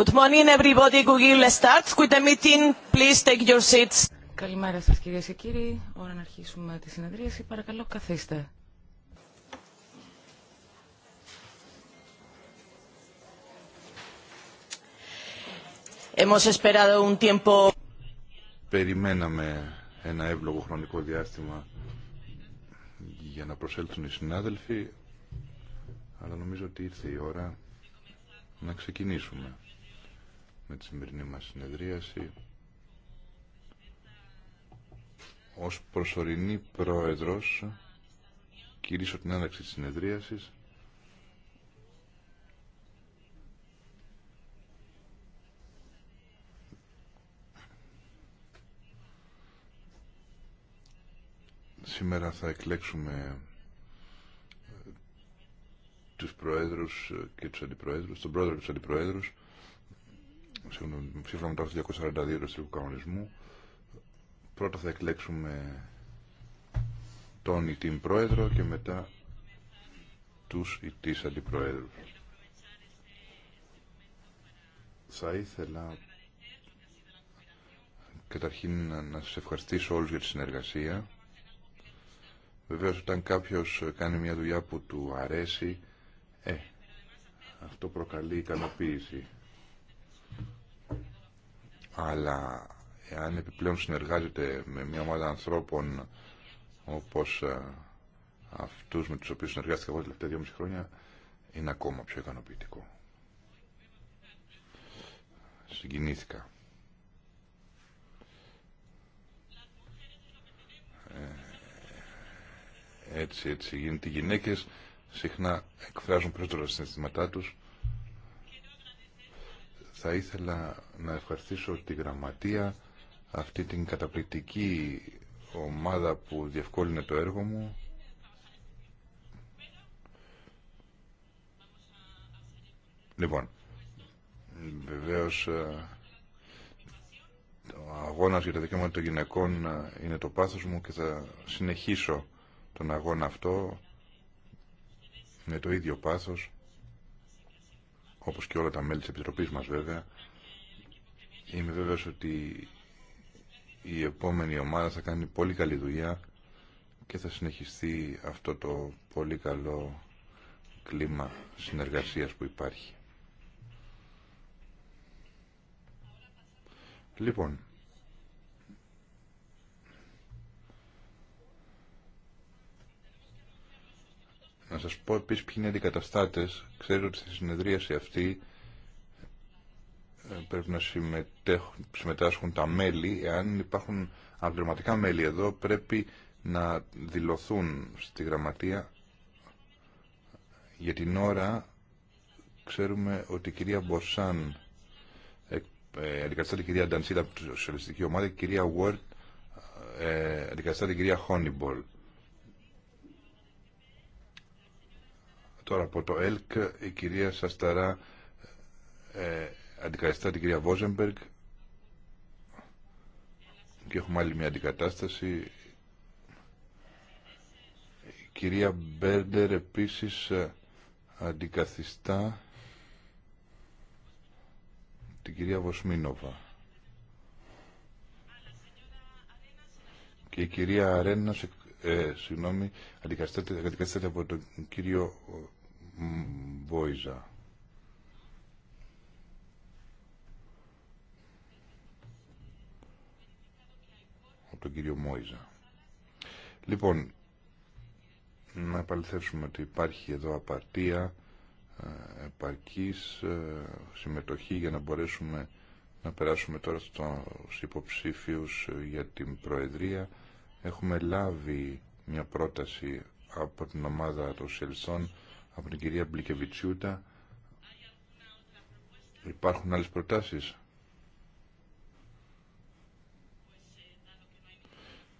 Good morning everybody. meeting. Please take your seats. Καλημέρα σας κυρίες και κύριοι. Ώρα να αρχίσουμε τη συνεδρίαση. Παρακαλώ καθίστε. Περιμέναμε ένα εύλογο χρονικό διάστημα για να προσέλθουν οι συνάδελφοι, αλλά νομίζω ότι ήρθε η ώρα να ξεκινήσουμε με τη σημερινή μας συνεδρίαση ως προσωρινή πρόεδρος κηρύσω την άνταξη της συνεδρίασης Σήμερα θα εκλέξουμε ε, τους προέδρους και τους αντιπροέδρους, τον πρόεδρο και τους αντιπροέδρους σύμφωνα με το 242 του Κανονισμού, πρώτα θα εκλέξουμε τον ή την πρόεδρο και μετά τους ή τις Θα ήθελα καταρχήν να σας ευχαριστήσω όλους για τη συνεργασία. Βεβαίως όταν κάποιος κάνει μια δουλειά που του αρέσει, ε, αυτό προκαλεί ικανοποίηση αλλά εάν επιπλέον συνεργάζεται με μια ομάδα ανθρώπων όπως ε, αυτούς με τους οποίους συνεργάστηκα εγώ τα τελευταία δυόμιση χρόνια είναι ακόμα πιο ικανοποιητικό. Συγκινήθηκα. Ε, έτσι, έτσι γίνεται. Οι γυναίκες συχνά εκφράζουν περισσότερα συναισθήματά τους θα ήθελα να ευχαριστήσω τη Γραμματεία, αυτή την καταπληκτική ομάδα που διευκόλυνε το έργο μου. Λοιπόν, βεβαίως ε, ο αγώνας για τα δικαιώματα των γυναικών ε, είναι το πάθος μου και θα συνεχίσω τον αγώνα αυτό με το ίδιο πάθος όπως και όλα τα μέλη της Επιτροπής μας βέβαια. Είμαι βέβαιος ότι η επόμενη ομάδα θα κάνει πολύ καλή δουλειά και θα συνεχιστεί αυτό το πολύ καλό κλίμα συνεργασίας που υπάρχει. Λοιπόν, Να σας πω επίσης ποιοι είναι οι αντικαταστάτες. Ξέρω ότι στη συνεδρίαση αυτή ε, πρέπει να συμμετάσχουν τα μέλη. Εάν υπάρχουν αναπληρωματικά μέλη εδώ, πρέπει να δηλωθούν στη γραμματεία. Για την ώρα ξέρουμε ότι η κυρία Μποσάν ε, η την κυρία Ντανσίδα από τη Σοσιαλιστική Ομάδα και η κυρία Βόρτ ε, η κυρία Χόνιμπολ. Τώρα από το ΕΛΚ η κυρία Σασταρά ε, αντικαθιστά την κυρία Βόζεμπεργκ και έχουμε άλλη μια αντικατάσταση. Η κυρία Μπέρντερ επίσης ε, αντικαθιστά την κυρία Βοσμίνοβα. Και η κυρία Αρένα, ε, ε, συγγνώμη, αντικαθιστάται από τον κύριο Μπόιζα. Από τον κύριο Μόιζα. Λοιπόν, να επαληθεύσουμε ότι υπάρχει εδώ απαρτία ε, επαρκής ε, συμμετοχή για να μπορέσουμε να περάσουμε τώρα στους υποψήφιους για την Προεδρία. Έχουμε λάβει μια πρόταση από την ομάδα των Σελσών από την κυρία Μπλικεβιτσιούτα. Υπάρχουν άλλες προτάσεις.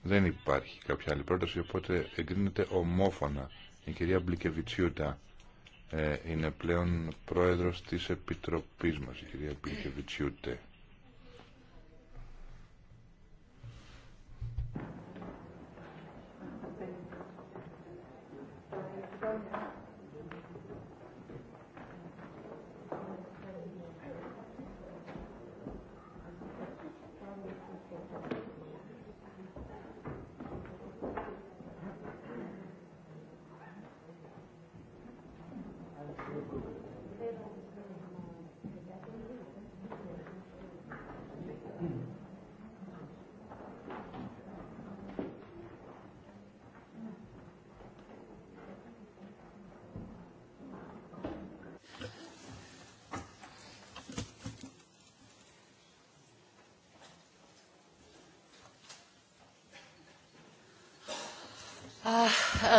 Δεν υπάρχει κάποια άλλη πρόταση, οπότε εγκρίνεται ομόφωνα. Η κυρία Μπλικεβιτσιούτα ε, είναι πλέον πρόεδρος της Επιτροπής μας, η κυρία Μπλικεβιτσιούτε.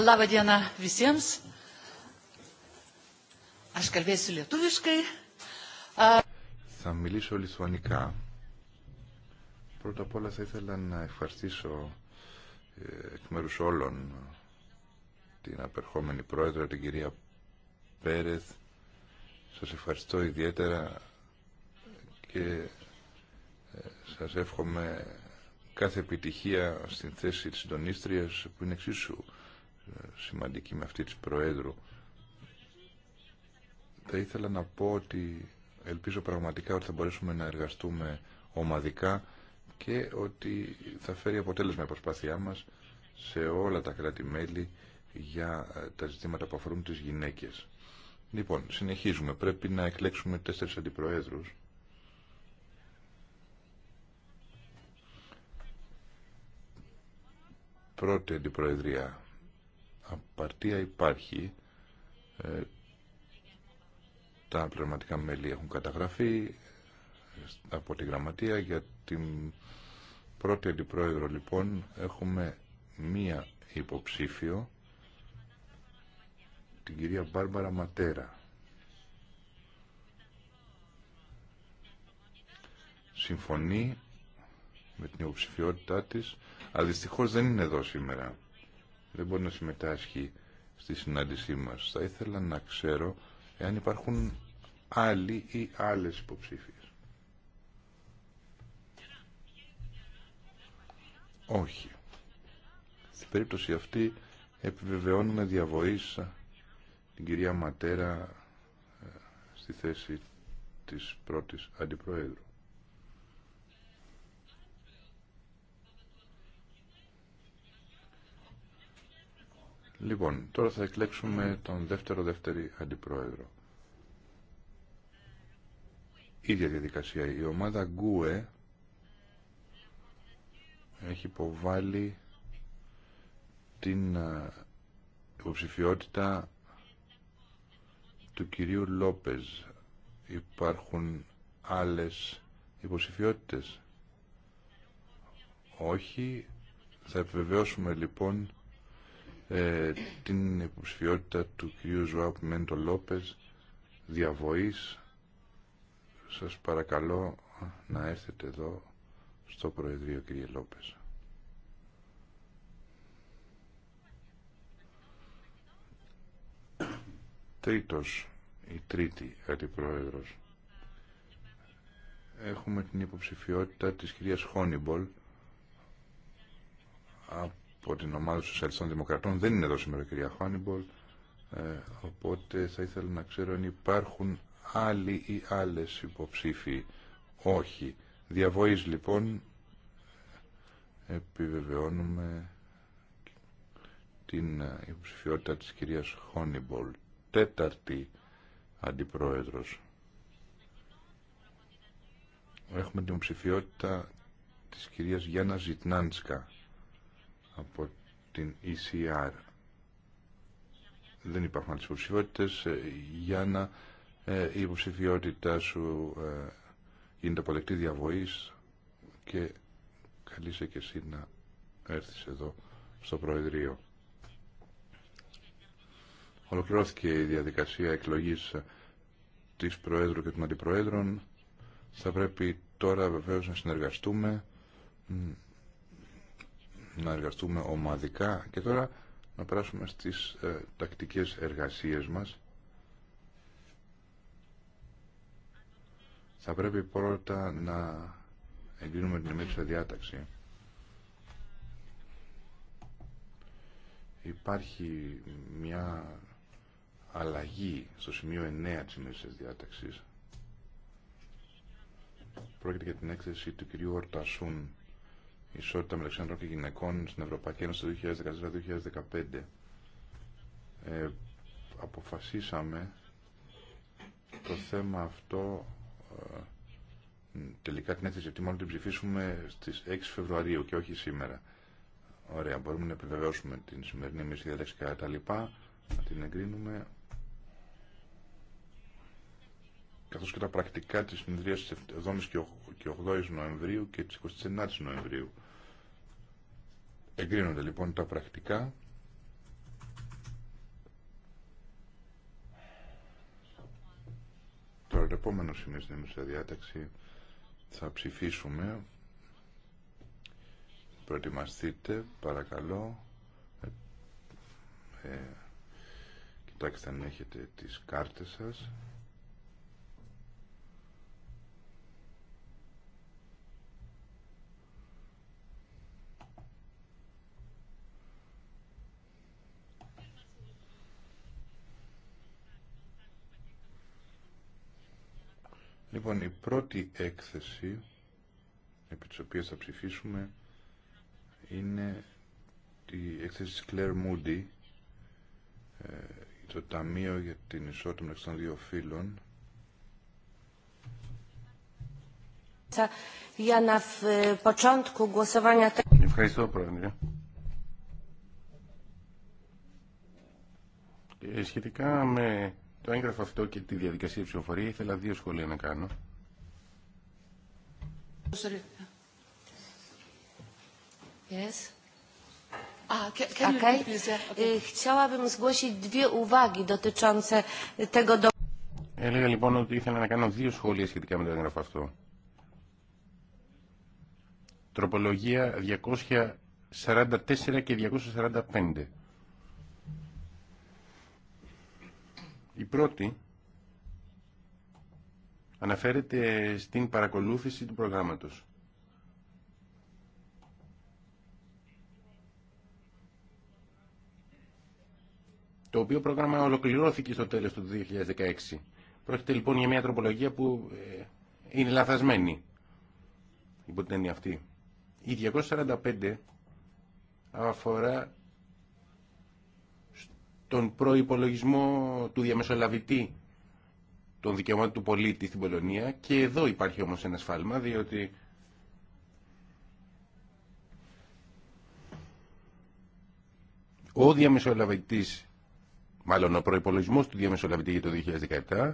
Labą dieną Θα μιλήσω λιθουανικά. Πρώτα απ' όλα θα ήθελα να ευχαριστήσω ε, εκ μέρου όλων την απερχόμενη πρόεδρο, την κυρία Πέρεθ. Σας ευχαριστώ ιδιαίτερα και ε, σας εύχομαι κάθε επιτυχία στην θέση της συντονίστριας που είναι εξίσου σημαντική με αυτή της Προέδρου. Θα ήθελα να πω ότι ελπίζω πραγματικά ότι θα μπορέσουμε να εργαστούμε ομαδικά και ότι θα φέρει αποτέλεσμα η προσπάθειά μας σε όλα τα κράτη-μέλη για ε, τα ζητήματα που αφορούν τις γυναίκες. Λοιπόν, συνεχίζουμε. Πρέπει να εκλέξουμε τέσσερις αντιπροέδρους. Πρώτη αντιπροεδρία απαρτία υπάρχει. Ε, τα πνευματικά μέλη έχουν καταγραφεί ε, από τη γραμματεία για την πρώτη αντιπρόεδρο λοιπόν έχουμε μία υποψήφιο την κυρία Μπάρμπαρα Ματέρα συμφωνεί με την υποψηφιότητά της αλλά δεν είναι εδώ σήμερα δεν μπορεί να συμμετάσχει στη συνάντησή μας. Θα ήθελα να ξέρω εάν υπάρχουν άλλοι ή άλλες υποψήφιες. Όχι. Στην περίπτωση αυτή επιβεβαιώνουμε διαβοής την κυρία Ματέρα ε, στη θέση της πρώτης αντιπροέδρου. Λοιπόν, τώρα θα εκλέξουμε τον δεύτερο δεύτερη αντιπρόεδρο. Ίδια διαδικασία. Η ομάδα Γκούε έχει υποβάλει την υποψηφιότητα του κυρίου Λόπεζ. Υπάρχουν άλλες υποψηφιότητες. Όχι. Θα επιβεβαιώσουμε λοιπόν ε, την υποψηφιότητα του κυρίου Ζωάπου Μέντο Λόπες διαβοής σας παρακαλώ να έρθετε εδώ στο Προεδρείο κύριε Λόπες τρίτος η τρίτη αντιπρόεδρος έχουμε την υποψηφιότητα της κυρίας Χόνιμπολ από την ομάδα των Σοσιαλιστών Δημοκρατών. Δεν είναι εδώ σήμερα η κυρία Χόνιμπολ Ε, οπότε θα ήθελα να ξέρω αν υπάρχουν άλλοι ή άλλες υποψήφοι. Όχι. Διαβοή λοιπόν επιβεβαιώνουμε την ε, υποψηφιότητα της κυρίας Χόνιμπολ, τέταρτη αντιπρόεδρος. Έχουμε την υποψηφιότητα της κυρίας Γιάννα Ζιτνάντσκα από την ECR. Δεν υπάρχουν άλλες υποψηφιότητες. Ε, Γιάννα, ε, η υποψηφιότητά σου ε, γίνεται αποδεκτή διαβοής και καλείσαι και εσύ να έρθεις εδώ στο Προεδρείο. Ολοκληρώθηκε η διαδικασία εκλογής της Προέδρου και των Αντιπροέδρων. Θα πρέπει τώρα βεβαίως να συνεργαστούμε να εργαστούμε ομαδικά και τώρα να περάσουμε στις ε, τακτικές εργασίες μας. Θα πρέπει πρώτα να εγκρίνουμε την εμείς διάταξη. Υπάρχει μια αλλαγή στο σημείο 9 της ημερήσιας διάταξης. Πρόκειται για την έκθεση του κυρίου Ορτασούν ισότητα μεταξύ ανδρών και γυναικών στην Ευρωπαϊκή Ένωση το 2014-2015 ε, αποφασίσαμε το θέμα αυτό ε, τελικά την έθεση γιατί μόνο την ψηφίσουμε στις 6 Φεβρουαρίου και όχι σήμερα. Ωραία, μπορούμε να επιβεβαιώσουμε την σημερινή εμείς διάταξη και τα λοιπά, να την εγκρίνουμε καθώ και τα πρακτικά τη συνεδρίας τη 7 η και 8 η Νοεμβρίου και τη 29 η Νοεμβρίου. Εγκρίνονται λοιπόν τα πρακτικά. Τώρα το επόμενο σημείο στην διάταξη θα ψηφίσουμε. Προετοιμαστείτε παρακαλώ. Ε, ε, κοιτάξτε αν έχετε τις κάρτες σας. Λοιπόν, η πρώτη έκθεση επί της οποίας θα ψηφίσουμε είναι η έκθεση της Claire Moody ε, το Ταμείο για την Ισότητα μεταξύ των δύο φύλων ε, Ευχαριστώ, Πρόεδρε. Ε, σχετικά με το έγγραφο αυτό και τη διαδικασία ψηφοφορία ήθελα δύο σχόλια να κάνω. Ah, e, Έλεγα λοιπόν ότι ήθελα να κάνω δύο σχόλια σχετικά με το έγγραφο αυτό. Τροπολογία 244 και 245. Η πρώτη αναφέρεται στην παρακολούθηση του προγράμματος. το οποίο πρόγραμμα ολοκληρώθηκε στο τέλος του 2016. Πρόκειται λοιπόν για μια τροπολογία που ε, είναι λαθασμένη υπό την έννοια αυτή. Η 245 αφορά τον προϋπολογισμό του διαμεσολαβητή των δικαιωμάτων του πολίτη στην Πολωνία και εδώ υπάρχει όμως ένα σφάλμα διότι ο διαμεσολαβητής μάλλον ο προϋπολογισμός του διαμεσολαβητή για το 2017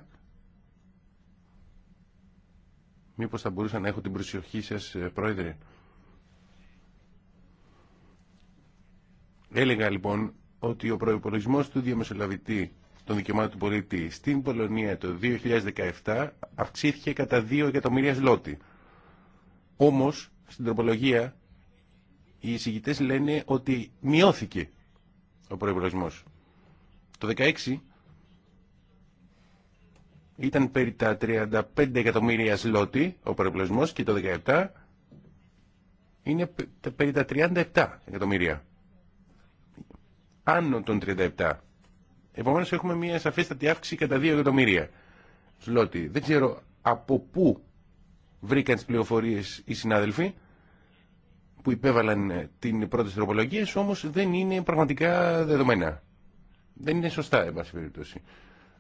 μήπως θα μπορούσα να έχω την προσοχή σας ε, πρόεδρε έλεγα λοιπόν ότι ο προϋπολογισμός του διαμεσολαβητή των δικαιωμάτων του πολίτη στην Πολωνία το 2017 αυξήθηκε κατά 2 εκατομμύρια σλότη. Όμως, στην τροπολογία, οι εισηγητές λένε ότι μειώθηκε ο προϋπολογισμός. Το 2016 ήταν περί τα 35 εκατομμύρια σλότη ο προϋπολογισμός και το 2017 είναι περί τα 37 εκατομμύρια άνω των 37. Επομένως έχουμε μια σαφέστατη αύξηση κατά 2 εκατομμύρια. σλότι. δεν ξέρω από πού βρήκαν τις πληροφορίες οι συνάδελφοι που υπέβαλαν ε, την πρώτη τροπολογία, όμως δεν είναι πραγματικά δεδομένα. Δεν είναι σωστά, εν πάση περιπτώσει.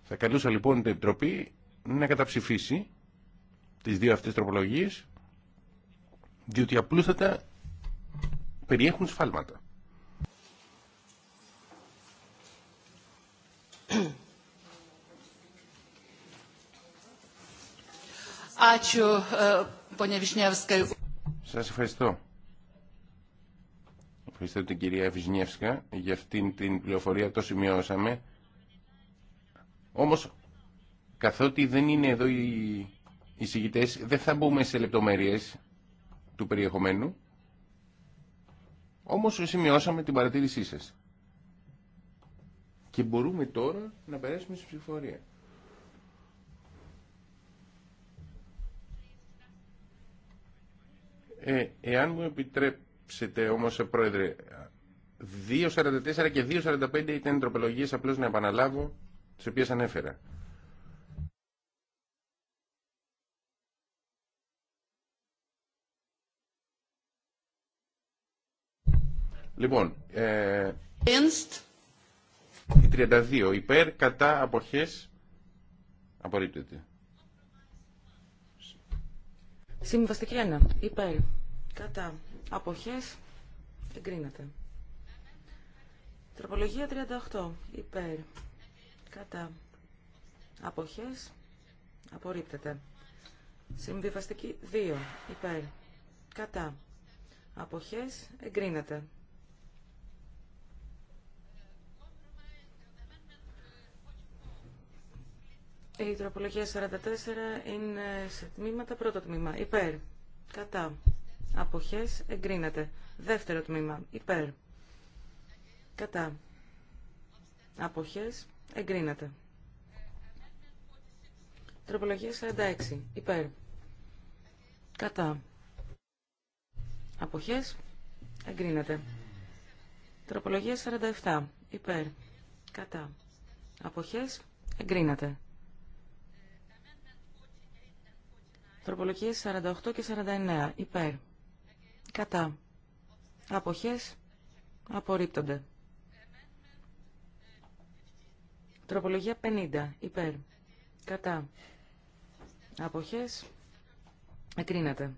Θα καλούσα λοιπόν την Επιτροπή να καταψηφίσει τις δύο αυτές τροπολογίες, διότι απλούστατα περιέχουν σφάλματα. E, σας ευχαριστώ. Ευχαριστώ την κυρία Βυσνιεύσκα για αυτήν την πληροφορία, το σημειώσαμε. Όμως, καθότι δεν είναι εδώ οι εισηγητές, δεν θα μπούμε σε λεπτομέρειες του περιεχομένου. Όμως, σημειώσαμε την παρατήρησή σας. Και μπορούμε τώρα να περάσουμε στη ψηφορία. Ε, εάν μου επιτρέψετε όμως, ε, Πρόεδρε, 2.44 και 2.45 ήταν τροπολογίες, απλώς να επαναλάβω, τις οποίες ανέφερα. Λοιπόν, ε, η 32 υπέρ κατά αποχές απορρίπτεται. Συμβαστική 1. Υπέρ. Κατά. Αποχές. Εγκρίνεται. Τροπολογία 38. Υπέρ. Κατά. Αποχές. Απορρίπτεται. Συμβιβαστική 2. Υπέρ. Κατά. Αποχές. Εγκρίνεται. Η τροπολογία 44 είναι σε τμήματα. Πρώτο τμήμα. Υπέρ. Κατά. Αποχές. Εγκρίνεται. Δεύτερο τμήμα. Υπέρ. Κατά. Αποχές. Εγκρίνεται. Τροπολογία 46. Υπέρ. Κατά. Αποχές. Εγκρίνεται. Τροπολογία 47. Υπέρ. Κατά. Αποχές. Εγκρίνεται. Τροπολογίες 48 και 49. Υπέρ. Κατά. Αποχές. Απορρίπτονται. Τροπολογία 50. Υπέρ. Κατά. Αποχές. Εκρίνεται.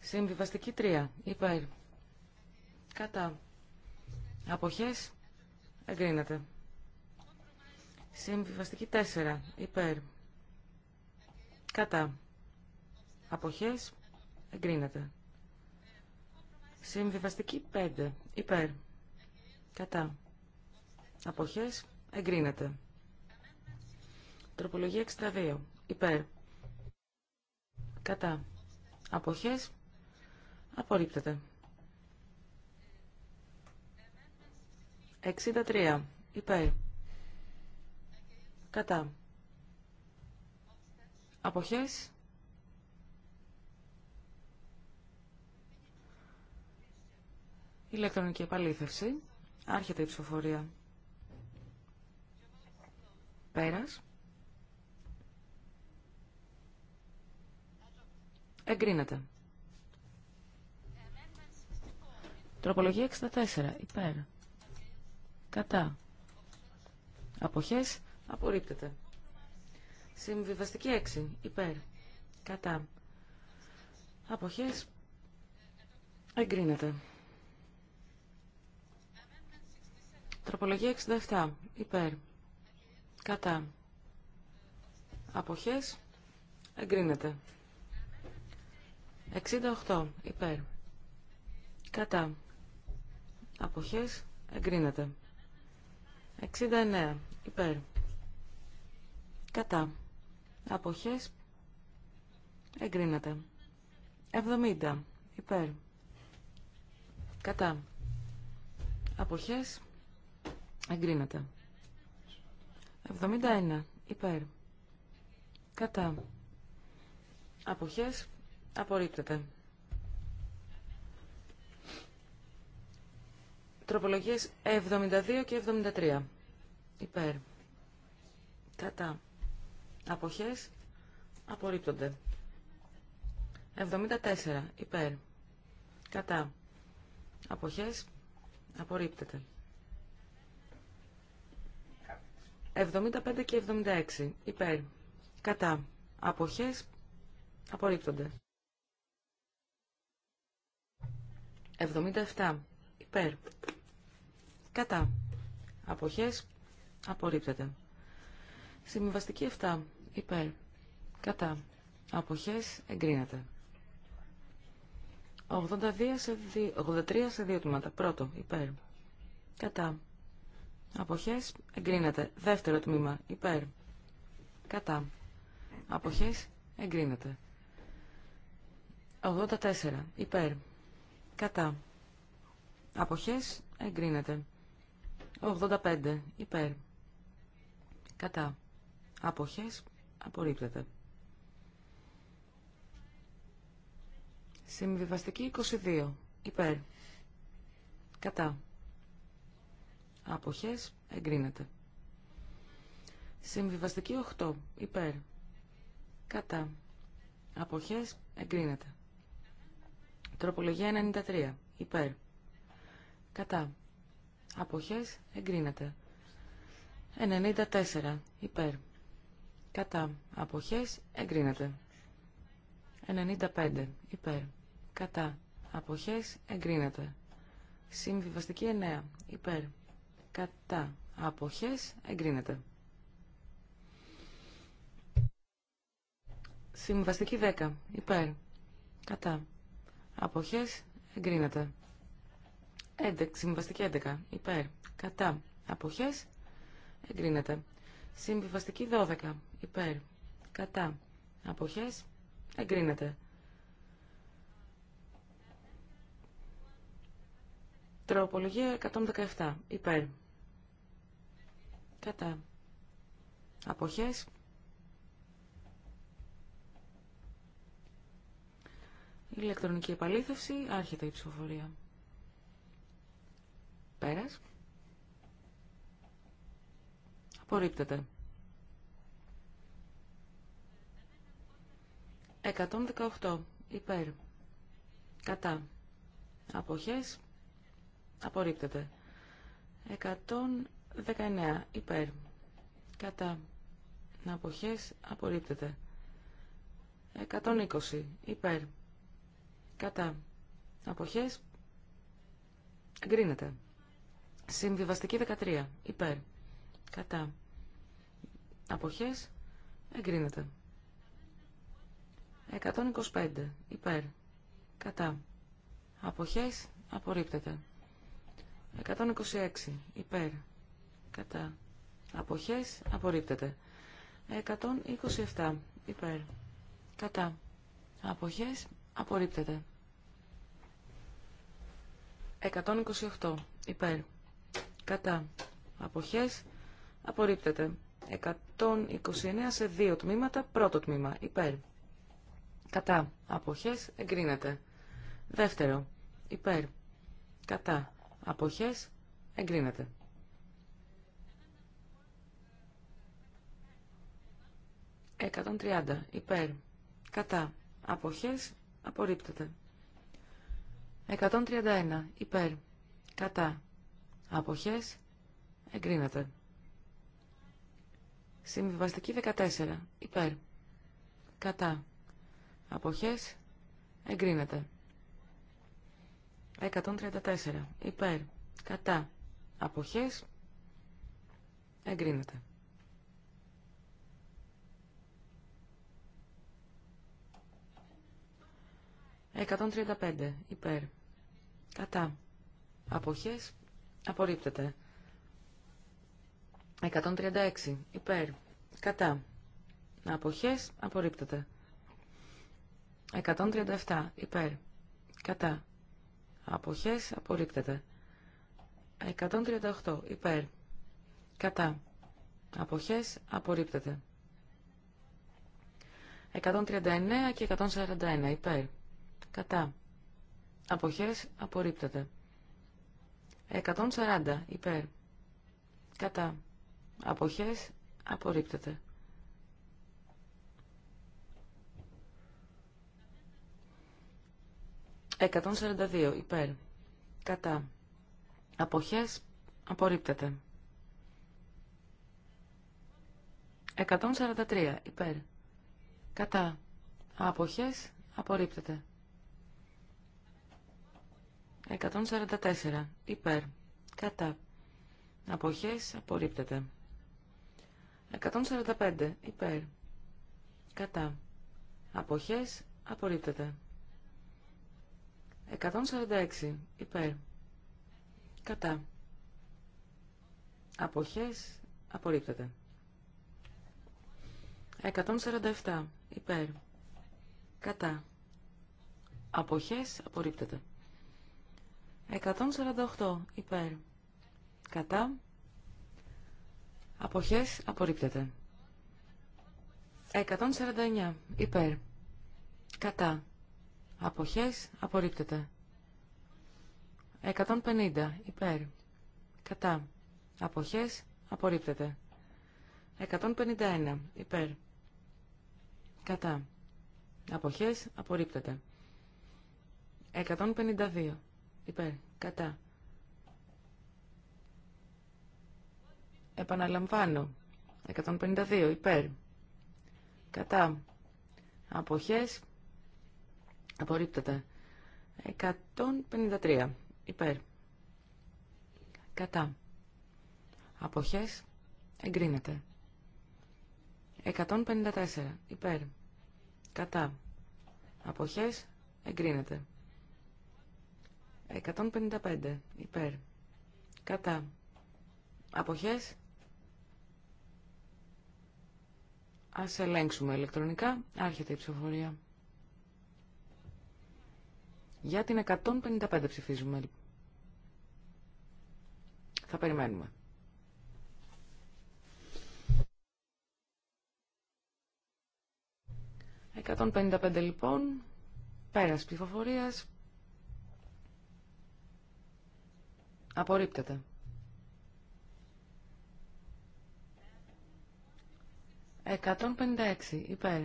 Συμβιβαστική 3. Υπέρ. Κατά. Αποχές. Εγκρίνεται. Συμβιβαστική 4. Υπέρ. Κατά. Αποχές. Εγκρίνεται. Συμβιβαστική 5. Υπέρ. Κατά. Αποχές. Εγκρίνεται. Τροπολογία 62. Υπέρ. Κατά. Αποχές. Απορρίπτεται. 63. Υπέρ. Κατά. Αποχές. Ηλεκτρονική επαλήθευση. Άρχεται η ψηφοφορία. Πέρας. Εγκρίνεται. Τροπολογία 64. Υπέρ. Κατά. Αποχές. Απορρίπτεται. Συμβιβαστική 6. Υπέρ. Κατά. Αποχές. Εγκρίνεται. Τροπολογία 67. Υπέρ. Κατά. Αποχές. Εγκρίνεται. 68. Υπέρ. Κατά. Αποχές. Εγκρίνεται. 69. Υπέρ. Κατά. Αποχές. Εγκρίνεται. 70. Υπέρ. Κατά. Αποχές. Εγκρίνεται. 71. Υπέρ. Κατά. Αποχές. Απορρίπτεται. Τροπολογίες 72 και 73. Υπέρ. Κατά. Αποχές. Απορρίπτονται. 74. Υπέρ. Κατά. Αποχές. Απορρίπτεται. 75 και 76. Υπέρ. Κατά. Αποχές. Απορρίπτονται. 77. Υπέρ. Κατά. Αποχές. Απορρίπτεται. Συμβαστική 7 υπέρ, κατά, αποχές, εγκρίνεται. 82 σε 2, 83 σε δύο τμήματα. Πρώτο, υπέρ, κατά, αποχές, εγκρίνεται. Δεύτερο τμήμα, υπέρ, κατά, αποχές, εγκρίνεται. 84, υπέρ, κατά, αποχές, εγκρίνεται. 85, υπέρ, κατά, αποχές, Απορρίπτεται. Συμβιβαστική 22. Υπέρ. Κατά. Αποχές. Εγκρίνεται. Συμβιβαστική 8. Υπέρ. Κατά. Αποχές. Εγκρίνεται. Τροπολογία 93. Υπέρ. Κατά. Αποχές. Εγκρίνεται. 94. Υπέρ κατά αποχές εγκρίνεται. 95 υπέρ κατά αποχές εγκρίνεται. Συμβιβαστική 9 υπέρ κατά αποχές εγκρίνεται. Συμβαστική 10 υπέρ κατά αποχές εγκρίνεται. 11, συμβιβαστική 11 υπέρ κατά αποχές εγκρίνεται. Συμβιβαστική 12 υπέρ, κατά, αποχές, εγκρίνεται. Τροπολογία 117, υπέρ, κατά, αποχές, ηλεκτρονική επαλήθευση, άρχεται η ψηφοφορία. Πέρας. Απορρίπτεται. 118 υπέρ κατά αποχές απορρίπτεται 119 υπέρ κατά αποχές απορρίπτεται 120 υπέρ κατά αποχές εγκρίνεται συμβιβαστική 13 υπέρ κατά αποχές εγκρίνεται 125 υπέρ κατά αποχές απορρίπτεται 126 υπέρ κατά αποχές απορρίπτεται 127 υπέρ κατά αποχές απορρίπτεται 128 υπέρ κατά αποχές απορρίπτεται 129 σε δύο τμήματα πρώτο τμήμα υπέρ Κατά. Αποχές εγκρίνεται. Δεύτερο. Υπέρ. Κατά. Αποχές εγκρίνεται. Εκατόν τριάντα. Υπέρ. Κατά. Αποχές απορρίπτεται. ενα Υπέρ. Κατά. Αποχές. Εγκρίνεται. Συμβιβαστική 14. Υπέρ. Κατά. Αποχές. Εγκρίνεται. 134. Υπέρ. Κατά. Αποχές. Εγκρίνεται. 135. Υπέρ. Κατά. Αποχές. Απορρίπτεται. 136. Υπέρ. Κατά. Αποχές. Απορρίπτεται. 137 υπέρ. Κατά. Αποχές απορρίπτεται. 138 υπέρ. Κατά. Αποχές απορρίπτεται. 139 και 141 υπέρ. Κατά. Αποχές απορρίπτεται. 140 υπέρ. Κατά. Αποχές απορρίπτεται. 142 υπέρ. Κατά. Αποχές απορρίπτεται. 143 υπέρ. Κατά. Αποχές απορρίπτεται. 144 υπέρ. Κατά. Αποχές απορρίπτεται. 145 υπέρ. Κατά. Αποχές απορρίπτεται. 146 υπέρ. Κατά. Αποχές απορρίπτεται. 147 υπέρ. Κατά. Αποχές απορρίπτεται. 148 υπέρ. Κατά. Αποχές απορρίπτεται. 149 υπέρ. Κατά. Αποχές απορρίπτεται. 150 υπέρ. Κατά. Αποχές απορρίπτεται. 151 υπέρ. Κατά. Αποχές απορρίπτεται. 152 υπέρ. Κατά. Επαναλαμβάνω. 152 υπέρ. Κατά. Αποχές Απορρίπτεται. 153. Υπέρ. Κατά. Αποχές. Εγκρίνεται. 154. Υπέρ. Κατά. Αποχές. Εγκρίνεται. 155. Υπέρ. Κατά. Αποχές. Ας ελέγξουμε ηλεκτρονικά. Άρχεται η ψηφοφορία. Για την 155 ψηφίζουμε. Θα περιμένουμε. Εκατόν λοιπόν, πέρας ψηφοφορίας, απορρίπτεται. 156 υπέρ.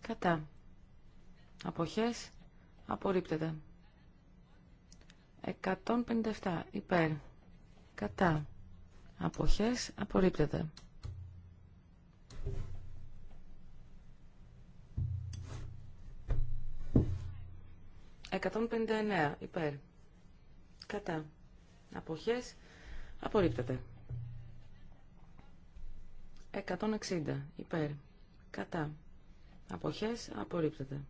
Κατά. Αποχές Απορρίπτεται. 157. Υπέρ. Κατά. Αποχές. Απορρίπτεται. 159. Υπέρ. Κατά. Αποχές. Απορρίπτεται. 160. Υπέρ. Κατά. Αποχές. Απορρίπτεται.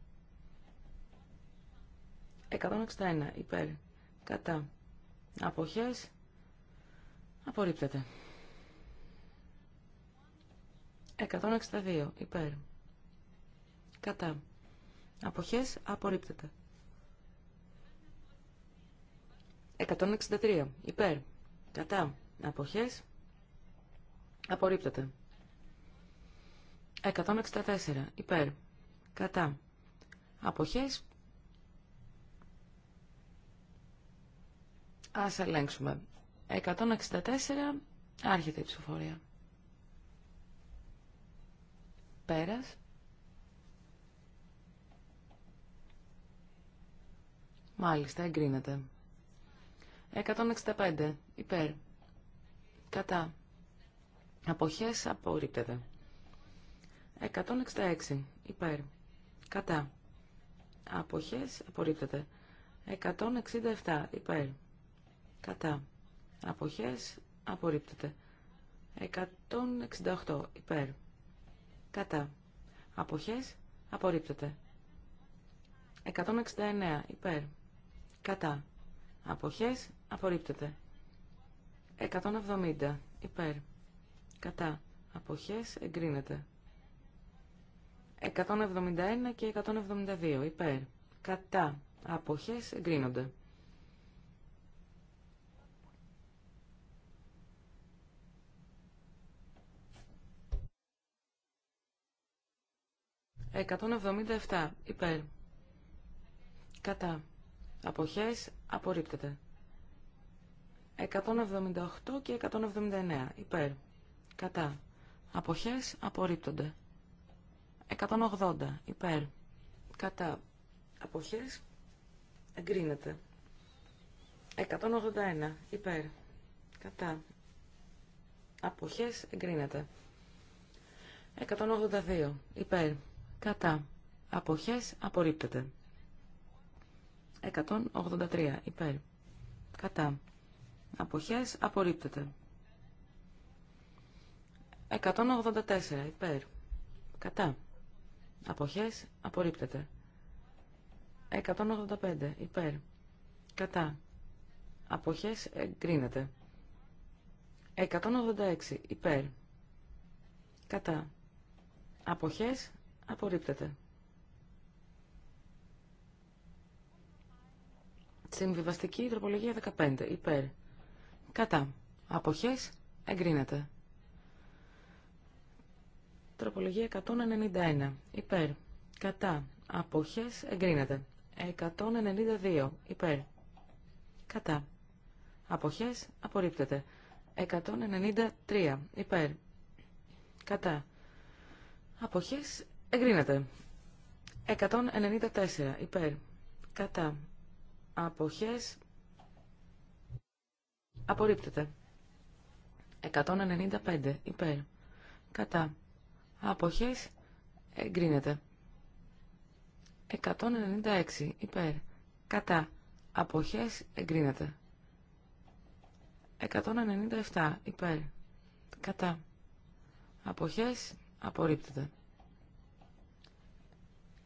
161 υπέρ κατά αποχές απορρίπτεται. 162 υπέρ κατά αποχές απορρίπτεται. 163 υπέρ κατά αποχές απορρίπτεται. 164 υπέρ κατά αποχές Ας ελέγξουμε. 164 άρχεται η ψηφοφορία. Πέρας. Μάλιστα, εγκρίνεται. 165 υπέρ. Κατά. Αποχές απορρίπτεται. 166 υπέρ. Κατά. Αποχές απορρίπτεται. 167 υπέρ κατά αποχές απορρίπτεται 168 υπέρ κατά αποχές απορρίπτεται 169 υπέρ κατά αποχές απορρίπτεται 170 υπέρ κατά αποχές εγκρίνεται 171 και 172 υπέρ κατά αποχές εγκρίνονται 177 υπέρ. Κατά. Αποχές απορρίπτεται. 178 και 179 υπέρ. Κατά. Αποχές απορρίπτονται. 180 υπέρ. Κατά. Αποχές εγκρίνεται. 181 υπέρ. Κατά. Αποχές εγκρίνεται. 182 υπέρ κατά, αποχές, απορρίπτεται. 183 υπέρ, κατά, αποχές, απορρίπτεται. 184 υπέρ, κατά, αποχές, απορρίπτεται. 185 υπέρ, κατά, αποχές, εγκρίνεται. 186 υπέρ, κατά, αποχές, Απορρίπτεται. Συμβιβαστική τροπολογία 15. Υπέρ. Κατά. Αποχές. Εγκρίνεται. Τροπολογία 191. Υπέρ. Κατά. Αποχές. Εγκρίνεται. 192. Υπέρ. Κατά. Αποχές. Απορρίπτεται. 193. Υπέρ. Κατά. Αποχές. Εγκρίνεται. 194 υπέρ. Κατά. Αποχές. Απορρίπτεται. 195 υπέρ. Κατά. Αποχές. Εγκρίνεται. 196 υπέρ. Κατά. Αποχές. Εγκρίνεται. 197 υπέρ. Κατά. Αποχές. Απορρίπτεται.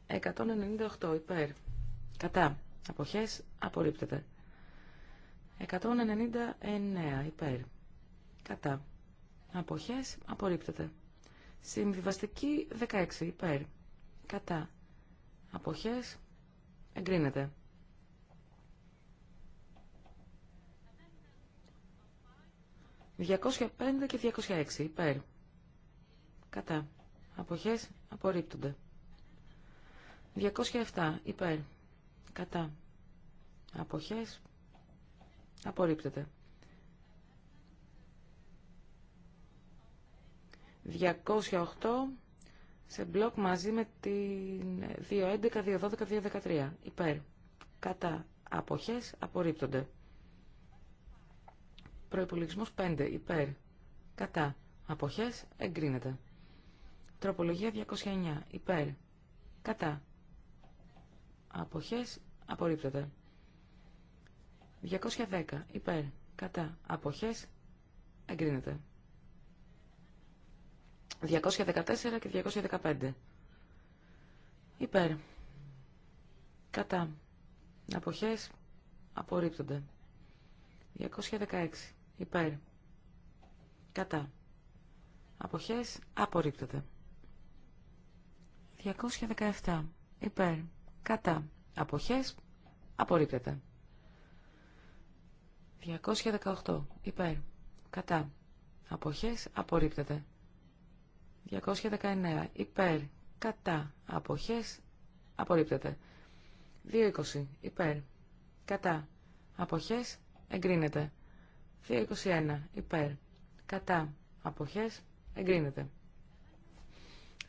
198 υπέρ. Κατά. Αποχές απορρίπτεται. 199 υπέρ. Κατά. Αποχές απορρίπτεται. Συμβιβαστική 16 υπέρ. Κατά. Αποχές εγκρίνεται. ...205 και 206 υπέρ. Κατά. Αποχές απορρίπτονται. 207 υπέρ. Κατά. Αποχές. Απορρίπτεται. 208 σε μπλοκ μαζί με την 211, 212, 213. Υπέρ. Κατά. Αποχές. Απορρίπτονται. Προϋπολογισμός 5. Υπέρ. Κατά. Αποχές. Εγκρίνεται. Τροπολογία 209. Υπέρ. Κατά αποχές απορρίπτεται. 210 υπέρ κατά αποχές εγκρίνεται. 214 και 215 υπέρ κατά αποχές απορρίπτονται. 216 υπέρ κατά αποχές απορρίπτονται. 217 υπέρ κατά αποχές απορρίπτεται. 218 υπέρ κατά αποχές απορρίπτεται. 219 υπέρ κατά αποχές απορρίπτεται. 220 υπέρ κατά αποχές εγκρίνεται. 221 υπέρ κατά αποχές εγκρίνεται.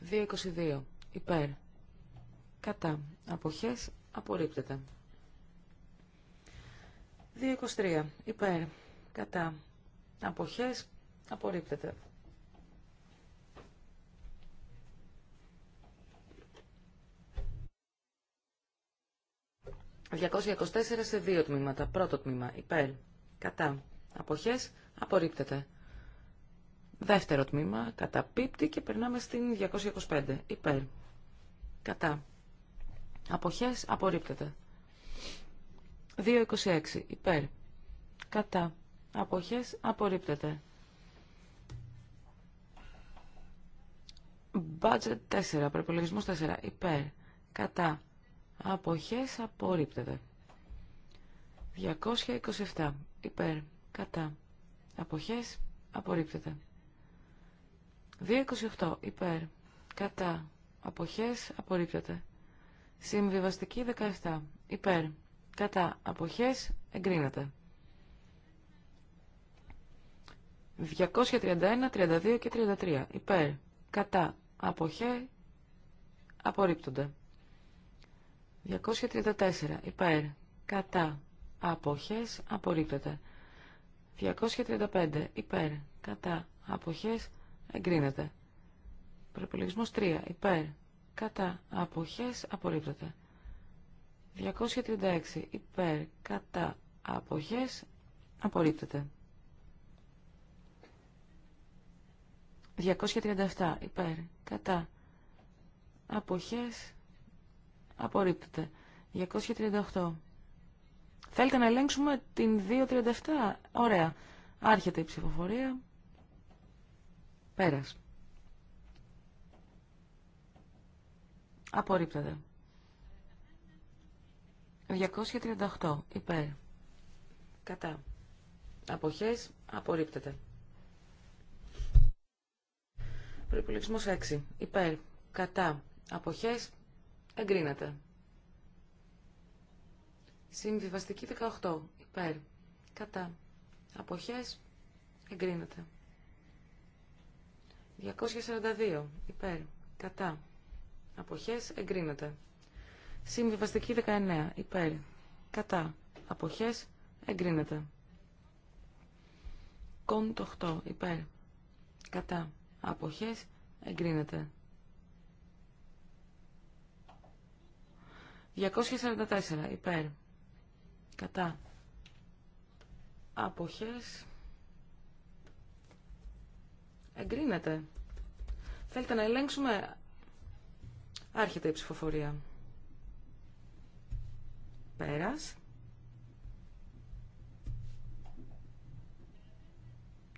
222 υπέρ κατά, αποχές, απορρίπτεται. 2.23. Υπέρ. Κατά. Αποχές. Απορρίπτεται. 224 σε δύο τμήματα. Πρώτο τμήμα. Υπέρ. Κατά. Αποχές. Απορρίπτεται. Δεύτερο τμήμα. Καταπίπτει και περνάμε στην 225. Υπέρ. Κατά. Αποχές απορρίπτεται. 2.26 υπέρ. Κατά. Αποχές απορρίπτεται. Budget 4. Προπολογισμό 4. Υπέρ. Κατά. Αποχές απορρίπτεται. 227. Υπέρ. Κατά. Αποχές απορρίπτεται. 228. Υπέρ. Κατά. Αποχές απορρίπτεται. Συμβιβαστική 17. Υπέρ. Κατά. Αποχές. Εγκρίνεται. 231, 32 και 33. Υπέρ. Κατά. Αποχέ. Απορρίπτονται. 234. Υπέρ. Κατά. Αποχές. Απορρίπτεται. 235. Υπέρ. Κατά. Αποχές. Εγκρίνεται. Προπολογισμός 3. Υπέρ κατά αποχές απορρίπτεται. 236 υπέρ κατά αποχές απορρίπτεται. 237 υπέρ κατά αποχές απορρίπτεται. 238 Θέλετε να ελέγξουμε την 237. Ωραία. Άρχεται η ψηφοφορία. Πέρας. Απορρίπτεται. 238. Υπέρ. Κατά. Αποχές. Απορρίπτεται. Προϋπολογισμός 6. Υπέρ. Κατά. Αποχές. Εγκρίνεται. Συμβιβαστική 18. Υπέρ. Κατά. Αποχές. Εγκρίνεται. 242. Υπέρ. Κατά αποχές εγκρίνεται. Συμβιβαστική 19 υπέρ κατά αποχές εγκρίνεται. Κόντ 8 υπέρ κατά αποχές εγκρίνεται. 244 υπέρ κατά αποχές εγκρίνεται. Θέλετε να ελέγξουμε Άρχεται η ψηφοφορία. Πέρας.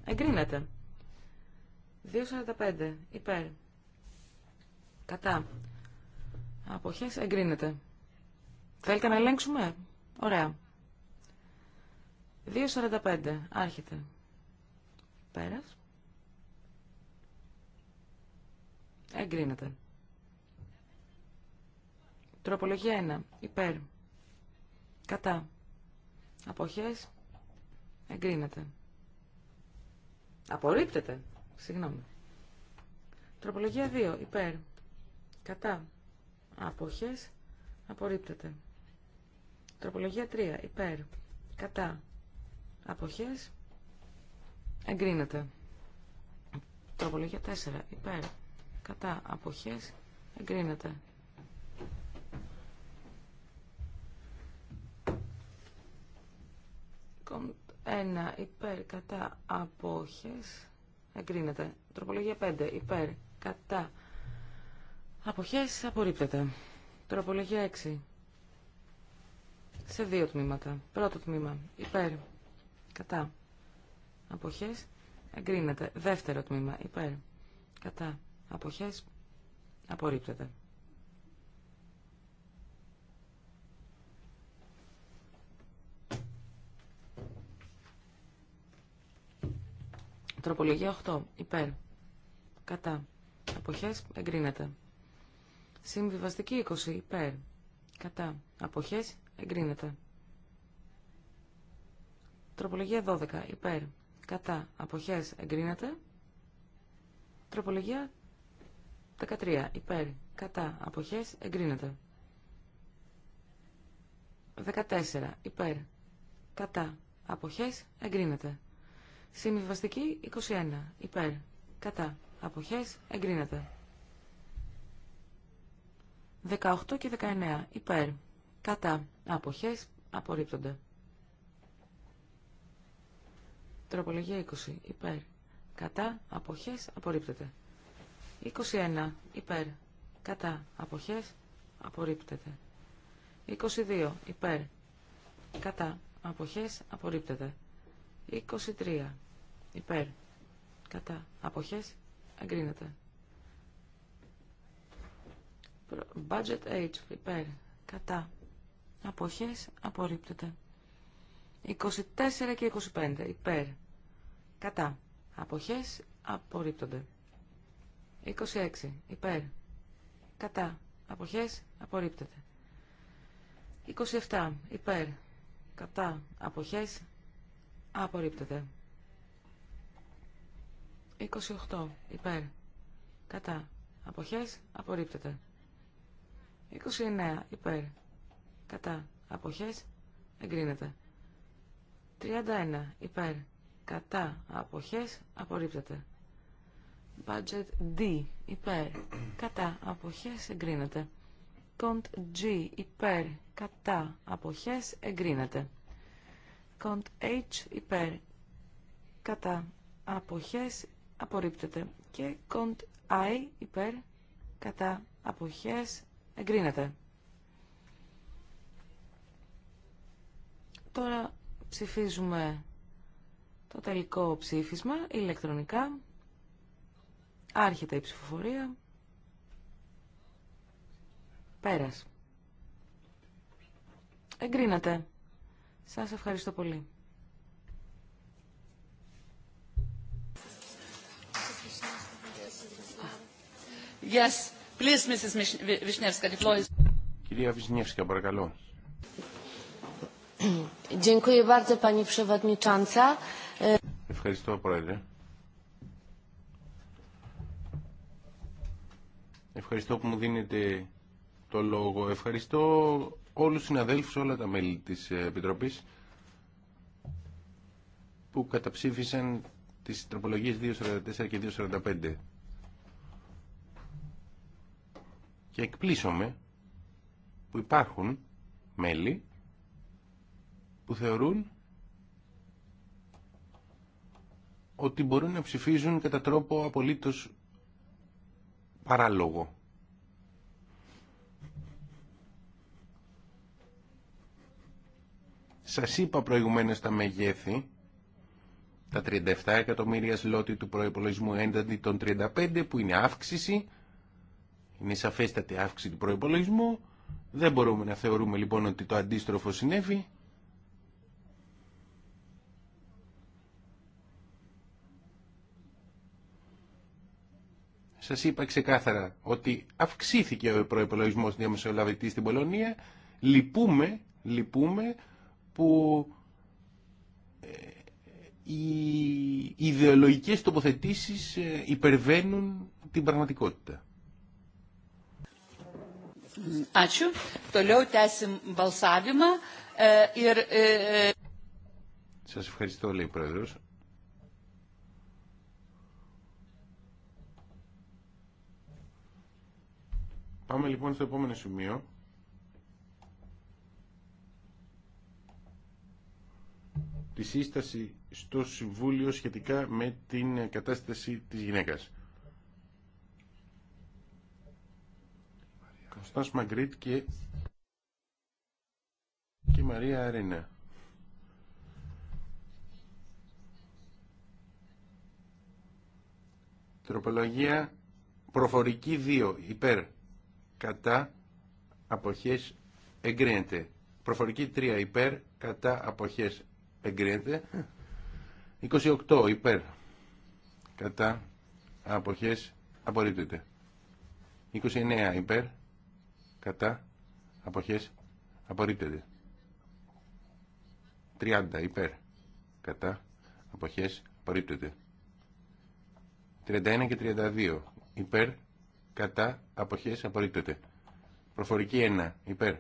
Εγκρίνεται. 2.45. Υπέρ. Κατά. Αποχές εγκρίνεται. Θέλετε να ελέγξουμε. Ωραία. 2.45. Άρχεται. Πέρας. Εγκρίνεται. Τροπολογία 1. Υπέρ. Κατά. Αποχές. Εγκρίνεται. Απορρίπτεται. Συγγνώμη. Τροπολογία 2. Υπέρ. Κατά. Αποχές. Απορρίπτεται. Τροπολογία 3. Υπέρ. Κατά. Αποχές. Εγκρίνεται. Τροπολογία 4. Υπέρ. Κατά. Αποχές. Εγκρίνεται. 1 υπέρ κατά απόχες εγκρίνεται. Τροπολογία 5 υπέρ κατά απόχες απορρίπτεται. Τροπολογία 6 σε δύο τμήματα. Πρώτο τμήμα υπέρ κατά απόχες εγκρίνεται. Δεύτερο τμήμα υπέρ κατά απόχες απορρίπτεται. Τροπολογία 8. Υπέρ. Κατά. Αποχές εγκρίνεται. Συμβιβαστική 20. Υπέρ. Κατά. αποχέ, εγκρίνεται. Τροπολογία 12. Υπέρ. Κατά. αποχέ, εγκρίνεται. Τροπολογία 13. Υπέρ. Κατά. αποχέ εγκρίνεται. 14. Υπέρ. Κατά. Αποχές εγκρίνεται. Συμβιβαστική 21. Υπέρ. Κατά. Αποχές. Εγκρίνεται. 18 και 19. Υπέρ. Κατά. Αποχές. Απορρίπτονται. Τροπολογία 20. Υπέρ. Κατά. Αποχές. Απορρίπτεται. 21. Υπέρ. Κατά. Αποχές. Απορρίπτεται. 22. Υπέρ. Κατά. Αποχές. Απορρίπτεται. 23. Υπέρ. Κατά. Αποχές. Εγκρίνεται. Budget age. Υπέρ. Κατά. Αποχές. Απορρίπτεται. 24 και 25. Υπέρ. Κατά. Αποχές. Απορρίπτονται. 26. Υπέρ. Κατά. Αποχές. Απορρίπτεται. 27. Υπέρ. Κατά. Αποχές. Απορρίπτεται. 28. Υπέρ. Κατά. Αποχές. Απορρίπτεται. 29. Υπέρ. Κατά. Αποχές. Εγκρίνεται. 31. Υπέρ. Κατά. Αποχές. Απορρίπτεται. Budget D. Υπέρ. Κατά. Αποχές. Εγκρίνεται. Κόντ G. Υπέρ. Κατά. Αποχές. Εγκρίνεται. Κοντ H υπέρ. Κατά. Αποχές απορρίπτεται. Και κοντ I υπέρ. Κατά. Αποχές εγκρίνεται. Τώρα ψηφίζουμε το τελικό ψήφισμα ηλεκτρονικά. Άρχεται η ψηφοφορία. Πέρας. Εγκρίνεται. Σας ευχαριστώ πολύ. Yes, please, Mrs. Vishnevska, the floor is... Κυρία Βυσνιεύσκα, παρακαλώ. Dziękuję bardzo, Pani Przewodnicząca. Ευχαριστώ, Πρόεδρε. Ευχαριστώ που μου δίνετε το λόγο. Ευχαριστώ όλους τους συναδέλφους, όλα τα μέλη της Επιτροπής που καταψήφισαν τις τροπολογίες 2.44 και 2.45. Και εκπλήσωμε που υπάρχουν μέλη που θεωρούν ότι μπορούν να ψηφίζουν κατά τρόπο απολύτως παράλογο. Σας είπα προηγουμένως τα μεγέθη, τα 37 εκατομμύρια σλότη του προϋπολογισμού ένταντι των 35 που είναι αύξηση, είναι σαφέστατη αύξηση του προϋπολογισμού, δεν μπορούμε να θεωρούμε λοιπόν ότι το αντίστροφο συνέβη. Σας είπα ξεκάθαρα ότι αυξήθηκε ο προϋπολογισμός διαμεσολαβητή στην Πολωνία, λυπούμε, λυπούμε που ε, οι ιδεολογικές τοποθετήσεις ε, υπερβαίνουν την πραγματικότητα. E, e, Σας ευχαριστώ, λέει ο Πρόεδρος. Πάμε λοιπόν στο επόμενο σημείο. τη σύσταση στο Συμβούλιο σχετικά με την κατάσταση της γυναίκας. Κωνστάς Μαγκρίτ και... και Μαρία Αρένα. Τροπολογία προφορική 2 υπέρ κατά αποχές εγκρίνεται. Προφορική 3 υπέρ κατά αποχές εγκρίνεται. 28 υπέρ κατά αποχές απορρίπτεται. 29 υπέρ κατά αποχές απορρίπτεται. 30 υπέρ κατά αποχές απορρίπτεται. 31 και 32 υπέρ κατά αποχές απορρίπτεται. Προφορική 1 υπέρ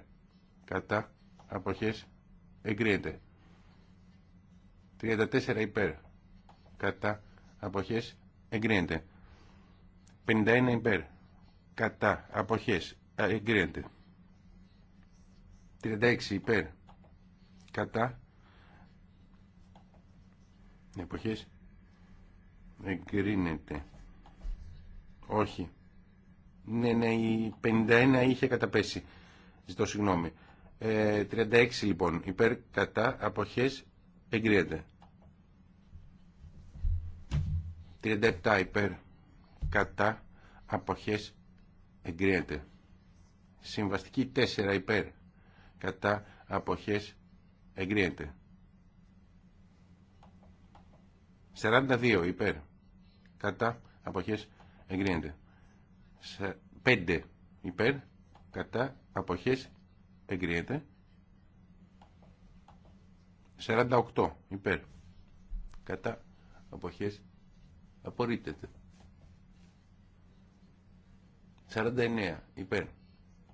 κατά αποχές εγκρίνεται. 34 υπέρ. Κατά αποχές εγκρίνεται. 51 υπέρ. Κατά αποχές εγκρίνεται. 36 υπέρ. Κατά εποχές εγκρίνεται. Όχι. Ναι, ναι, η 51 είχε καταπέσει. Ζητώ συγγνώμη. 36 ε, λοιπόν, υπέρ κατά αποχές εγκρίνεται. 37 υπέρ κατά αποχές εγκρίνεται. Συμβαστική 4 υπέρ κατά αποχές εγκρίνεται. 42 υπέρ κατά αποχές εγκρίνεται. 5 υπέρ κατά αποχές εγκρίνεται. 48 υπέρ κατά αποχές απορρίπτεται 49 υπέρ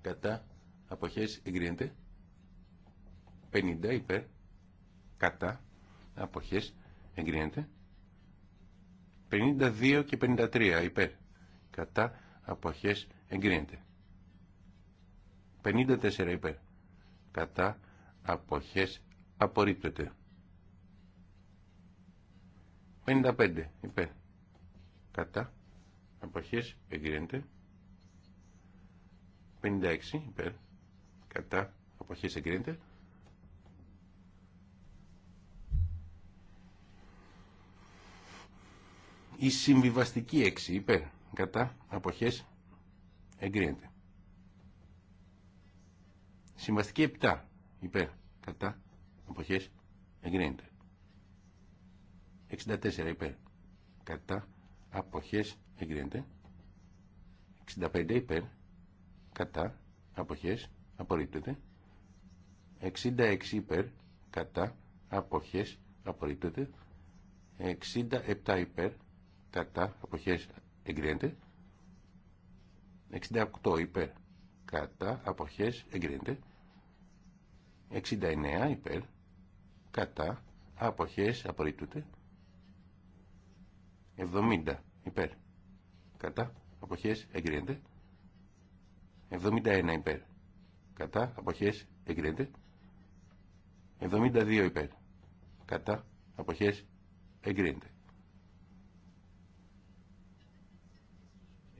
κατά αποχές εγκρίνεται 50 υπέρ κατά αποχές εγκρίνεται 52 και 53 υπέρ κατά αποχές εγκρίνεται 54 υπέρ κατά αποχές απορρίπτεται. 55 υπέρ κατά αποχές εγκρίνεται. 56 υπέρ κατά αποχές εγκρίνεται. 56, η συμβιβαστική 6 υπέρ κατά αποχές εγκρίνεται. Συμβαστική 7 υπέρ κατά εποχέ εγκρίνεται 64 υπέρ κατά απόχέ, εγκρίνεται 65 υπέρ κατά αποχές απορρίπτεται 66 υπέρ κατά αποχές απορρίπτεται 67 υπέρ κατά αποχές εγκρίνεται 68 υπέρ κατά αποχέ, εγκρίνεται 69 υπέρ κατά, αποχές, απορρίπτεται. 70 υπέρ, κατά, αποχές, εγκρίνεται. 71 υπέρ, κατά, αποχές, εγκρίνεται. 72 υπέρ, κατά, αποχές, εγκρίνεται.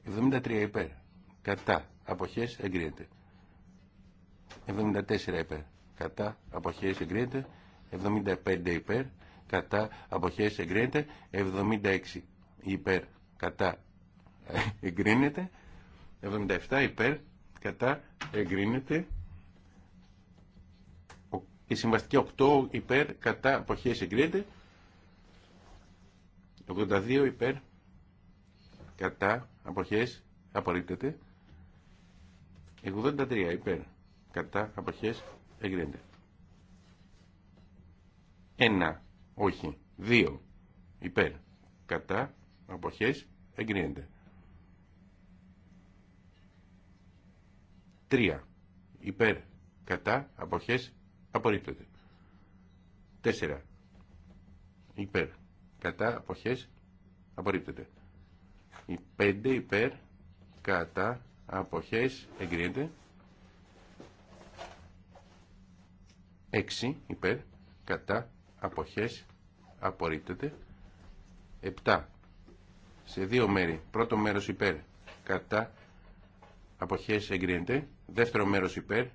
73 υπέρ, κατά, αποχές, εγκρίνεται. 74 υπέρ, κατά, αποχές, εγκρίνεται. 75 υπέρ κατά αποχές εγκρίνεται 76 υπέρ κατά εγκρίνεται 77 υπέρ κατά εγκρίνεται η συμβαστική 8 υπέρ κατά αποχές εγκρίνεται 82 υπέρ κατά αποχές απορρίπτεται 83 υπέρ κατά αποχές εγκρίνεται 1, όχι, 2, υπέρ, κατά, αποχές, εγκρίνεται. 3, υπέρ, κατά, αποχές, απορρίπτεται. 4, υπέρ, κατά, αποχές, απορρίπτεται. 5, υπέρ, κατά, αποχές, εγκρίνεται. 6, υπέρ, κατά, αποχές απορρίπτεται 7 σε δύο μέρη πρώτο μέρος υπέρ κατά αποχές εγκρίνεται δεύτερο μέρος υπέρ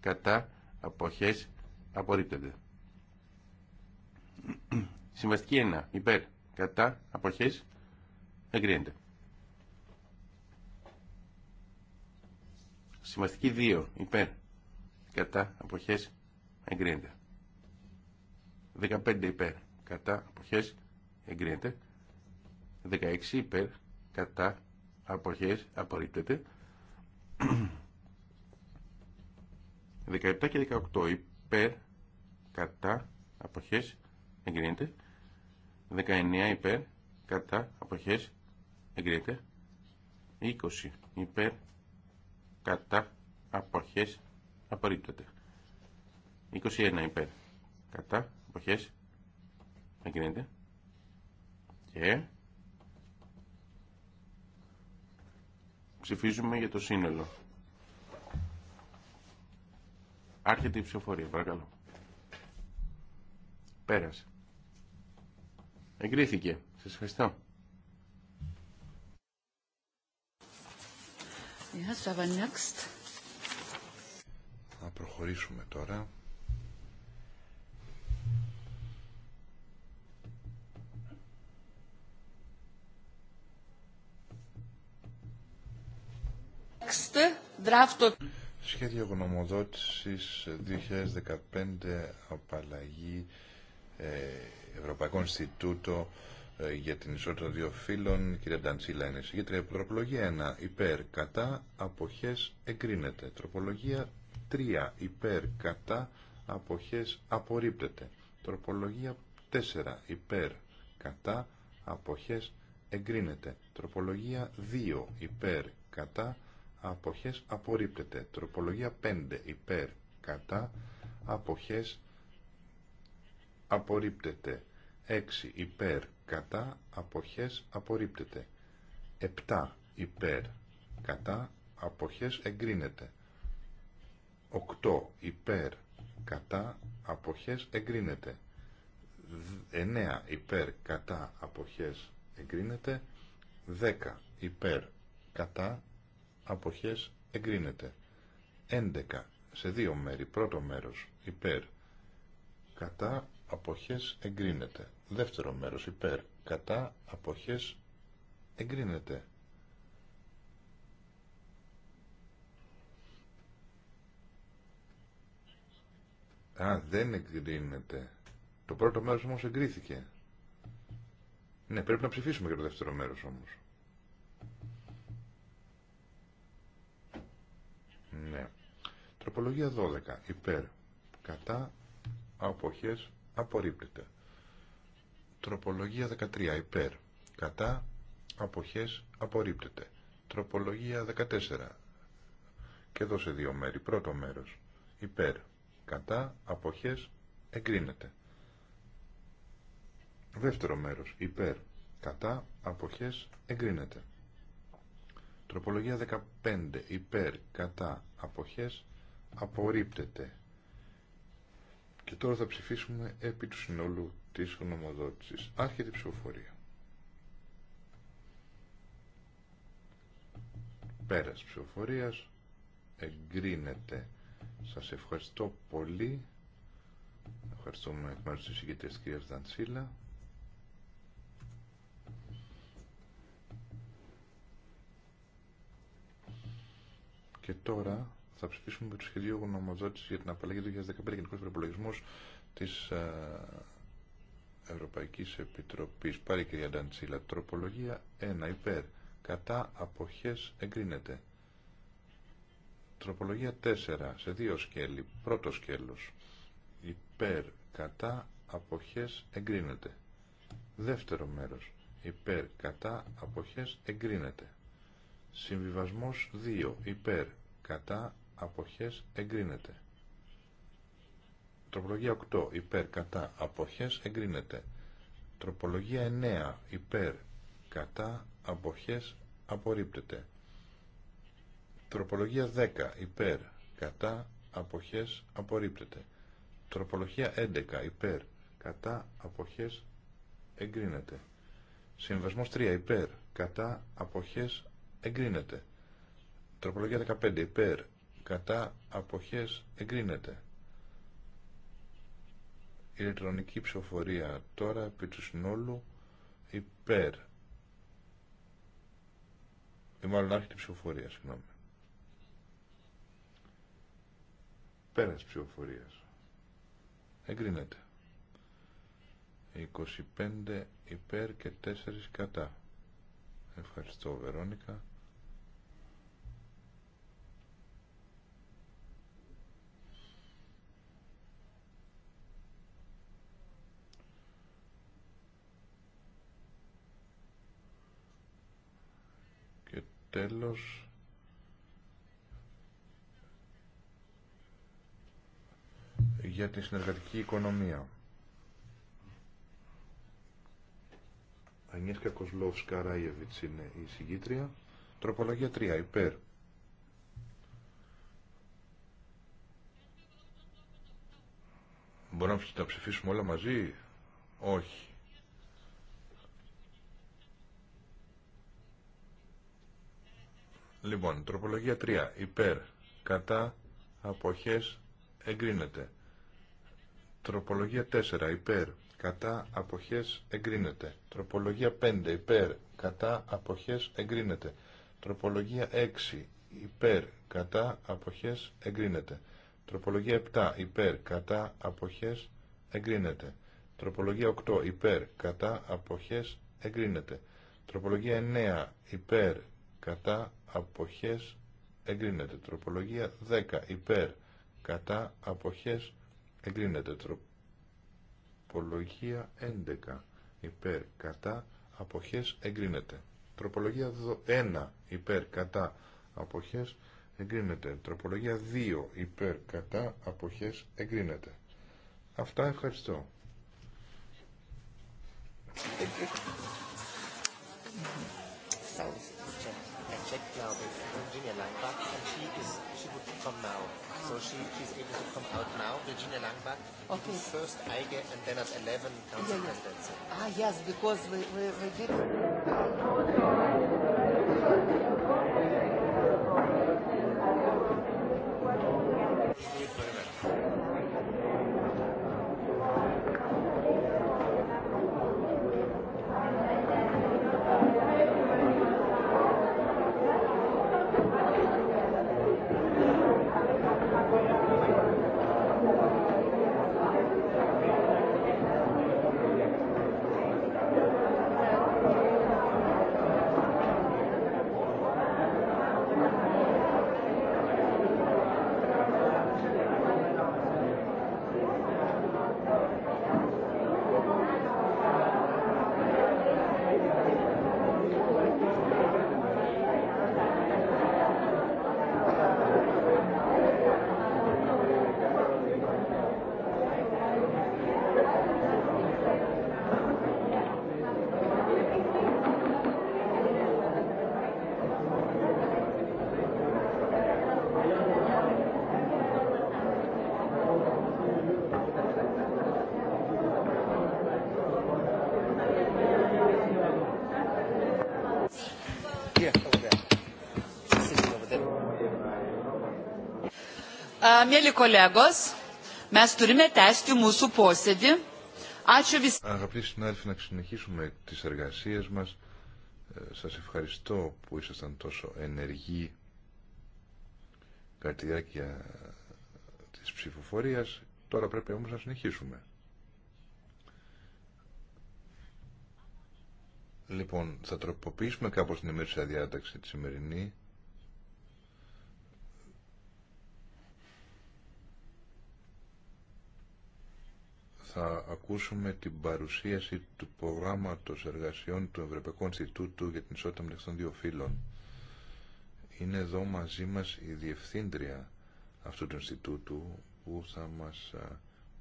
κατά αποχές απορρίπτεται συμβαστική 1 υπέρ κατά αποχές εγκρίνεται συμβαστική 2 υπέρ κατά αποχές εγκρίνεται 15 υπέρ κατά αποχές εγκρίνεται 16 υπέρ κατά αποχές απορρίπτεται 17 και 18 υπέρ κατά αποχές εγκρίνεται 19 υπέρ κατά αποχές εγκρίνεται 20 υπέρ κατά αποχές απορρίπτεται 21 υπέρ κατά εποχές εγκρίνεται και ψηφίζουμε για το σύνολο άρχεται η ψηφοφορία παρακαλώ πέρασε εγκρίθηκε σας ευχαριστώ Yes, next. Θα προχωρήσουμε τώρα Σχέδιο γνωμοδότησης 2015 απαλλαγή ε, Ευρωπαϊκό Ινστιτούτο ε, για την ισότητα των δύο φύλων. κύριε Νταντσίλα είναι συγκεκριμένη. Τροπολογία 1. Υπέρ, κατά, αποχές, εγκρίνεται. Τροπολογία 3. Υπέρ, κατά, αποχές, απορρίπτεται. Τροπολογία 4. Υπέρ, κατά, αποχές, εγκρίνεται. Τροπολογία 2. Υπέρ, κατά, αποχές απορρίπτεται. Τροπολογία 5 υπέρ κατά αποχές απορρίπτεται. 6 υπέρ κατά αποχές απορρίπτεται. 7 υπέρ κατά αποχές εγκρίνεται. 8 υπέρ κατά αποχές εγκρίνεται. 9 υπέρ κατά αποχές εγκρίνεται. 10 υπέρ κατά αποχές εγκρίνεται. 11 σε δύο μέρη, πρώτο μέρος υπέρ κατά αποχές εγκρίνεται. Δεύτερο μέρος υπέρ κατά αποχές εγκρίνεται. Α, δεν εγκρίνεται. Το πρώτο μέρος όμως εγκρίθηκε. Ναι, πρέπει να ψηφίσουμε για το δεύτερο μέρος όμως. Ναι. Τροπολογία 12. Υπέρ. Κατά. Αποχές. Απορρίπτεται. Τροπολογία 13. Υπέρ. Κατά. Αποχές. Απορρίπτεται. Τροπολογία 14. Και εδώ σε δύο μέρη. Πρώτο μέρος. Υπέρ. Κατά. Αποχές. Εγκρίνεται. Δεύτερο μέρος. Υπέρ. Κατά. Αποχές. Εγκρίνεται. Τροπολογία 15. Υπέρ, κατά, αποχές, απορρίπτεται. Και τώρα θα ψηφίσουμε επί του συνόλου της ονομοδότησης. Άρχεται η ψηφοφορία. Πέρας ψηφοφορίας. Εγκρίνεται. Σας ευχαριστώ πολύ. Ευχαριστούμε εκ μέρους της κυρίας Δαντσίλα. Και τώρα θα ψηφίσουμε το σχεδίο γνωμοδότηση για την απαλλαγή του 2015 Γενικού Προπολογισμού τη ε, Ευρωπαϊκή Επιτροπή. Πάρει κυρία Νταντσίλα. Τροπολογία 1. Υπέρ. Κατά αποχέ εγκρίνεται. Τροπολογία 4. Σε δύο σκέλη. Πρώτο σκέλο. Υπέρ. Κατά αποχέ εγκρίνεται. Δεύτερο μέρο. Υπέρ. Κατά αποχέ εγκρίνεται. Συμβιβασμός 2. Υπέρ κατά αποχές εγκρίνεται. Τροπολογία 8 υπέρ κατά αποχές εγκρίνεται. Τροπολογία 9 υπέρ κατά αποχές απορρίπτεται. Τροπολογία 10 υπέρ κατά αποχές απορρίπτεται. Τροπολογία 11 υπέρ κατά αποχές εγκρίνεται. Συμβασμός 3 υπέρ κατά αποχές εγκρίνεται. Τροπολογία 15 υπέρ κατά αποχές εγκρίνεται. Ηλεκτρονική ψηφοφορία τώρα επί του συνόλου υπέρ. Ή μάλλον άρχεται ψηφοφορία, συγγνώμη. Πέρας ψηφοφορίας. Εγκρίνεται. 25 υπέρ και 4 κατά. Ευχαριστώ Βερόνικα. Τέλος. Για την συνεργατική οικονομία. Ανιέσκα Κοσλόφσκα Ράιεβιτς είναι η συγκήτρια. Τροπολογία 3. Υπέρ. Μπορούμε να τα ψηφίσουμε όλα μαζί. Όχι. Λοιπόν, τροπολογία 3. Υπέρ, κατά, αποχές, εγκρίνεται. Τροπολογία 4. Υπέρ, κατά, αποχές, εγκρίνεται. Τροπολογία 5. Υπέρ, κατά, αποχές, εγκρίνεται. Τροπολογία 6. Υπέρ, κατά, αποχές, εγκρίνεται. Τροπολογία 7. Υπέρ, κατά, αποχές, εγκρίνεται. Τροπολογία 8. Υπέρ, κατά, αποχές, εγκρίνεται. Τροπολογία 9. Υπέρ, κατά αποχές εγκρίνεται. Τροπολογία 10 υπέρ κατά αποχές εγκρίνεται. Τροπολογία 11 υπέρ κατά αποχές εγκρίνεται. Τροπολογία 1 υπέρ κατά αποχές εγκρίνεται. Τροπολογία 2 υπέρ κατά αποχές εγκρίνεται. Αυτά ευχαριστώ check, now with Virginia Langbach, and she is she would come now, so she she's able to come out now. Virginia Langbach. Okay. First Eige, and then at 11 comes yeah, Ah yes, because we we we did. Αγαπητοί συνάδελφοι, να συνεχίσουμε τις εργασίες μας. Ε, σας ευχαριστώ που ήσασταν τόσο ενεργοί κατά τη διάρκεια της ψηφοφορίας. Τώρα πρέπει όμως να συνεχίσουμε. Λοιπόν, θα τροποποιήσουμε κάπως την ημέρησια διάταξη τη σημερινή θα ακούσουμε την παρουσίαση του προγράμματος εργασιών του Ευρωπαϊκού Ινστιτούτου για την Ισότητα μεταξύ των δύο φύλων. Είναι εδώ μαζί μας η Διευθύντρια αυτού του Ινστιτούτου που θα μας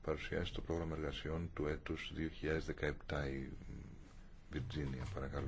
παρουσιάσει το πρόγραμμα εργασιών του έτους 2017 η Βιρτζίνια. Παρακαλώ.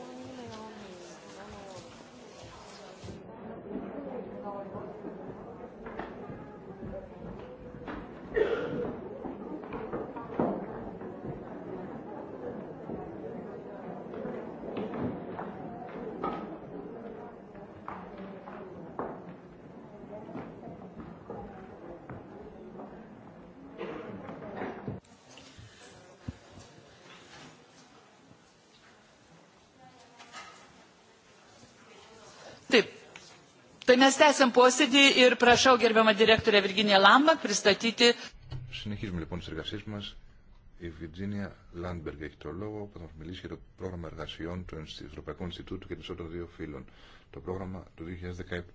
Tai mes tęsiam posėdį ir prašau gerbiamą direktorę Virginiją pristatyti. Συνεχίζουμε λοιπόν τι εργασίε μα. Η Βιτζίνια Λάντμπεργκ έχει το λόγο που θα μας μιλήσει για το πρόγραμμα εργασιών του Ευρωπαϊκού Ινστιτούτου και των Σώτο Δύο Φίλων. Το πρόγραμμα του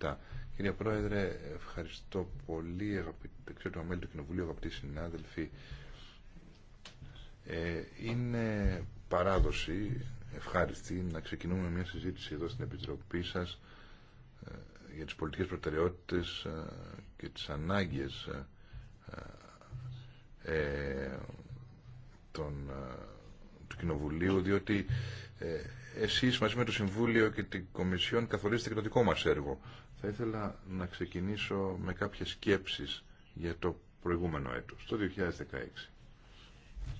2017. Κύριε Πρόεδρε, ευχαριστώ πολύ το μέλη του Κοινοβουλίου, αγαπητοί συνάδελφοι. Ε, είναι παράδοση ευχάριστη να ξεκινούμε μια συζήτηση εδώ στην Επιτροπή σας για τις πολιτικές προτεραιότητες ε, και τις ανάγκες ε, ε, του Κοινοβουλίου, διότι εσείς μαζί με το Συμβούλιο και την Κομισιόν καθορίζετε και το δικό μας έργο. Θα ήθελα να ξεκινήσω με κάποιες σκέψεις για το προηγούμενο έτος, το 2016.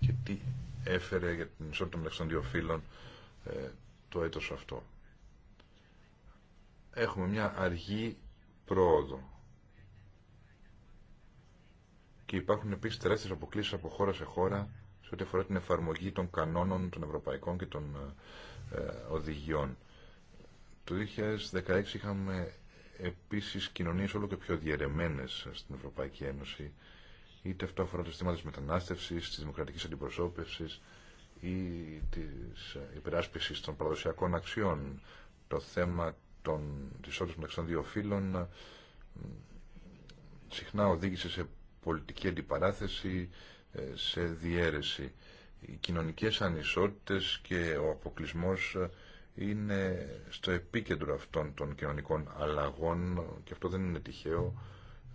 Και τι έφερε για την ισότητα μεταξύ των δύο φύλων το έτος αυτό έχουμε μια αργή πρόοδο. Και υπάρχουν επίσης τεράστιες αποκλήσεις από χώρα σε χώρα σε ό,τι αφορά την εφαρμογή των κανόνων των ευρωπαϊκών και των ε, ε, οδηγιών. Το 2016 είχαμε επίσης κοινωνίες όλο και πιο διαιρεμένες στην Ευρωπαϊκή Ένωση, είτε αυτό αφορά το στήμα της μετανάστευσης, της δημοκρατικής αντιπροσώπευσης ή της ε, υπεράσπισης των παραδοσιακών αξιών. Το θέμα των, της όρης μεταξύ των δύο φύλων συχνά οδήγησε σε πολιτική αντιπαράθεση, ε, σε διέρεση. Οι κοινωνικές ανισότητες και ο αποκλισμός ε, είναι στο επίκεντρο αυτών των κοινωνικών αλλαγών και αυτό δεν είναι τυχαίο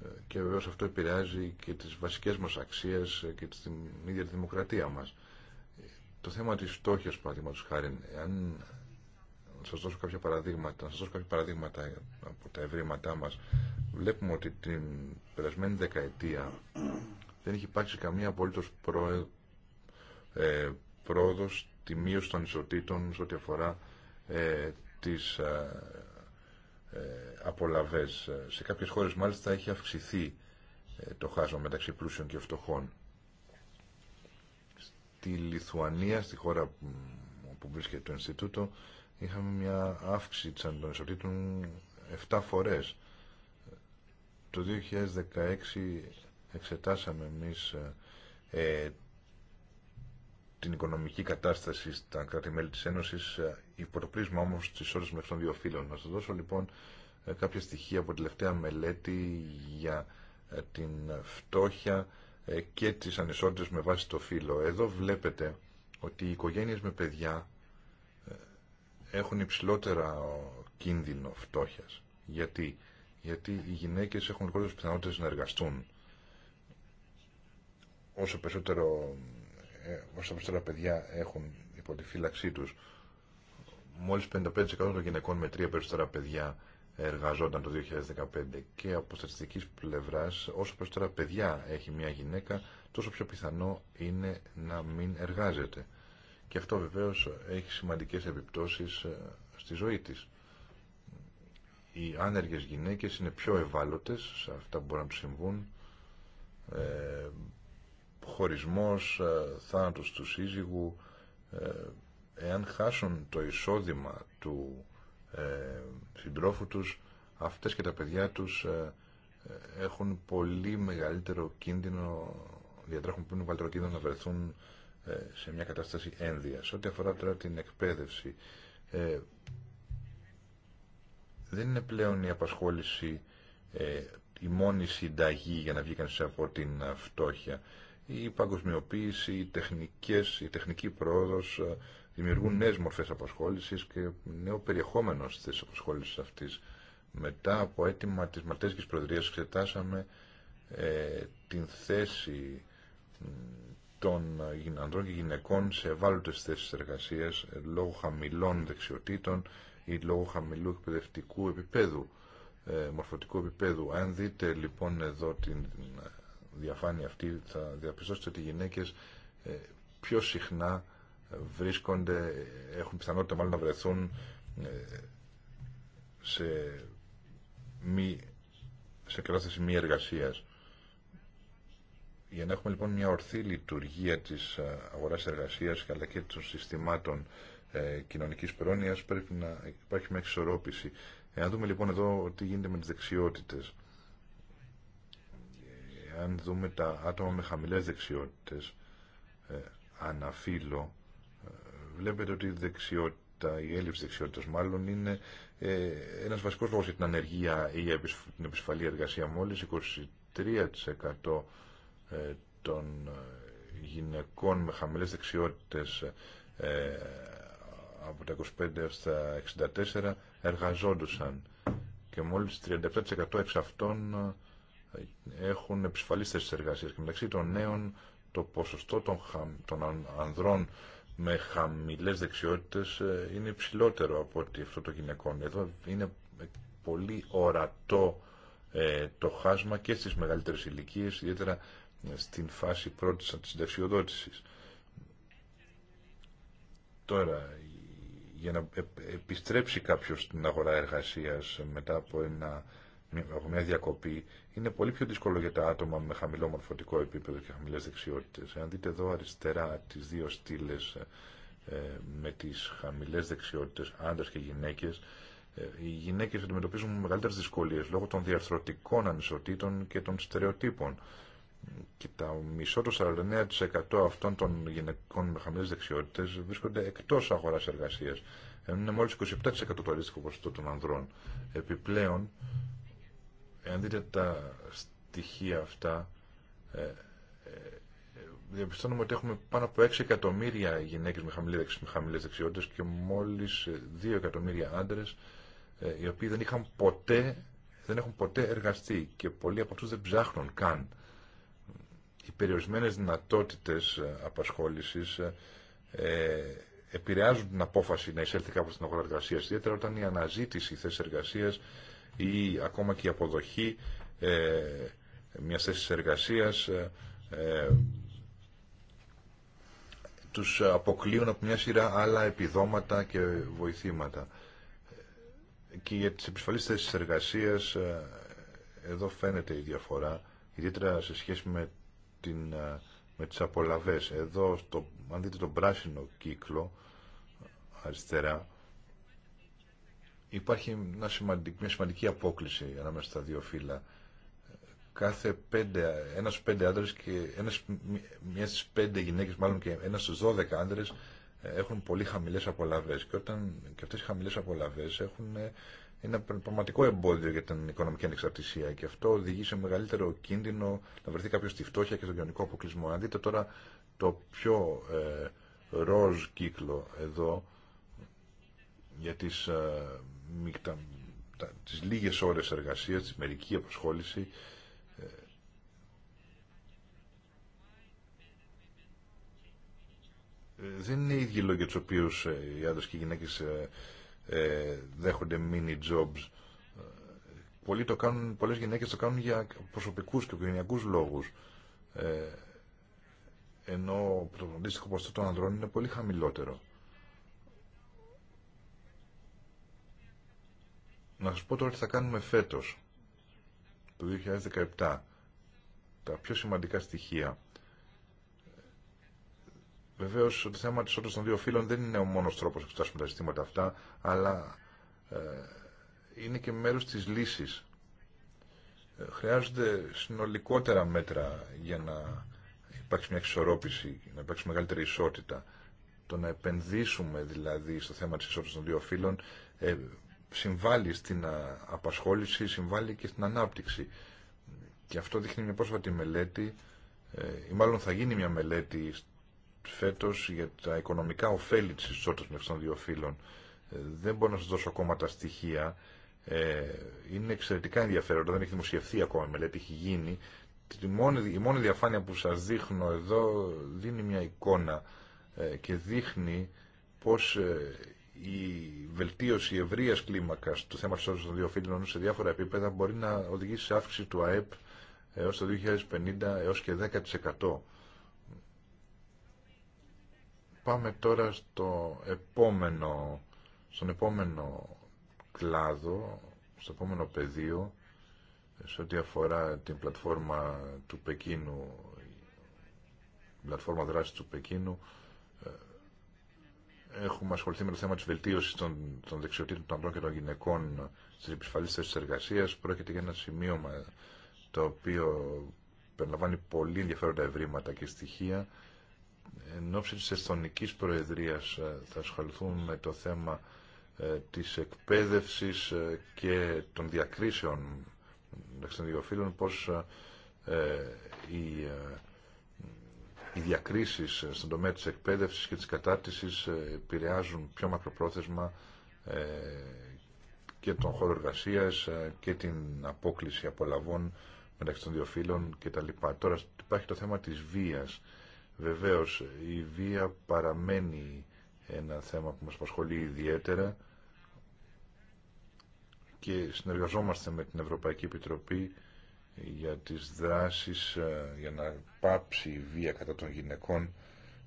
ε, και βεβαίω αυτό επηρεάζει και τις βασικές μας αξίες και την ίδια τη δημοκρατία μας. Το θέμα της στόχης παραδείγματος χάρη, αν σας δώσω κάποια παραδείγματα, να σας δώσω κάποια παραδείγματα από τα ευρήματά μας. Βλέπουμε ότι την περασμένη δεκαετία δεν έχει υπάρξει καμία απολύτως προ... ε, πρόοδος τη μείωση των ισοτήτων σε ό,τι αφορά ε, τις ε, ε, απολαβές. Σε κάποιες χώρες μάλιστα έχει αυξηθεί ε, το χάσμα μεταξύ πλούσιων και φτωχών. Στη Λιθουανία, στη χώρα που βρίσκεται το Ινστιτούτο, είχαμε μια αύξηση των ισοτήτων 7 φορές. Το 2016 εξετάσαμε εμείς ε, ε, την οικονομική κατάσταση στα κράτη-μέλη της Ένωσης ε, υπό το πρίσμα όμως της μεταξύ των δύο φύλων. Να σας δώσω λοιπόν ε, κάποια στοιχεία από την τελευταία μελέτη για την φτώχεια και τις ανισότητες με βάση το φύλο. Εδώ βλέπετε ότι οι οικογένειες με παιδιά έχουν υψηλότερα κίνδυνο φτώχειας. Γιατί, Γιατί οι γυναίκες έχουν λιγότερες πιθανότητες να εργαστούν. Όσο περισσότερο, ε, όσο περισσότερα παιδιά έχουν υπό τη φύλαξή τους, μόλις 55% των γυναικών με τρία περισσότερα παιδιά εργαζόταν το 2015 και από στατιστικής πλευράς όσο περισσότερα παιδιά έχει μια γυναίκα τόσο πιο πιθανό είναι να μην εργάζεται και αυτό βεβαίως έχει σημαντικές επιπτώσεις ε, στη ζωή της. Οι άνεργες γυναίκες είναι πιο ευάλωτες σε αυτά που μπορούν να τους συμβούν. Ε, χωρισμός, ε, θάνατος του σύζυγου, ε, εάν χάσουν το εισόδημα του ε, συντρόφου τους, αυτές και τα παιδιά τους έχουν πολύ μεγαλύτερο κίνδυνο, διατρέχουν πολύ μεγαλύτερο κίνδυνο να βρεθούν ε, σε μια κατάσταση ένδυας. Ό,τι αφορά τώρα την εκπαίδευση, ε, δεν είναι πλέον η απασχόληση ε, η μόνη συνταγή για να βγει κανείς από την ε, φτώχεια. Η παγκοσμιοποίηση, οι τεχνικές, η τεχνική πρόοδος δημιουργούν νέες μορφές απασχόλησης και νέο περιεχόμενο στις απασχόλησης αυτής. Μετά από αίτημα της Μαλτέζικης Προεδρίας εξετάσαμε ε, την θέση των ε, ανδρών και γυναικών σε ευάλωτες θέσεις εργασίας ε, λόγω χαμηλών δεξιοτήτων ή λόγω χαμηλού εκπαιδευτικού επίπεδου, ε, μορφωτικού επίπεδου. Αν δείτε λοιπόν εδώ την διαφάνεια αυτή θα διαπιστώσετε ότι οι γυναίκες πιο συχνά βρίσκονται, έχουν πιθανότητα μάλλον να βρεθούν σε, μη, σε κατάσταση μη εργασίας. Για να έχουμε λοιπόν μια ορθή λειτουργία της ε, αγοράς εργασίας αλλά και των συστημάτων ε, κοινωνικής πρόνοιας πρέπει να υπάρχει μια εξορρόπηση. Ε, αν δούμε λοιπόν εδώ τι γίνεται με τις δεξιότητες. Ε, αν δούμε τα άτομα με χαμηλές δεξιότητες, ε, βλέπετε ότι η δεξιότητα, η έλλειψη δεξιότητας μάλλον είναι ε, ένας βασικός λόγος για την ανεργία ή για την επισφαλή εργασία μόλις 23% ε, των ε, γυναικών με χαμηλές δεξιότητες ε, από τα 25 έως τα 64 εργαζόντουσαν και μόλις 37% εξ αυτών έχουν επισφαλείς θέσεις εργασίας και μεταξύ των νέων το ποσοστό των, χα... ανδρών με χαμηλές δεξιότητες είναι υψηλότερο από ότι αυτό το γυναικών. Εδώ είναι πολύ ορατό το χάσμα και στις μεγαλύτερες ηλικίε, ιδιαίτερα ναι, στην φάση πρώτης αντισυνταξιοδότησης. Τώρα, για να επιστρέψει κάποιος στην αγορά εργασίας μετά από, ένα, από μια διακοπή, είναι πολύ πιο δύσκολο για τα άτομα με χαμηλό μορφωτικό επίπεδο και χαμηλές δεξιότητες. Αν δείτε εδώ αριστερά τις δύο στήλε ε, με τις χαμηλές δεξιότητες, άντρες και γυναίκες, ε, οι γυναίκες αντιμετωπίζουν μεγαλύτερες δυσκολίες λόγω των διαρθρωτικών ανισοτήτων και των στερεοτύπων τα μισό το 49% αυτών των γυναικών με χαμηλέ δεξιότητε βρίσκονται εκτός αγοράς εργασίας. είναι μόλις 27% το αντίστοιχο ποσοστό των ανδρών. Επιπλέον, εάν δείτε τα στοιχεία αυτά, ε, ε, διαπιστώνουμε ότι έχουμε πάνω από 6 εκατομμύρια γυναίκε με χαμηλέ δεξιότητε και μόλις 2 ε, εκατομμύρια άντρε ε, οι οποίοι δεν, είχαν ποτέ, δεν έχουν ποτέ εργαστεί και πολλοί από αυτού δεν ψάχνουν καν οι περιορισμένες δυνατότητες ε, απασχόλησης ε, ε, επηρεάζουν την απόφαση να εισέλθει κάπου στην αγορά εργασία, ιδιαίτερα όταν η αναζήτηση θέση εργασίας ή ακόμα και η αποδοχή ε, μια θέση εργασία ε, τους αποκλείουν από μια σειρά άλλα επιδόματα και βοηθήματα. Και για τις επισφαλείς θέσεις εργασίας εδώ φαίνεται η διαφορά, ιδιαίτερα σε σχέση με την, ε, με τις απολαβές. Εδώ, αν δείτε τον πράσινο κύκλο, αριστερά, υπάρχει μια σημαντική, μια απόκληση ανάμεσα στα δύο φύλλα. Κάθε πέντε, ένας πέντε άντρες και ένας, μια στις πέντε γυναίκες μάλλον και ένας στους δώδεκα άντρες ε, έχουν πολύ χαμηλές απολαβές και, όταν, και αυτές οι χαμηλές απολαβές έχουν ε, ένα πραγματικό εμπόδιο για την οικονομική ανεξαρτησία και αυτό οδηγεί σε μεγαλύτερο κίνδυνο να βρεθεί κάποιο στη φτώχεια και στον κοινωνικό αποκλεισμό. Αν δείτε τώρα το πιο ε, ροζ κύκλο εδώ για τις, ε, μικτα, τα, τις λίγες ώρες εργασίας, τη μερική αποσχόληση, ε, ε, δεν είναι οι ίδιοι λόγοι για του οποίου οι άντρε και οι γυναίκες ε, δέχονται mini jobs. Ε, πολλοί το κάνουν, πολλές γυναίκες το κάνουν για προσωπικούς και οικογενειακούς λόγους. Ε, ενώ το αντίστοιχο ποσοστό των ανδρών είναι πολύ χαμηλότερο. Να σας πω τώρα τι θα κάνουμε φέτος, το 2017. Τα πιο σημαντικά στοιχεία. Βεβαίω το θέμα τη όντω των δύο φύλων δεν είναι ο μόνο τρόπο να φτάσουμε τα ζητήματα αυτά, αλλά ε, είναι και μέρο τη λύση. Ε, χρειάζονται συνολικότερα μέτρα για να υπάρξει μια εξισορρόπηση, να υπάρξει μεγαλύτερη ισότητα. Το να επενδύσουμε δηλαδή στο θέμα τη ισότητα των δύο φύλων ε, συμβάλλει στην ε, απασχόληση, συμβάλλει και στην ανάπτυξη. Και αυτό δείχνει μια πρόσφατη μελέτη, ε, ή μάλλον θα γίνει μια μελέτη φέτος για τα οικονομικά ωφέλη της ισότητας μεταξύ των δύο φύλων. Ε, δεν μπορώ να σας δώσω ακόμα τα στοιχεία. Ε, είναι εξαιρετικά ενδιαφέροντα, δεν έχει δημοσιευθεί ακόμα η μελέτη, έχει γίνει. Η μόνη, η μόνη διαφάνεια που σας δείχνω εδώ δίνει μια εικόνα ε, και δείχνει πως η βελτίωση ευρεία κλίμακας του θέματος των δύο φύλων σε διάφορα επίπεδα μπορεί να οδηγήσει σε αύξηση του ΑΕΠ έως το 2050 έως και 10%. Πάμε τώρα στο επόμενο, στον επόμενο κλάδο, στο επόμενο πεδίο, σε ό,τι αφορά την πλατφόρμα του Πεκίνου, την πλατφόρμα δράσης του Πεκίνου, ε, έχουμε ασχοληθεί με το θέμα της βελτίωσης των, των δεξιοτήτων των ανδρών και των γυναικών στις επισφαλείς θέσεις εργασίας. Πρόκειται για ένα σημείωμα το οποίο περιλαμβάνει πολύ ενδιαφέροντα ευρήματα και στοιχεία εν ώψη της Εσθονικής Προεδρίας ε, θα ασχοληθούμε με το θέμα ε, της εκπαίδευσης ε, και των διακρίσεων μεταξύ των δύο φύλων, πώς οι, οι διακρίσεις στον τομέα της εκπαίδευσης και της κατάρτισης επηρεάζουν πιο μακροπρόθεσμα και τον χώρο εργασία και την απόκληση απολαβών μεταξύ των δύο τα λοιπά. Τώρα υπάρχει το θέμα της βίας Βεβαίως, η βία παραμένει ένα θέμα που μας απασχολεί ιδιαίτερα και συνεργαζόμαστε με την Ευρωπαϊκή Επιτροπή για τις δράσεις ε, για να πάψει η βία κατά των γυναικών.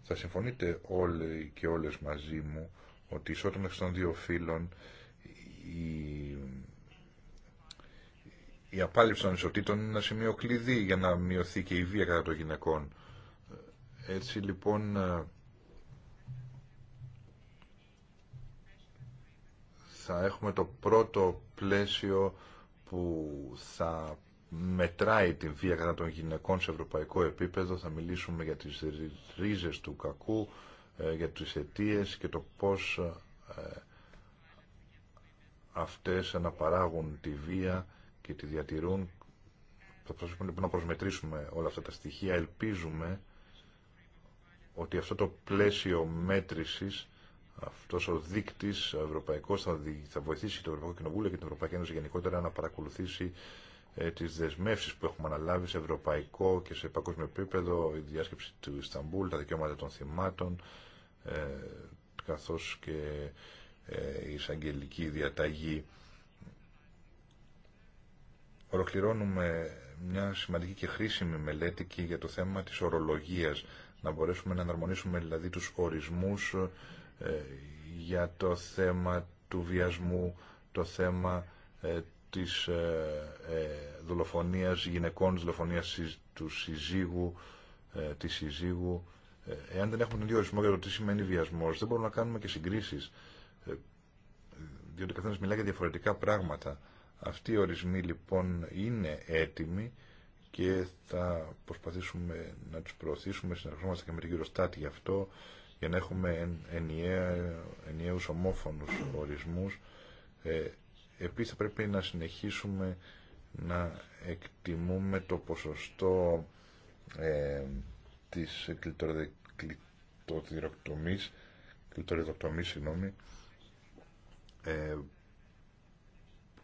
Θα συμφωνείτε όλοι και όλες μαζί μου ότι ισότητα μέχρι των δύο φύλων η, η απάλληψη των ισοτήτων είναι ένα σημείο κλειδί για να μειωθεί και η βία κατά των γυναικών. Έτσι λοιπόν ε, θα έχουμε το πρώτο πλαίσιο που θα μετράει την βία κατά των γυναικών σε ευρωπαϊκό επίπεδο. Θα μιλήσουμε για τις ρίζες του κακού, ε, για τις αιτίε και το πώς ε, αυτές αναπαράγουν τη βία και τη διατηρούν. Θα προσπαθήσουμε να προσμετρήσουμε όλα αυτά τα στοιχεία. Ελπίζουμε ότι αυτό το πλαίσιο μέτρησης, αυτός ο δείκτης ευρωπαϊκός θα, θα βοηθήσει το Ευρωπαϊκό Κοινοβούλιο και την Ευρωπαϊκή Ένωση γενικότερα να παρακολουθήσει ε, τις δεσμεύσεις που έχουμε αναλάβει σε ευρωπαϊκό και σε παγκόσμιο επίπεδο, η διάσκεψη του Ισταμπούλ, τα δικαιώματα των θυμάτων, ε, καθώς και ε, η εισαγγελική διαταγή. Ολοκληρώνουμε μια σημαντική και χρήσιμη μελέτη και για το θέμα της ορολογίας να μπορέσουμε να αναρμονίσουμε δηλαδή τους ορισμούς ε, για το θέμα του βιασμού, το θέμα ε, της ε, ε, δολοφονίας γυναικών, δολοφονίας του συζύγου, της συζύγου. Εάν δεν έχουμε τον ίδιο ορισμό για το τι σημαίνει βιασμός, δεν μπορούμε να κάνουμε και συγκρίσεις, διότι καθένας μιλάει για διαφορετικά πράγματα. Αυτοί οι ορισμοί λοιπόν είναι έτοιμοι και θα προσπαθήσουμε να τους προωθήσουμε, συνεργαζόμαστε και με την Στάτη γι' αυτό, για να έχουμε ενιαία, ενιαίους ομόφωνους ορισμούς. Ε, επίσης θα πρέπει να συνεχίσουμε να εκτιμούμε το ποσοστό ε, της κλειτοδιροκτομής, κλειτοδιροκτομής συγγνώμη, ε,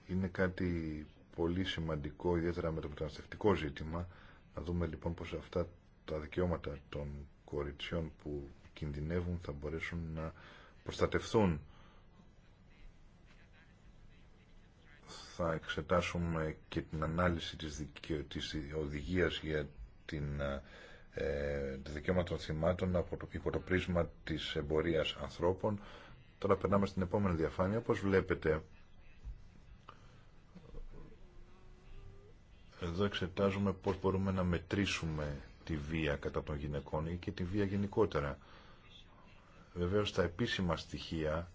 είναι κάτι πολύ σημαντικό, ιδιαίτερα με το μεταναστευτικό ζήτημα. Να δούμε λοιπόν πως αυτά τα δικαιώματα των κοριτσιών που κινδυνεύουν θα μπορέσουν να προστατευθούν. Θα εξετάσουμε και την ανάλυση της, δικαι... οδηγίας για την, ε, τα δικαιώματα των θυμάτων από το, υπό το πρίσμα της εμπορίας ανθρώπων. Τώρα περνάμε στην επόμενη διαφάνεια. Όπως βλέπετε, Εδώ εξετάζουμε πώς μπορούμε να μετρήσουμε τη βία κατά των γυναικών ή και τη βία γενικότερα. Βεβαίως τα επίσημα στοιχεία,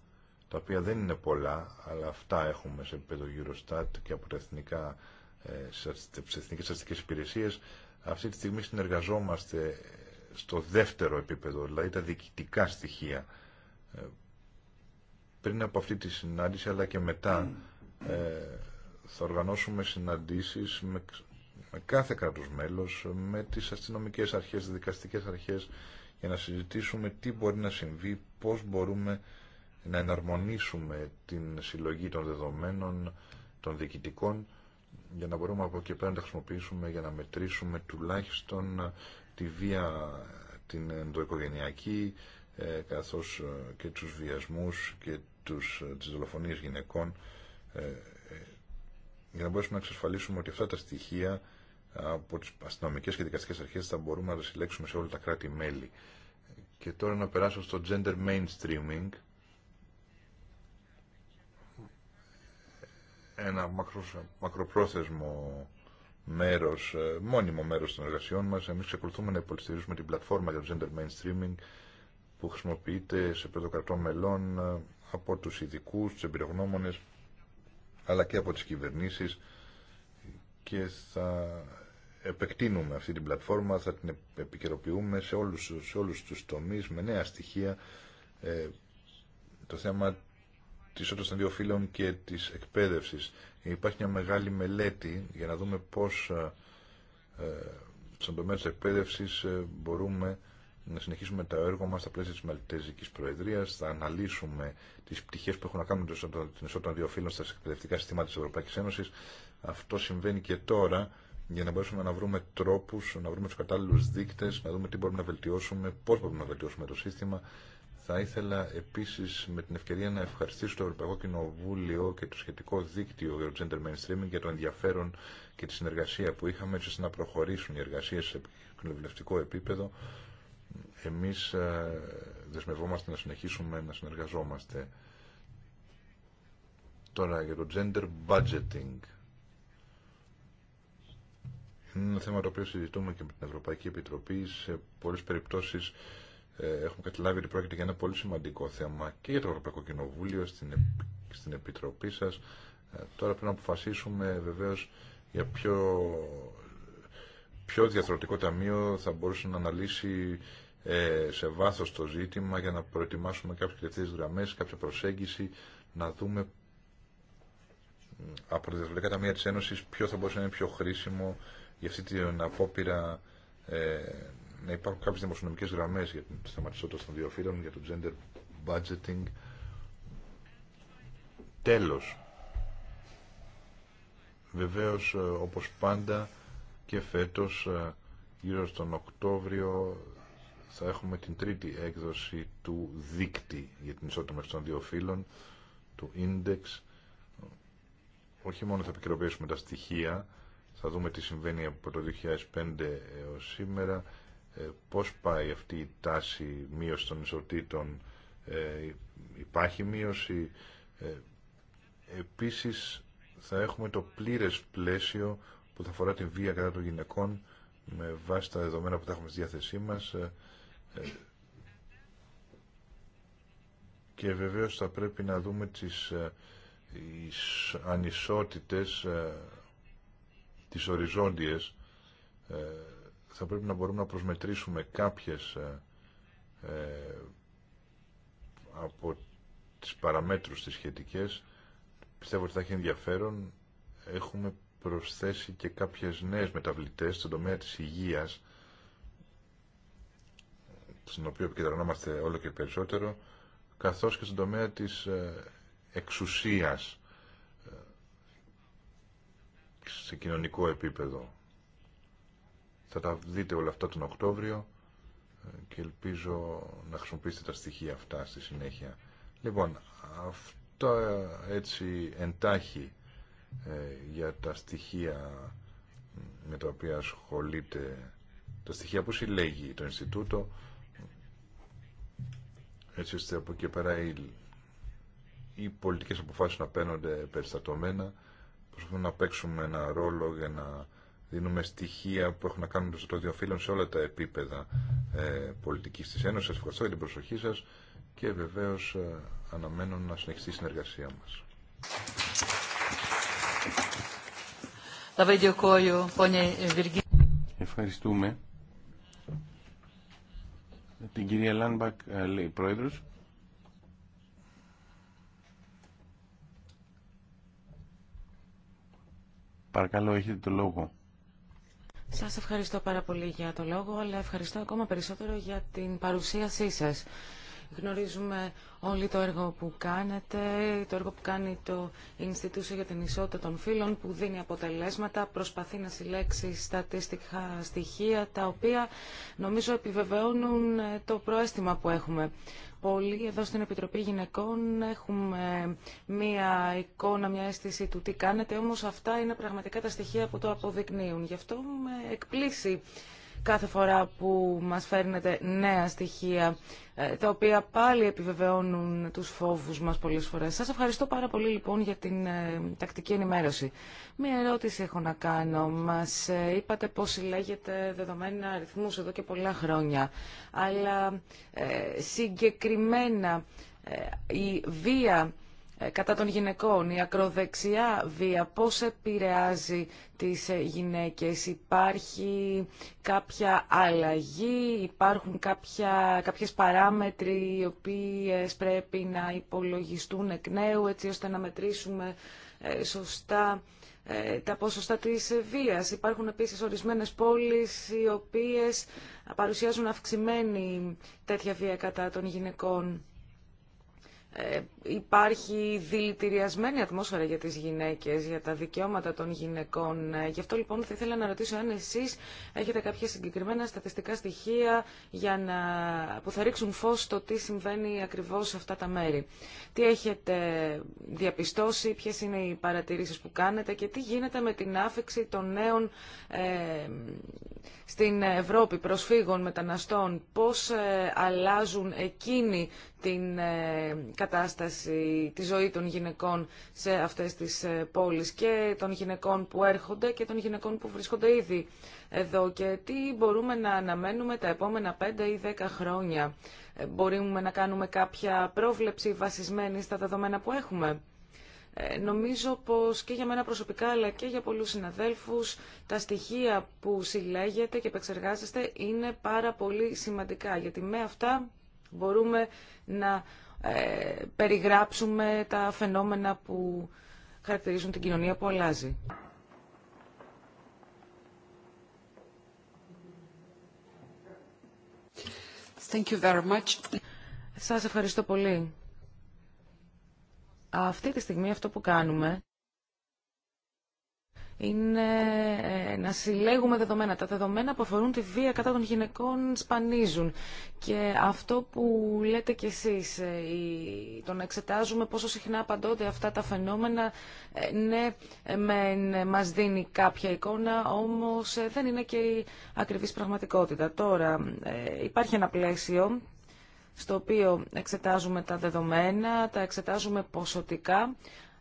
τα οποία δεν είναι πολλά, αλλά αυτά έχουμε σε επίπεδο Eurostat και από τα εθνικά, σε εθνικές αστικές υπηρεσίες, αυτή τη στιγμή συνεργαζόμαστε στο δεύτερο επίπεδο, δηλαδή τα διοικητικά στοιχεία. Ε, πριν από αυτή τη συνάντηση, αλλά και μετά, ε, θα οργανώσουμε συναντήσεις με, με κάθε κράτος μέλος, με τις αστυνομικές αρχές, τις δικαστικές αρχές, για να συζητήσουμε τι μπορεί να συμβεί, πώς μπορούμε να εναρμονίσουμε την συλλογή των δεδομένων, των διοικητικών, για να μπορούμε από εκεί πέρα να τα χρησιμοποιήσουμε για να μετρήσουμε τουλάχιστον τη βία, την ενδοοικογενειακή, ε, καθώς ε, και τους βιασμούς και τους, ε, τις δολοφονίες γυναικών για να μπορέσουμε να εξασφαλίσουμε ότι αυτά τα στοιχεία από τις αστυνομικέ και δικαστικέ αρχές θα μπορούμε να τα συλλέξουμε σε όλα τα κράτη-μέλη. Και τώρα να περάσω στο gender mainstreaming. Ένα μακροπρόθεσμο μέρος, ε, μόνιμο μέρος των εργασιών μας. Εμείς ξεκολουθούμε να υποστηρίζουμε την πλατφόρμα για το gender mainstreaming που χρησιμοποιείται σε πέντε μελών ε, από τους ειδικού, τους εμπειρογνώμονες αλλά και από τις κυβερνήσεις και θα επεκτείνουμε αυτή την πλατφόρμα, θα την επικαιροποιούμε σε όλους, σε όλους τους τομείς με νέα στοιχεία ε, το θέμα της όντως των δύο φύλων και της εκπαίδευσης. Υπάρχει μια μεγάλη μελέτη για να δούμε πώς ε, ε στον τομέα της εκπαίδευσης ε, μπορούμε να συνεχίσουμε το έργο μας στα πλαίσια της Μαλτέζικης Προεδρίας, θα αναλύσουμε τις πτυχές που έχουν να κάνουν την ισότητα των δύο φύλων στα εκπαιδευτικά συστήματα της Ευρωπαϊκής Ένωσης. Αυτό συμβαίνει και τώρα για να μπορέσουμε να βρούμε τρόπους, να βρούμε τους κατάλληλους δείκτες, να δούμε τι μπορούμε να βελτιώσουμε, πώς μπορούμε να βελτιώσουμε το σύστημα. Θα ήθελα επίσης με την ευκαιρία να ευχαριστήσω το Ευρωπαϊκό Κοινοβούλιο και το σχετικό δίκτυο για το Gender Mainstreaming για το ενδιαφέρον και τη συνεργασία που είχαμε έτσι να προχωρήσουν οι εργασίε σε κοινοβουλευτικό επίπεδο. Εμείς ε, δεσμευόμαστε να συνεχίσουμε να συνεργαζόμαστε. Τώρα για το gender budgeting. Είναι ένα θέμα το οποίο συζητούμε και με την Ευρωπαϊκή Επιτροπή. Σε πολλές περιπτώσεις ε, έχουμε καταλάβει ότι πρόκειται για ένα πολύ σημαντικό θέμα και για το Ευρωπαϊκό Κοινοβούλιο, στην, στην Επιτροπή σας. Ε, τώρα πρέπει να αποφασίσουμε βεβαίως για ποιο, ποιο διαθροτικό ταμείο θα μπορούσε να αναλύσει ε, σε βάθος το ζήτημα για να προετοιμάσουμε κάποιες τελευταίες γραμμές, κάποια προσέγγιση, να δούμε από τα διαφορετικά ταμεία της Ένωσης ποιο θα μπορούσε να είναι πιο χρήσιμο για αυτή την απόπειρα ε, να υπάρχουν κάποιες δημοσιονομικές γραμμές για την θεματισότητα των δύο φύλων, για το gender budgeting. Τέλος. Βεβαίως, ε, όπως πάντα και φέτος, ε, γύρω στον Οκτώβριο θα έχουμε την τρίτη έκδοση του δίκτυ για την ισότητα μεταξύ των δύο φύλων, του index. Όχι μόνο θα επικαιροποιήσουμε τα στοιχεία, θα δούμε τι συμβαίνει από το 2005 έως σήμερα, ε, πώς πάει αυτή η τάση μείωση των ισοτήτων, ε, υπάρχει μείωση. Ε, επίσης θα έχουμε το πλήρες πλαίσιο που θα αφορά την βία κατά των γυναικών με βάση τα δεδομένα που θα έχουμε στη διάθεσή μας και βεβαίως θα πρέπει να δούμε τις, ε, τις ανισότητες ε, τις οριζόντιες ε, θα πρέπει να μπορούμε να προσμετρήσουμε κάποιες από τις παραμέτρους τις σχετικές πιστεύω ότι θα έχει ενδιαφέρον έχουμε προσθέσει και κάποιες νέες μεταβλητές στον τομέα της υγείας στην οποία επικεντρωνόμαστε όλο και περισσότερο, καθώς και στον τομέα της ε, εξουσίας ε, σε κοινωνικό επίπεδο. Θα τα δείτε όλα αυτά τον Οκτώβριο ε, και ελπίζω να χρησιμοποιήσετε τα στοιχεία αυτά στη συνέχεια. Λοιπόν, αυτό έτσι εντάχει για τα στοιχεία με τα οποία ασχολείται, τα στοιχεία που συλλέγει το Ινστιτούτο έτσι ώστε από εκεί πέρα οι, οι πολιτικές αποφάσεις να παίρνονται περιστατωμένα. Προσπαθούμε να παίξουμε ένα ρόλο για να δίνουμε στοιχεία που έχουν να κάνουν με το σε όλα τα επίπεδα ε, πολιτικής της Ένωσης. Σας ευχαριστώ για την προσοχή σας και βεβαίως ε, αναμένω να συνεχιστεί η συνεργασία μας. Ευχαριστούμε. Την κυρία Λάνμπακ, ε, λέει πρόεδρος. Παρακαλώ, έχετε το λόγο. Σας ευχαριστώ πάρα πολύ για το λόγο, αλλά ευχαριστώ ακόμα περισσότερο για την παρουσίασή σας. Γνωρίζουμε όλοι το έργο που κάνετε, το έργο που κάνει το Ινστιτούσιο για την Ισότητα των Φύλων, που δίνει αποτελέσματα, προσπαθεί να συλλέξει στατιστικά στοιχεία, τα οποία νομίζω επιβεβαιώνουν ε, το προέστημα που έχουμε. Πολλοί εδώ στην Επιτροπή Γυναικών έχουμε μία εικόνα, μία αίσθηση του τι κάνετε, όμως αυτά είναι πραγματικά τα στοιχεία που το αποδεικνύουν. Γι' αυτό με εκπλήσει κάθε φορά που μας φέρνετε νέα στοιχεία, ε, τα οποία πάλι επιβεβαιώνουν τους φόβους μας πολλές φορές. Σας ευχαριστώ πάρα πολύ λοιπόν για την ε, τακτική ενημέρωση. Μία ερώτηση έχω να κάνω. Μας ε, είπατε πώς συλλέγετε δεδομένα αριθμούς εδώ και πολλά χρόνια, αλλά συγκεκριμένα η βία ε, κατά των γυναικών, η ακροδεξιά βία, πώς επηρεάζει τις ε, γυναίκες, υπάρχει κάποια αλλαγή, υπάρχουν κάποια, κάποιες παράμετροι οι οποίες πρέπει να υπολογιστούν εκ νέου έτσι ώστε να μετρήσουμε ε, σωστά τα ποσοστά της βίας. Υπάρχουν επίσης ορισμένες πόλεις οι οποίες παρουσιάζουν αυξημένη τέτοια βία κατά των γυναικών. Ε, υπάρχει δηλητηριασμένη ατμόσφαιρα για τις γυναίκες, για τα δικαιώματα των γυναικών. Ε, γι' αυτό λοιπόν θα ήθελα να ρωτήσω αν εσείς έχετε κάποια συγκεκριμένα στατιστικά στοιχεία για να... που θα ρίξουν φως στο τι συμβαίνει ακριβώς σε αυτά τα μέρη. Τι έχετε διαπιστώσει, ποιες είναι οι παρατηρήσεις που κάνετε και τι γίνεται με την άφηξη των νέων ε, στην Ευρώπη, προσφύγων, μεταναστών, πώς αλλάζουν εκείνοι την ε, κατάσταση, τη ζωή των γυναικών σε αυτές τις ε, πόλεις και των γυναικών που έρχονται και των γυναικών που βρίσκονται ήδη εδώ και τι μπορούμε να αναμένουμε τα επόμενα 5 ή 10 χρόνια. Ε, μπορούμε να κάνουμε κάποια πρόβλεψη βασισμένη στα δεδομένα που έχουμε. Νομίζω πως και για μένα προσωπικά αλλά και για πολλούς συναδέλφους τα στοιχεία που συλλέγετε και επεξεργάζεστε είναι πάρα πολύ σημαντικά γιατί με αυτά Μπορούμε να ε, περιγράψουμε τα φαινόμενα που χαρακτηρίζουν την κοινωνία που αλλάζει. Thank you Σας ευχαριστώ πολύ. Αυτή τη στιγμή αυτό που κάνουμε είναι ε, να συλλέγουμε δεδομένα. Τα δεδομένα που αφορούν τη βία κατά των γυναικών σπανίζουν. Και αυτό που λέτε κι εσείς, ε, το να εξετάζουμε πόσο συχνά απαντώνται αυτά τα φαινόμενα, ε, ναι, με, μας δίνει κάποια εικόνα, όμως δεν είναι και η ακριβής πραγματικότητα. Τώρα, υπάρχει ένα πλαίσιο στο οποίο εξετάζουμε τα δεδομένα, τα εξετάζουμε ποσοτικά,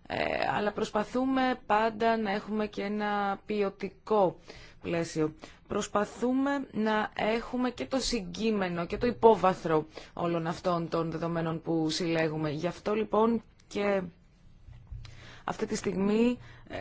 ε, αλλά προσπαθούμε πάντα να έχουμε και ένα ποιοτικό πλαίσιο. Προσπαθούμε να έχουμε και το συγκείμενο και το υπόβαθρο όλων αυτών των δεδομένων που συλλέγουμε. Γι' αυτό λοιπόν και αυτή τη στιγμή ε,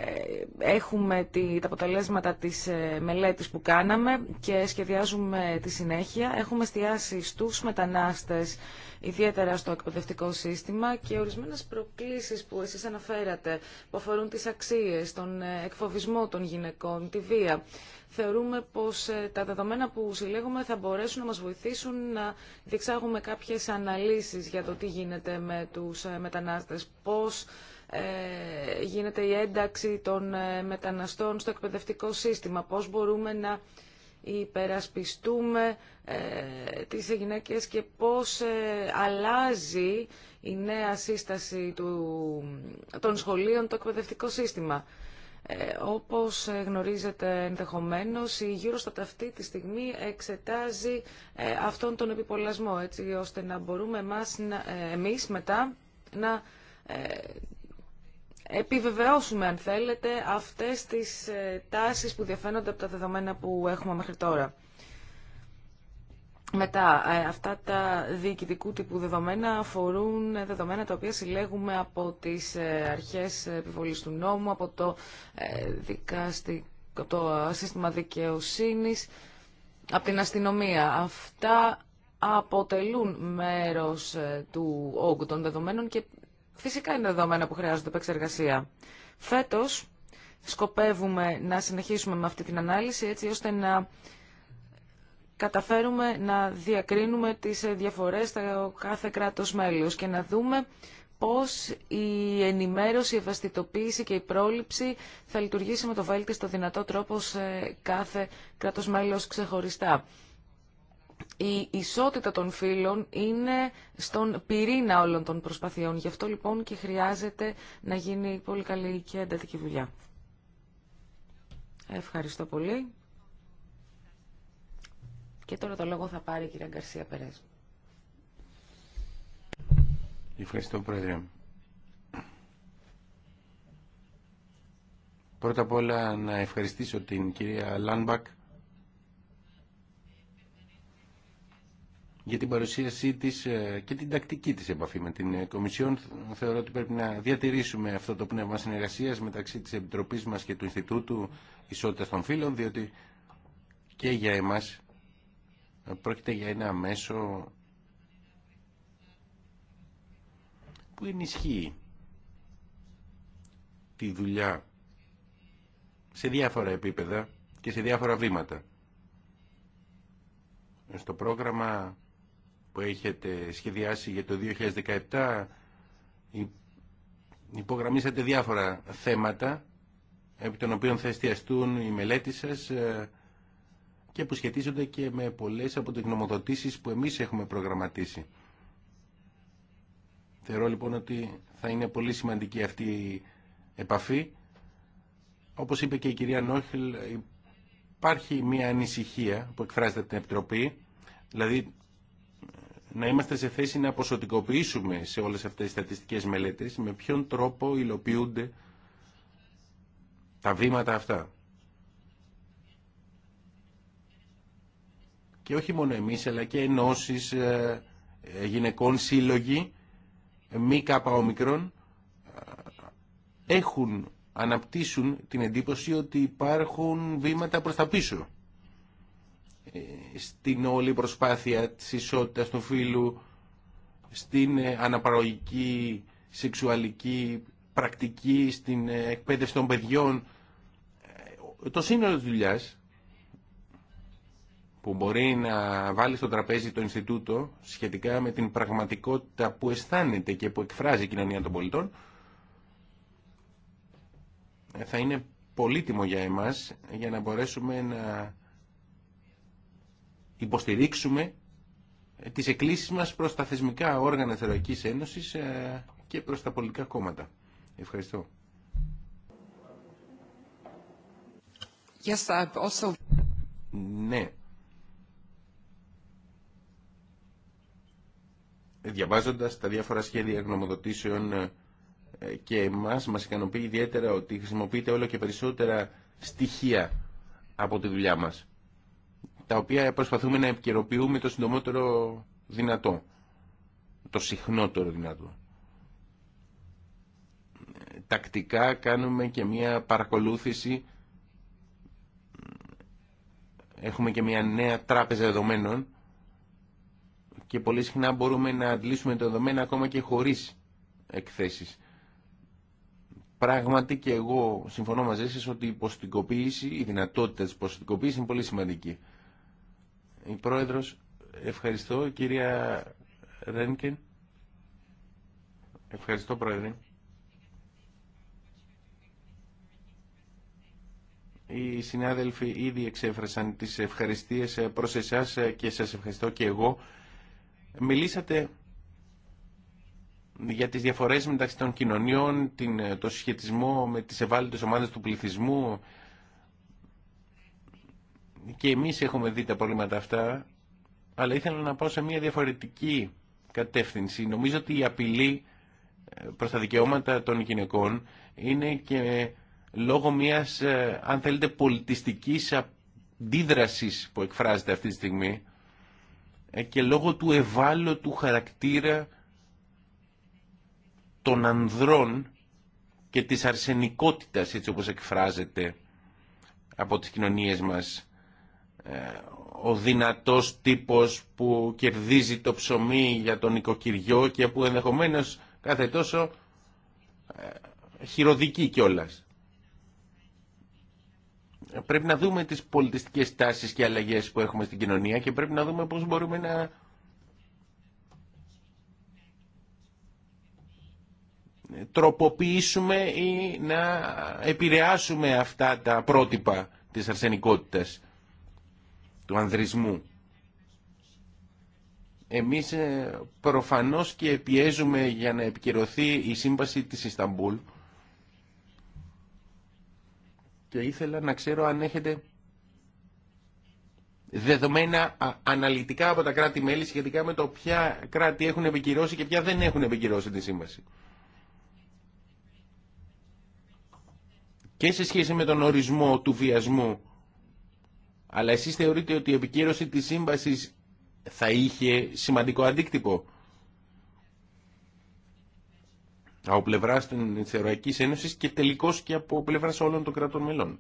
έχουμε τα αποτελέσματα της ε, μελέτης που κάναμε και σχεδιάζουμε τη συνέχεια. Έχουμε εστιάσει στους μετανάστες, ιδιαίτερα στο εκπαιδευτικό σύστημα και ορισμένες προκλήσεις που εσείς αναφέρατε, που αφορούν τις αξίες, τον ε, εκφοβισμό των γυναικών, τη βία. Θεωρούμε πως τα δεδομένα που συλλέγουμε θα μπορέσουν να μας βοηθήσουν να διεξάγουμε κάποιες αναλύσεις για το τι γίνεται με τους μετανάστες, πώς ε, γίνεται η ένταξη των ε, μεταναστών στο εκπαιδευτικό σύστημα, πώς μπορούμε να υπερασπιστούμε ε, τις γυναίκες και πώς ε, αλλάζει η νέα σύσταση του, των σχολείων το εκπαιδευτικό σύστημα. όπως γνωρίζετε ενδεχομένως, η στα αυτή τη στιγμή εξετάζει αυτόν τον επιπολασμό, έτσι ώστε να μπορούμε εμάς, να, εμείς μετά να επιβεβαιώσουμε, αν θέλετε, αυτές τις ε, τάσεις που διαφαίνονται από τα δεδομένα που έχουμε μέχρι τώρα. Μετά, ε, αυτά τα διοικητικού τύπου δεδομένα αφορούν ε, δεδομένα τα οποία συλλέγουμε από τις αρχές επιβολής του νόμου, από το, το σύστημα δικαιοσύνης, από την αστυνομία. Αυτά αποτελούν μέρος του όγκου των δεδομένων και Φυσικά είναι δεδομένα που χρειάζονται επεξεργασία. Φέτος σκοπεύουμε να συνεχίσουμε με αυτή την ανάλυση έτσι ώστε να καταφέρουμε να διακρίνουμε τις διαφορές στα κάθε κράτος μέλος και να δούμε πώς η ενημέρωση, η ευαισθητοποίηση και η πρόληψη θα λειτουργήσει με το βέλτιστο δυνατό τρόπο σε κάθε κράτος μέλος ξεχωριστά η ισότητα των φύλων είναι στον πυρήνα όλων των προσπαθειών. Γι' αυτό λοιπόν και χρειάζεται να γίνει πολύ καλή και εντατική δουλειά. Ευχαριστώ πολύ. Και τώρα το λόγο θα πάρει η κυρία Γκαρσία Περές. Ευχαριστώ Πρόεδρε. Πρώτα απ' όλα να ευχαριστήσω την κυρία Λάνμπακ για την παρουσίασή της ε, και την τακτική της επαφή με την ε, Κομισιόν. Θεωρώ ότι πρέπει να διατηρήσουμε αυτό το πνεύμα συνεργασίας μεταξύ της Επιτροπής μας και του Ινστιτούτου Ισότητας των Φύλων, διότι και για εμάς ε, πρόκειται για ένα μέσο που ενισχύει τη δουλειά σε διάφορα επίπεδα και σε διάφορα βήματα. Στο πρόγραμμα που έχετε σχεδιάσει για το 2017 υπογραμμίσατε διάφορα θέματα επί των οποίων θα εστιαστούν οι μελέτες σας ε, και που σχετίζονται και με πολλές από τις γνωμοδοτήσεις που εμείς έχουμε προγραμματίσει. Θεωρώ λοιπόν ότι θα είναι πολύ σημαντική αυτή η επαφή. Όπως είπε και η κυρία Νόχιλ, υπάρχει μια ανησυχία που εκφράζεται την Επιτροπή, δηλαδή να είμαστε σε θέση να ποσοτικοποιήσουμε σε όλες αυτές τις στατιστικές μελέτες με ποιον τρόπο υλοποιούνται τα βήματα αυτά. Και όχι μόνο εμείς, αλλά και ενώσεις ε, ε, γυναικών σύλλογοι, μη όμικρον, ε, έχουν, αναπτύσσουν την εντύπωση ότι υπάρχουν βήματα προς τα πίσω. Ε, στην όλη προσπάθεια της ισότητας του φίλου, στην ε, αναπαραγωγική σεξουαλική πρακτική, στην ε, εκπαίδευση των παιδιών, το σύνολο της δουλειάς που μπορεί να βάλει στο τραπέζι το Ινστιτούτο σχετικά με την πραγματικότητα που αισθάνεται και που εκφράζει η κοινωνία των πολιτών θα είναι πολύτιμο για εμάς για να μπορέσουμε να υποστηρίξουμε ε, τις εκκλήσεις μας προς τα θεσμικά όργανα της Ένωσης ε, και προς τα πολιτικά κόμματα. Ευχαριστώ. Yes, also... Ναι. Διαβάζοντας τα διάφορα σχέδια γνωμοδοτήσεων ε, και εμάς μας ικανοποιεί ιδιαίτερα ότι χρησιμοποιείται όλο και περισσότερα στοιχεία από τη δουλειά μας τα οποία προσπαθούμε να επικαιροποιούμε το συντομότερο δυνατό, το συχνότερο δυνατό. Τακτικά κάνουμε και μια παρακολούθηση, έχουμε και μια νέα τράπεζα δεδομένων και πολύ συχνά μπορούμε να αντλήσουμε τα δεδομένα ακόμα και χωρίς εκθέσεις. Πράγματι και εγώ συμφωνώ μαζί σας ότι η ποστικοποίηση, η δυνατότητα της ποστικοποίησης είναι πολύ σημαντική. Η Πρόεδρος, ευχαριστώ. Κυρία Ρένκεν. Ευχαριστώ, Πρόεδρε. Οι συνάδελφοι ήδη εξέφρασαν τις ευχαριστίες προς εσάς και σας ευχαριστώ και εγώ. Μιλήσατε για τις διαφορές μεταξύ των κοινωνιών, την, το σχετισμό με τις ευάλωτες ομάδες του πληθυσμού, και εμείς έχουμε δει τα προβλήματα αυτά, αλλά ήθελα να πάω σε μια διαφορετική κατεύθυνση. Νομίζω ότι η απειλή ε, προς τα δικαιώματα των γυναικών είναι και λόγω μιας, ε, αν θέλετε, πολιτιστικής αντίδρασης που εκφράζεται αυτή τη στιγμή ε, και λόγω του ευάλωτου χαρακτήρα των ανδρών και της αρσενικότητας έτσι όπως εκφράζεται από τις κοινωνίες μας ο δυνατός τύπος που κερδίζει το ψωμί για τον οικοκυριό και που ενδεχομένως κάθε τόσο ε, χειροδική κιόλας. Πρέπει να δούμε τις πολιτιστικές τάσεις και αλλαγές που έχουμε στην κοινωνία και πρέπει να δούμε πώς μπορούμε να τροποποιήσουμε ή να επηρεάσουμε αυτά τα πρότυπα της αρσενικότητας του ανδρισμού. Εμείς ε, προφανώς και πιέζουμε για να επικυρωθεί η σύμβαση της Ισταμπούλ και ήθελα να ξέρω αν έχετε δεδομένα αναλυτικά από τα κράτη-μέλη σχετικά με το ποια κράτη έχουν επικυρώσει και ποια δεν έχουν επικυρώσει τη σύμβαση. Και σε σχέση με τον ορισμό του βιασμού αλλά εσεί θεωρείτε ότι η επικύρωση τη σύμβασης θα είχε σημαντικό αντίκτυπο από πλευρά τη Ευρωπαϊκή Ένωση και τελικώ και από πλευρά όλων των κρατών μελών.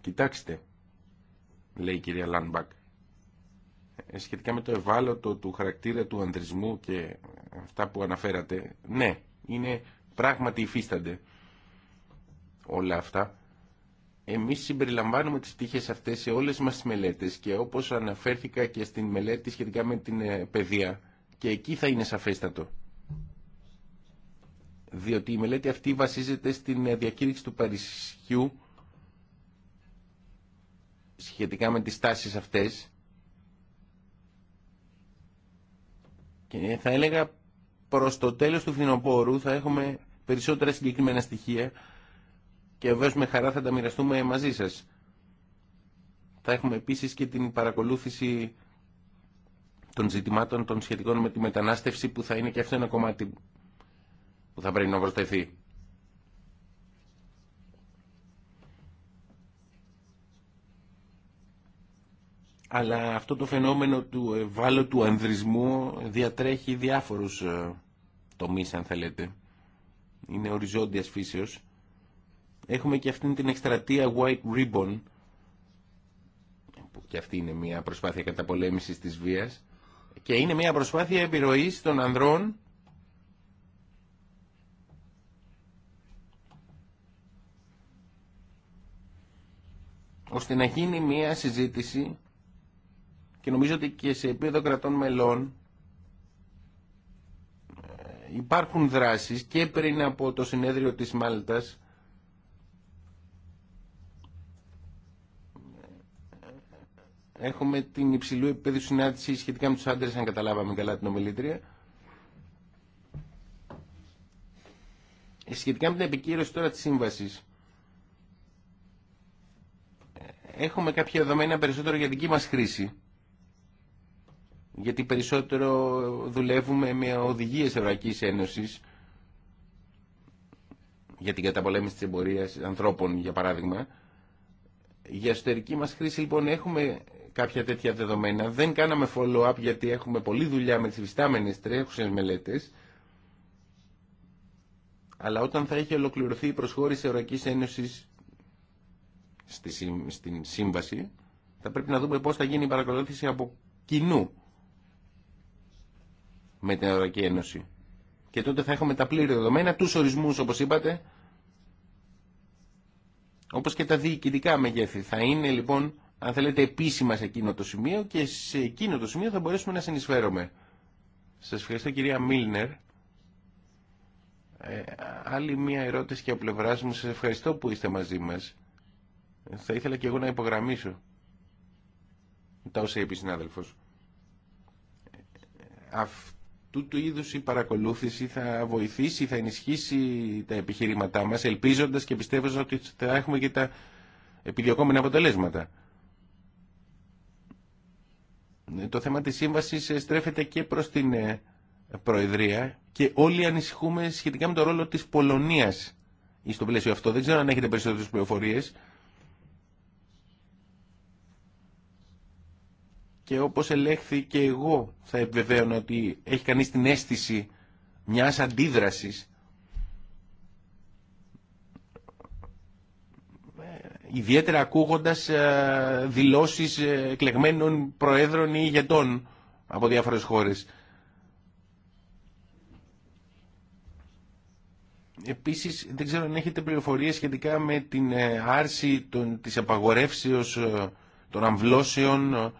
Κοιτάξτε, λέει η κυρία Λάνμπακ, ε, σχετικά με το ευάλωτο του χαρακτήρα του ανδρισμού και αυτά που αναφέρατε, ναι, είναι πράγματι υφίστανται όλα αυτά. Εμείς συμπεριλαμβάνουμε τις πτυχές αυτές σε όλες μας τις μελέτες και όπως αναφέρθηκα και στην μελέτη σχετικά με την ε, παιδεία και εκεί θα είναι σαφέστατο. Διότι η μελέτη αυτή βασίζεται στην ε, διακήρυξη του Παρισιού σχετικά με τις τάσεις αυτές και θα έλεγα προς το τέλος του φθινοπόρου θα έχουμε περισσότερα συγκεκριμένα στοιχεία και με χαρά θα τα μοιραστούμε μαζί σας. Θα έχουμε επίσης και την παρακολούθηση των ζητημάτων των σχετικών με τη μετανάστευση που θα είναι και αυτό ένα κομμάτι που θα πρέπει να προσθεθεί. Αλλά αυτό το φαινόμενο του ευάλωτου ανδρισμού διατρέχει διάφορους ε, τομείς αν θέλετε. Είναι οριζόντιας φύσεως. Έχουμε και αυτήν την εκστρατεία White Ribbon, που και αυτή είναι μια προσπάθεια καταπολέμησης της βίας, και είναι μια προσπάθεια επιρροής των ανδρών ώστε να γίνει μια συζήτηση και νομίζω ότι και σε επίπεδο κρατών μελών ε, υπάρχουν δράσεις και πριν από το συνέδριο της Μάλτας έχουμε την υψηλού επίπεδου συνάντηση σχετικά με τους άντρες, αν καταλάβαμε καλά την ομιλήτρια. Ε, σχετικά με την επικύρωση τώρα της σύμβαση. έχουμε κάποια δεδομένα περισσότερο για δική μας χρήση. Γιατί περισσότερο δουλεύουμε με οδηγίες Ευρωπαϊκής Ένωσης για την καταπολέμηση της εμπορίας ανθρώπων, για παράδειγμα. Για εσωτερική μας χρήση, λοιπόν, έχουμε κάποια τέτοια δεδομένα. Δεν κάναμε follow-up γιατί έχουμε πολλή δουλειά με τις βιστάμενες τρέχουσες μελέτες. Αλλά όταν θα έχει ολοκληρωθεί η προσχώρηση Ευρωπαϊκής Ένωσης στη, στην σύμβαση, θα πρέπει να δούμε πώς θα γίνει η παρακολούθηση από κοινού με την Ευρωπαϊκή Ένωση. Και τότε θα έχουμε τα πλήρη δεδομένα, τους ορισμούς όπως είπατε, όπως και τα διοικητικά μεγέθη. Θα είναι λοιπόν αν θέλετε, επίσημα σε εκείνο το σημείο και σε εκείνο το σημείο θα μπορέσουμε να συνεισφέρομαι. Σας ευχαριστώ κυρία Μίλνερ. Ε, άλλη μία ερώτηση και από πλευρά μου. Σας ευχαριστώ που είστε μαζί μας. Θα ήθελα και εγώ να υπογραμμίσω τα όσα είπε συνάδελφος. Αυτού του είδους η παρακολούθηση θα βοηθήσει, θα ενισχύσει τα επιχειρήματά μας, ελπίζοντας και πιστεύοντας ότι θα έχουμε και τα επιδιωκόμενα αποτελέσματα το θέμα της σύμβασης στρέφεται και προς την ε, Προεδρία και όλοι ανησυχούμε σχετικά με το ρόλο της Πολωνίας στο πλαίσιο αυτό. Δεν ξέρω αν έχετε περισσότερες πληροφορίες. Και όπως ελέγχθη και εγώ θα επιβεβαίωνα ότι έχει κανείς την αίσθηση μιας αντίδρασης ιδιαίτερα ακούγοντας ε, δηλώσεις ε, εκλεγμένων προέδρων ή ηγετών από διάφορες χώρες. Επίσης, δεν ξέρω αν έχετε πληροφορίες σχετικά με την ε, άρση των, της απαγορεύσεως των αμβλώσεων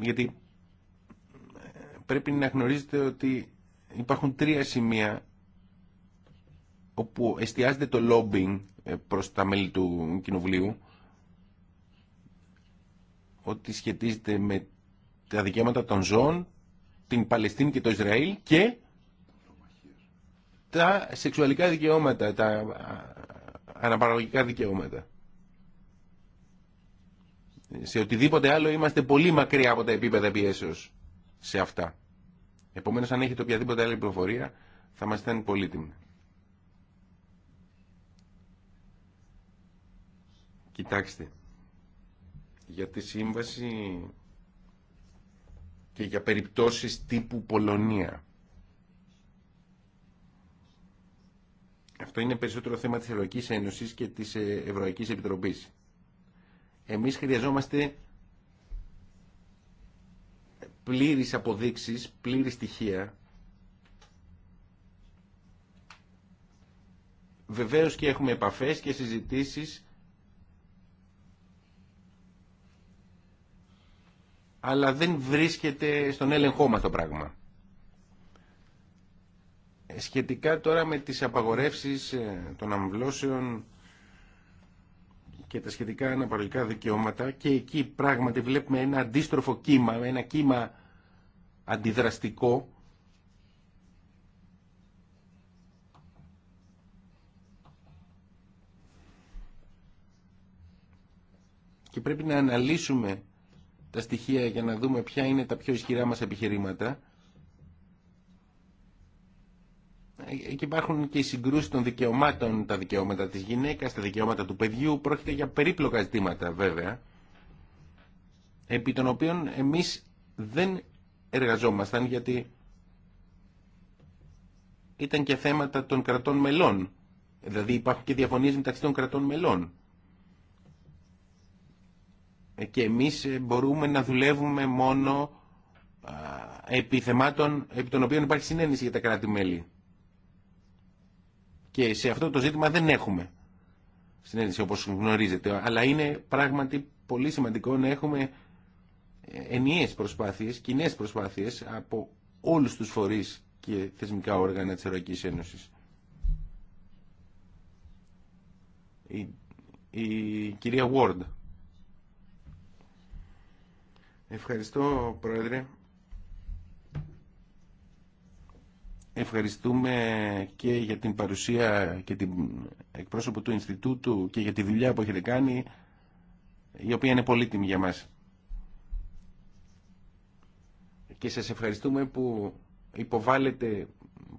γιατί πρέπει να γνωρίζετε ότι υπάρχουν τρία σημεία όπου εστιάζεται το lobbying ε, προς τα μέλη του Κοινοβουλίου ότι σχετίζεται με τα δικαιώματα των ζώων, την Παλαιστίνη και το Ισραήλ και τα σεξουαλικά δικαιώματα, τα αναπαραγωγικά δικαιώματα. Σε οτιδήποτε άλλο είμαστε πολύ μακριά από τα επίπεδα πιέσεως σε αυτά. Επομένως αν έχετε οποιαδήποτε άλλη πληροφορία θα μας ήταν πολύτιμη. Κοιτάξτε, για τη σύμβαση και για περιπτώσεις τύπου Πολωνία. Αυτό είναι περισσότερο θέμα της Ευρωπαϊκής Ένωσης και της Ευρωπαϊκής Επιτροπής. Εμείς χρειαζόμαστε πλήρης αποδείξεις, πλήρη στοιχεία. Βεβαίως και έχουμε επαφές και συζητήσεις αλλά δεν βρίσκεται στον έλεγχό μας το πράγμα. Ε, σχετικά τώρα με τις απαγορεύσεις ε, των αμβλώσεων και τα σχετικά αναπαραγωγικά δικαιώματα και εκεί πράγματι βλέπουμε ένα αντίστροφο κύμα, ένα κύμα αντιδραστικό και πρέπει να αναλύσουμε τα στοιχεία για να δούμε ποια είναι τα πιο ισχυρά μας επιχειρήματα. Εκεί υπάρχουν και οι συγκρούσεις των δικαιωμάτων, τα δικαιώματα της γυναίκας, τα δικαιώματα του παιδιού. Πρόκειται για περίπλοκα ζητήματα βέβαια, επί των οποίων εμείς δεν εργαζόμασταν γιατί ήταν και θέματα των κρατών μελών. Δηλαδή υπάρχουν και διαφωνίες μεταξύ των κρατών μελών και εμείς ε, μπορούμε να δουλεύουμε μόνο επί θεμάτων επί των οποίων υπάρχει συνένεση για τα κράτη-μέλη. Και σε αυτό το ζήτημα δεν έχουμε συνένεση όπως γνωρίζετε, αλλά είναι πράγματι πολύ σημαντικό να έχουμε ε, ενιαίες προσπάθειες, κοινέ προσπάθειες από όλους τους φορείς και θεσμικά όργανα της Ευρωπαϊκής Ένωσης. Η, η κυρία Ward. Ευχαριστώ, Πρόεδρε. Ευχαριστούμε και για την παρουσία και την εκπρόσωπο του Ινστιτούτου και για τη δουλειά που έχετε κάνει, η οποία είναι πολύτιμη για μας. Και σας ευχαριστούμε που υποβάλλετε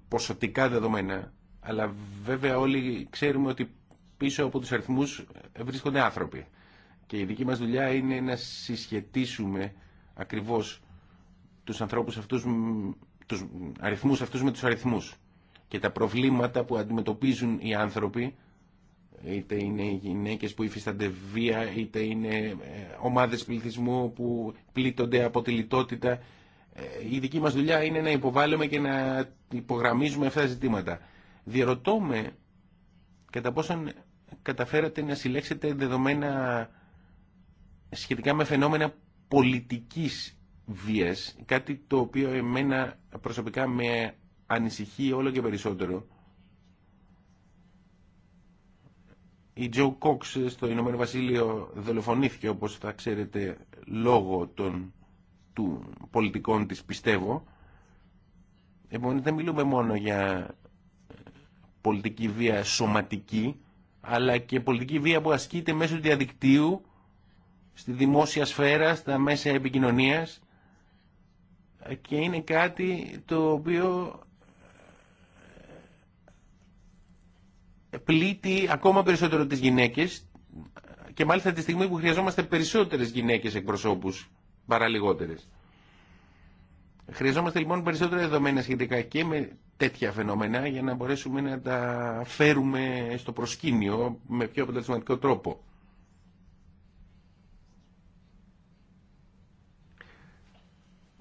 ποσοτικά δεδομένα, αλλά βέβαια όλοι ξέρουμε ότι πίσω από τους αριθμούς βρίσκονται άνθρωποι. Και η δική μας δουλειά είναι να συσχετίσουμε ακριβώς τους ανθρώπους αυτούς, τους αριθμούς αυτούς με τους αριθμούς. Και τα προβλήματα που αντιμετωπίζουν οι άνθρωποι, είτε είναι οι γυναίκες που υφίστανται βία, είτε είναι ε, ομάδες πληθυσμού που πλήττονται από τη λιτότητα. Ε, η δική μας δουλειά είναι να υποβάλλουμε και να υπογραμμίζουμε αυτά τα ζητήματα. Διερωτώ με κατά πόσον καταφέρατε να συλλέξετε δεδομένα σχετικά με φαινόμενα πολιτικής βίας, κάτι το οποίο εμένα προσωπικά με ανησυχεί όλο και περισσότερο. Η Τζο Κόξ στο Ηνωμένο Βασίλειο δολοφονήθηκε όπως θα ξέρετε λόγω των του πολιτικών της πιστεύω. Επομένως δεν μιλούμε μόνο για πολιτική βία σωματική αλλά και πολιτική βία που ασκείται μέσω διαδικτύου στη δημόσια σφαίρα, στα μέσα επικοινωνίας και είναι κάτι το οποίο ε, πλήττει ακόμα περισσότερο τις γυναίκες και μάλιστα τη στιγμή που χρειαζόμαστε περισσότερες γυναίκες εκπροσώπους παρά λιγότερες. Χρειαζόμαστε λοιπόν περισσότερα δεδομένα σχετικά και με τέτοια φαινόμενα για να μπορέσουμε να τα φέρουμε στο προσκήνιο με πιο αποτελεσματικό τρόπο.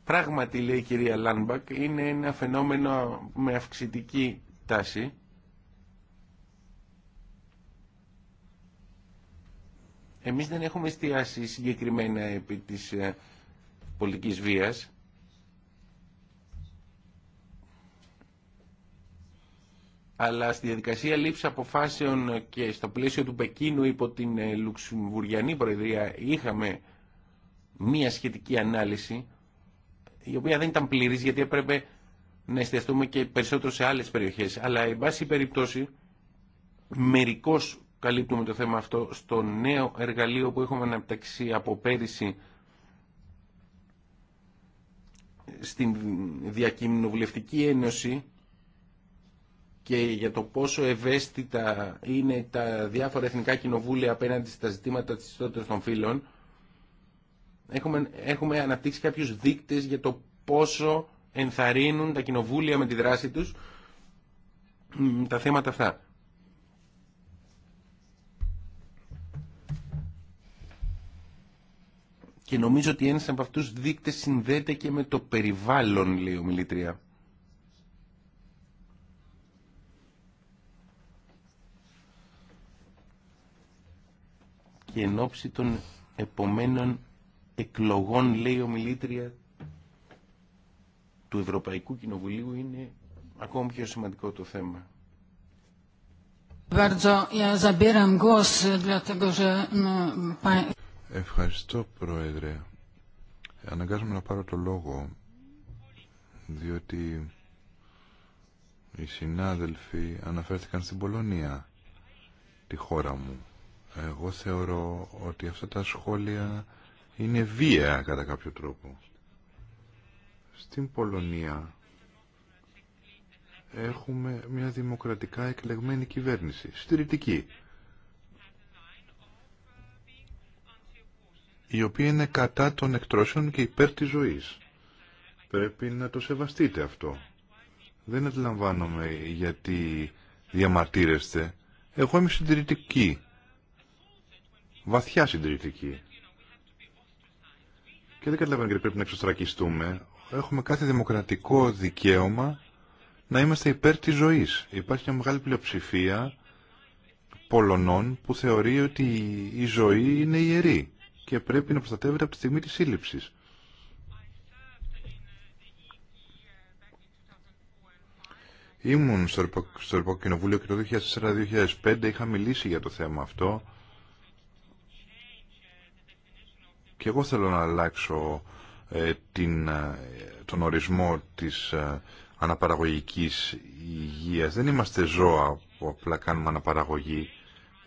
Πράγματι, λέει η κυρία Λάνμπακ, είναι ένα φαινόμενο με αυξητική τάση. Εμείς δεν έχουμε εστιάσει συγκεκριμένα επί της ε, πολιτικής βίας. Αλλά στη διαδικασία λήψη αποφάσεων και στο πλαίσιο του Πεκίνου υπό την ε, Λουξιμβουριανή Προεδρία είχαμε μία σχετική ανάλυση η οποία δεν ήταν πλήρης γιατί έπρεπε να εστιαστούμε και περισσότερο σε άλλες περιοχές. Αλλά, εν πάση περιπτώσει, μερικώς καλύπτουμε το θέμα αυτό στο νέο εργαλείο που έχουμε αναπτύξει από πέρυσι στην Διακοινοβουλευτική Ένωση και για το πόσο ευαίσθητα είναι τα διάφορα εθνικά κοινοβούλια απέναντι στα ζητήματα της ιστότητας των φύλων Έχουμε, έχουμε αναπτύξει κάποιους δείκτες για το πόσο ενθαρρύνουν τα κοινοβούλια με τη δράση τους τα θέματα αυτά. Και νομίζω ότι ένας από αυτούς δείκτες συνδέεται και με το περιβάλλον, λέει ο Μιλήτρια. Και εν των επομένων εκλογών, λέει ομιλήτρια, του Ευρωπαϊκού Κοινοβουλίου είναι ακόμη πιο σημαντικό το θέμα. Ευχαριστώ, Πρόεδρε. Αναγκάζομαι να πάρω το λόγο, διότι οι συνάδελφοι αναφέρθηκαν στην Πολωνία, τη χώρα μου. Εγώ θεωρώ ότι αυτά τα σχόλια είναι βία κατά κάποιο τρόπο. Στην Πολωνία έχουμε μια δημοκρατικά εκλεγμένη κυβέρνηση, στηρητική, η οποία είναι κατά των εκτρώσεων και υπέρ της ζωής. Πρέπει να το σεβαστείτε αυτό. Δεν αντιλαμβάνομαι γιατί διαμαρτύρεστε. Εγώ είμαι συντηρητική. Βαθιά συντηρητική. Και δεν καταλαβαίνω γιατί πρέπει να εξωστρακιστούμε. Έχουμε κάθε δημοκρατικό δικαίωμα να είμαστε υπέρ τη ζωή. Υπάρχει μια μεγάλη πλειοψηφία Πολωνών που θεωρεί ότι η ζωή είναι ιερή και πρέπει να προστατεύεται από τη στιγμή τη σύλληψη. Ήμουν στο Ευρωπαϊκό Κοινοβούλιο και το 2004-2005 είχα μιλήσει για το θέμα αυτό Και εγώ θέλω να αλλάξω ε, την, ε, τον ορισμό της ε, αναπαραγωγικής υγείας. Δεν είμαστε ζώα που απλά κάνουμε αναπαραγωγή.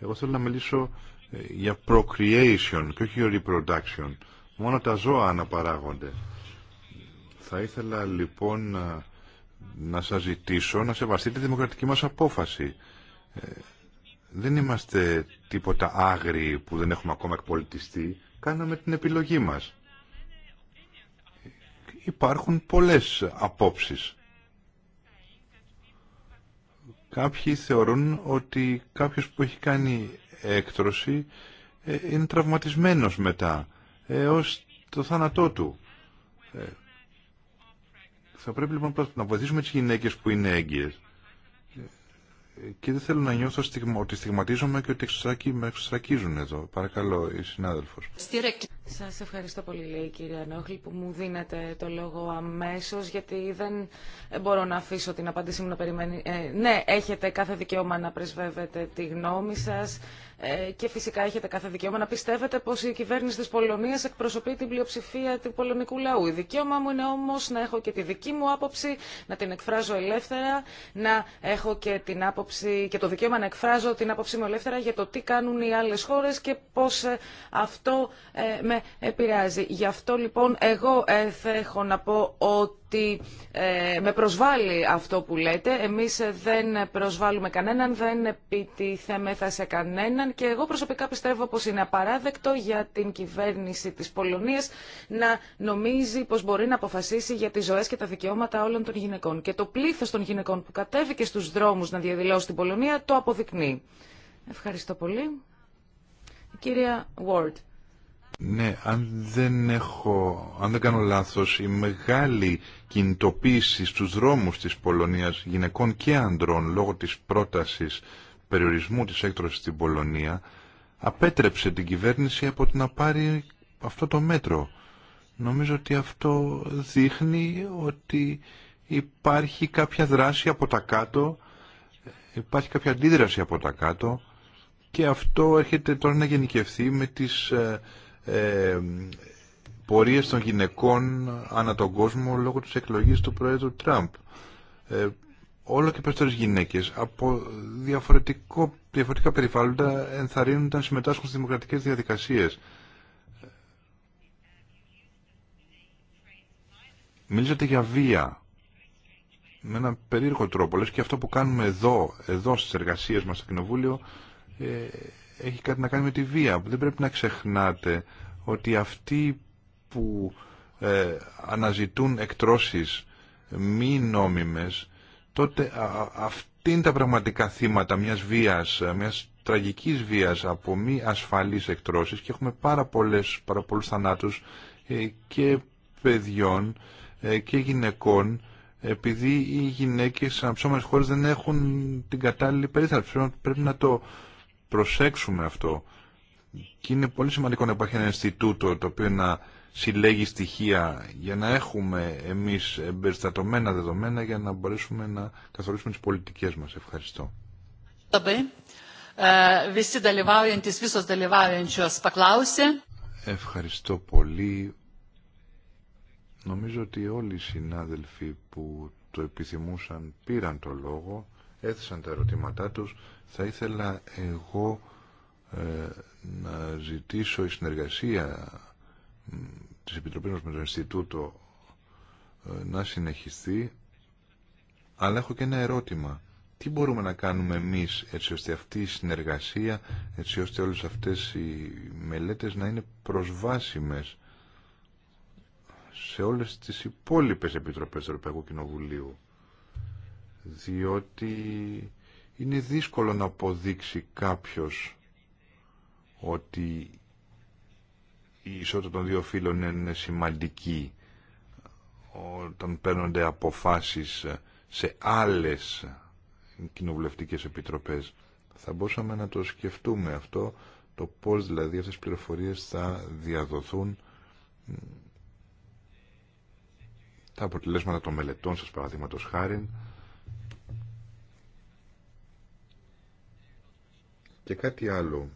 Εγώ θέλω να μιλήσω ε, για procreation και όχι για reproduction. Μόνο τα ζώα αναπαράγονται. Θα ήθελα λοιπόν να, να σας ζητήσω να σεβαστείτε τη δημοκρατική μας απόφαση. Δεν είμαστε τίποτα άγριοι που δεν έχουμε ακόμα εκπολιτιστεί κάναμε την επιλογή μας. Υπάρχουν πολλές απόψεις. Κάποιοι θεωρούν ότι κάποιος που έχει κάνει έκτρωση ε, είναι τραυματισμένος μετά, ως το θάνατό του. Ε, θα πρέπει λοιπόν να βοηθήσουμε τις γυναίκες που είναι έγκυες και δεν θέλω να νιώθω ότι στιγματίζομαι και ότι εξωστρακίζουν εδώ. Παρακαλώ, η συνάδελφος. Σας ευχαριστώ πολύ, λέει η κυρία Νόχλη, που μου δίνετε το λόγο αμέσως, γιατί δεν μπορώ να αφήσω την απάντησή μου να περιμένει. Ε, ναι, έχετε κάθε δικαίωμα να πρεσβεύετε τη γνώμη σας ε, και φυσικά έχετε κάθε δικαίωμα να πιστεύετε πως η κυβέρνηση της Πολωνίας εκπροσωπεί την πλειοψηφία του πολωνικού λαού. Η δικαίωμά μου είναι όμως να έχω και τη δική μου άποψη, να την εκφράζω ελεύθερα, να έχω και, την άποψη, και το δικαίωμα να εκφράζω την άποψή μου ελεύθερα για το τι κάνουν οι άλλες χώρες και πώς ε, αυτό επηρεάζει. Γι' αυτό λοιπόν εγώ ε, έχω να πω ότι ε, με προσβάλλει αυτό που λέτε. Εμείς ε, δεν προσβάλλουμε κανέναν, δεν επιτιθέμεθα σε κανέναν και εγώ προσωπικά πιστεύω πως είναι απαράδεκτο για την κυβέρνηση της Πολωνίας να νομίζει πως μπορεί να αποφασίσει για τις ζωές και τα δικαιώματα όλων των γυναικών. Και το πλήθος των γυναικών που κατέβηκε στους δρόμους να διαδηλώσει την Πολωνία το αποδεικνύει. Ευχαριστώ πολύ. κυρία Ward. Ναι, αν δεν, έχω, αν δεν κάνω λάθος, η μεγάλη κινητοποίηση στους δρόμους της Πολωνίας γυναικών και ανδρών λόγω της πρότασης περιορισμού της έκτρωσης στην Πολωνία απέτρεψε την κυβέρνηση από το να πάρει αυτό το μέτρο. Νομίζω ότι αυτό δείχνει ότι υπάρχει κάποια δράση από τα κάτω, υπάρχει κάποια αντίδραση από τα κάτω και αυτό έρχεται τώρα να γενικευθεί με τις ε, ε, πορείες των γυναικών ανά τον κόσμο λόγω της εκλογής του Πρόεδρου Τραμπ. Ε, όλο και περισσότερες γυναίκες από διαφορετικό, διαφορετικά περιβάλλοντα ενθαρρύνουν να συμμετάσχουν στις δημοκρατικές διαδικασίες. Μιλήσατε για βία με έναν περίεργο τρόπο. Λες και αυτό που κάνουμε εδώ, εδώ στις εργασίες μας στο Κοινοβούλιο ε, έχει κάτι να κάνει με τη βία. Δεν πρέπει να ξεχνάτε ότι αυτοί που ε, αναζητούν εκτρώσεις μη νόμιμες, τότε αυτοί είναι τα πραγματικά θύματα μιας βίας, μιας τραγικής βίας από μη ασφαλείς εκτρώσεις και έχουμε πάρα, πολλές, πάρα πολλούς θανάτους ε, και παιδιών ε, και γυναικών επειδή οι γυναίκες σε αναψώμενες χώρες δεν έχουν την κατάλληλη περίθαλψη. Πρέπει να το προσέξουμε αυτό. Και είναι πολύ σημαντικό να υπάρχει ένα Ινστιτούτο το οποίο να συλλέγει στοιχεία για να έχουμε εμείς εμπεριστατωμένα δεδομένα για να μπορέσουμε να καθορίσουμε τις πολιτικές μας. Ευχαριστώ. Ε, Ευχαριστώ πολύ. Νομίζω ότι όλοι οι συνάδελφοι που το επιθυμούσαν πήραν το λόγο, έθεσαν τα ερωτήματά τους θα ήθελα εγώ ε, να ζητήσω η συνεργασία της Επιτροπής μας με το Ινστιτούτο ε, να συνεχιστεί αλλά έχω και ένα ερώτημα τι μπορούμε να κάνουμε εμείς έτσι ώστε αυτή η συνεργασία έτσι ώστε όλες αυτές οι μελέτες να είναι προσβάσιμες σε όλες τις υπόλοιπες επιτροπές του Ευρωπαϊκού Κοινοβουλίου διότι είναι δύσκολο να αποδείξει κάποιος ότι η ισότητα των δύο φύλων είναι σημαντική όταν παίρνονται αποφάσεις σε άλλες κοινοβουλευτικές επιτροπές. Θα μπορούσαμε να το σκεφτούμε αυτό, το πώς δηλαδή αυτές τις πληροφορίες θα διαδοθούν τα αποτελέσματα των μελετών σας παραδείγματος χάρη Και κάτι άλλο.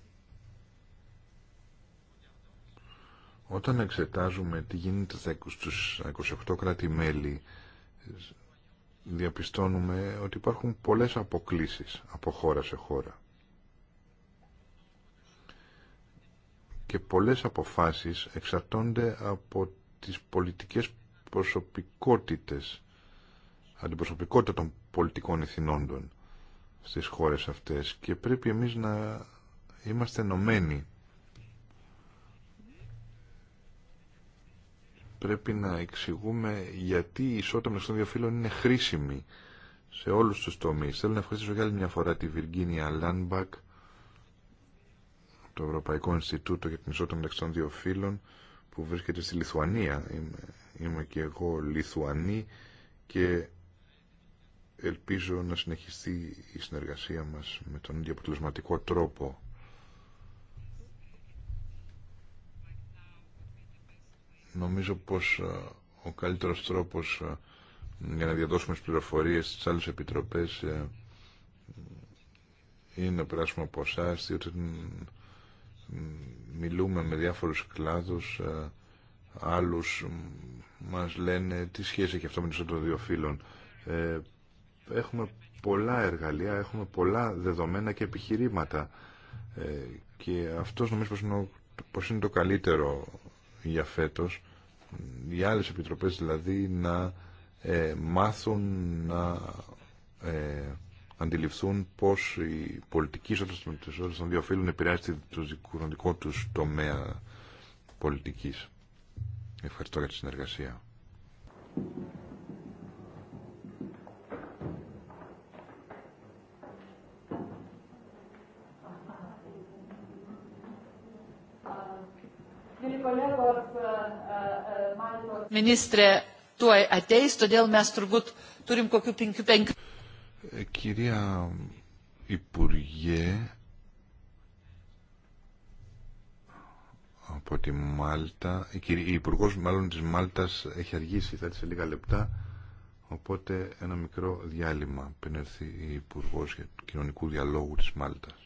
Όταν εξετάζουμε τι γίνεται στους 28 κράτη-μέλη, διαπιστώνουμε ότι υπάρχουν πολλές αποκλίσεις από χώρα σε χώρα. Και πολλές αποφάσεις εξαρτώνται από τις πολιτικές προσωπικότητες, αντιπροσωπικότητα των πολιτικών ηθινόντων στις χώρες αυτές και πρέπει εμείς να είμαστε ενωμένοι. Πρέπει να εξηγούμε γιατί η ισότητα μεταξύ των δύο φύλων είναι χρήσιμη σε όλους τους τομείς. Θέλω να ευχαριστήσω για άλλη μια φορά τη Βιργίνια Λάνμπακ, το Ευρωπαϊκό Ινστιτούτο για την Ισότητα μεταξύ των δύο φύλων, που βρίσκεται στη Λιθουανία. Είμαι, είμαι και εγώ Λιθουανή και ελπίζω να συνεχιστεί η συνεργασία μας με τον ίδιο αποτελεσματικό τρόπο νομίζω πως ε, ο καλύτερος τρόπος ε, για να διαδώσουμε τις πληροφορίες στις άλλες επιτροπές ε, είναι να περάσουμε από εσά, διότι μιλούμε με διάφορους κλάδους άλλους μας λένε τι σχέση έχει αυτό με το δύο φίλων έχουμε πολλά εργαλεία, έχουμε πολλά δεδομένα και επιχειρήματα ε, και αυτός νομίζω πως είναι, το καλύτερο για φέτος οι άλλες επιτροπές δηλαδή να ε, μάθουν να ε, αντιληφθούν πως η πολιτική ισότητα των δύο φίλων επηρεάζει το δικό τους τομέα πολιτικής. Ευχαριστώ για τη συνεργασία. Ministrė, tuoj ateis, todėl mes turbūt turim kokių penkių penkių. Κυρία e, Υπουργέ, από τη Μάλτα, η, υπουργό Υπουργός μάλλον της Μάλτας έχει αργήσει, θα έρθει σε λίγα λεπτά, οπότε ένα μικρό διάλειμμα πριν έρθει η Υπουργός Κοινωνικού Διαλόγου της Μάλτας.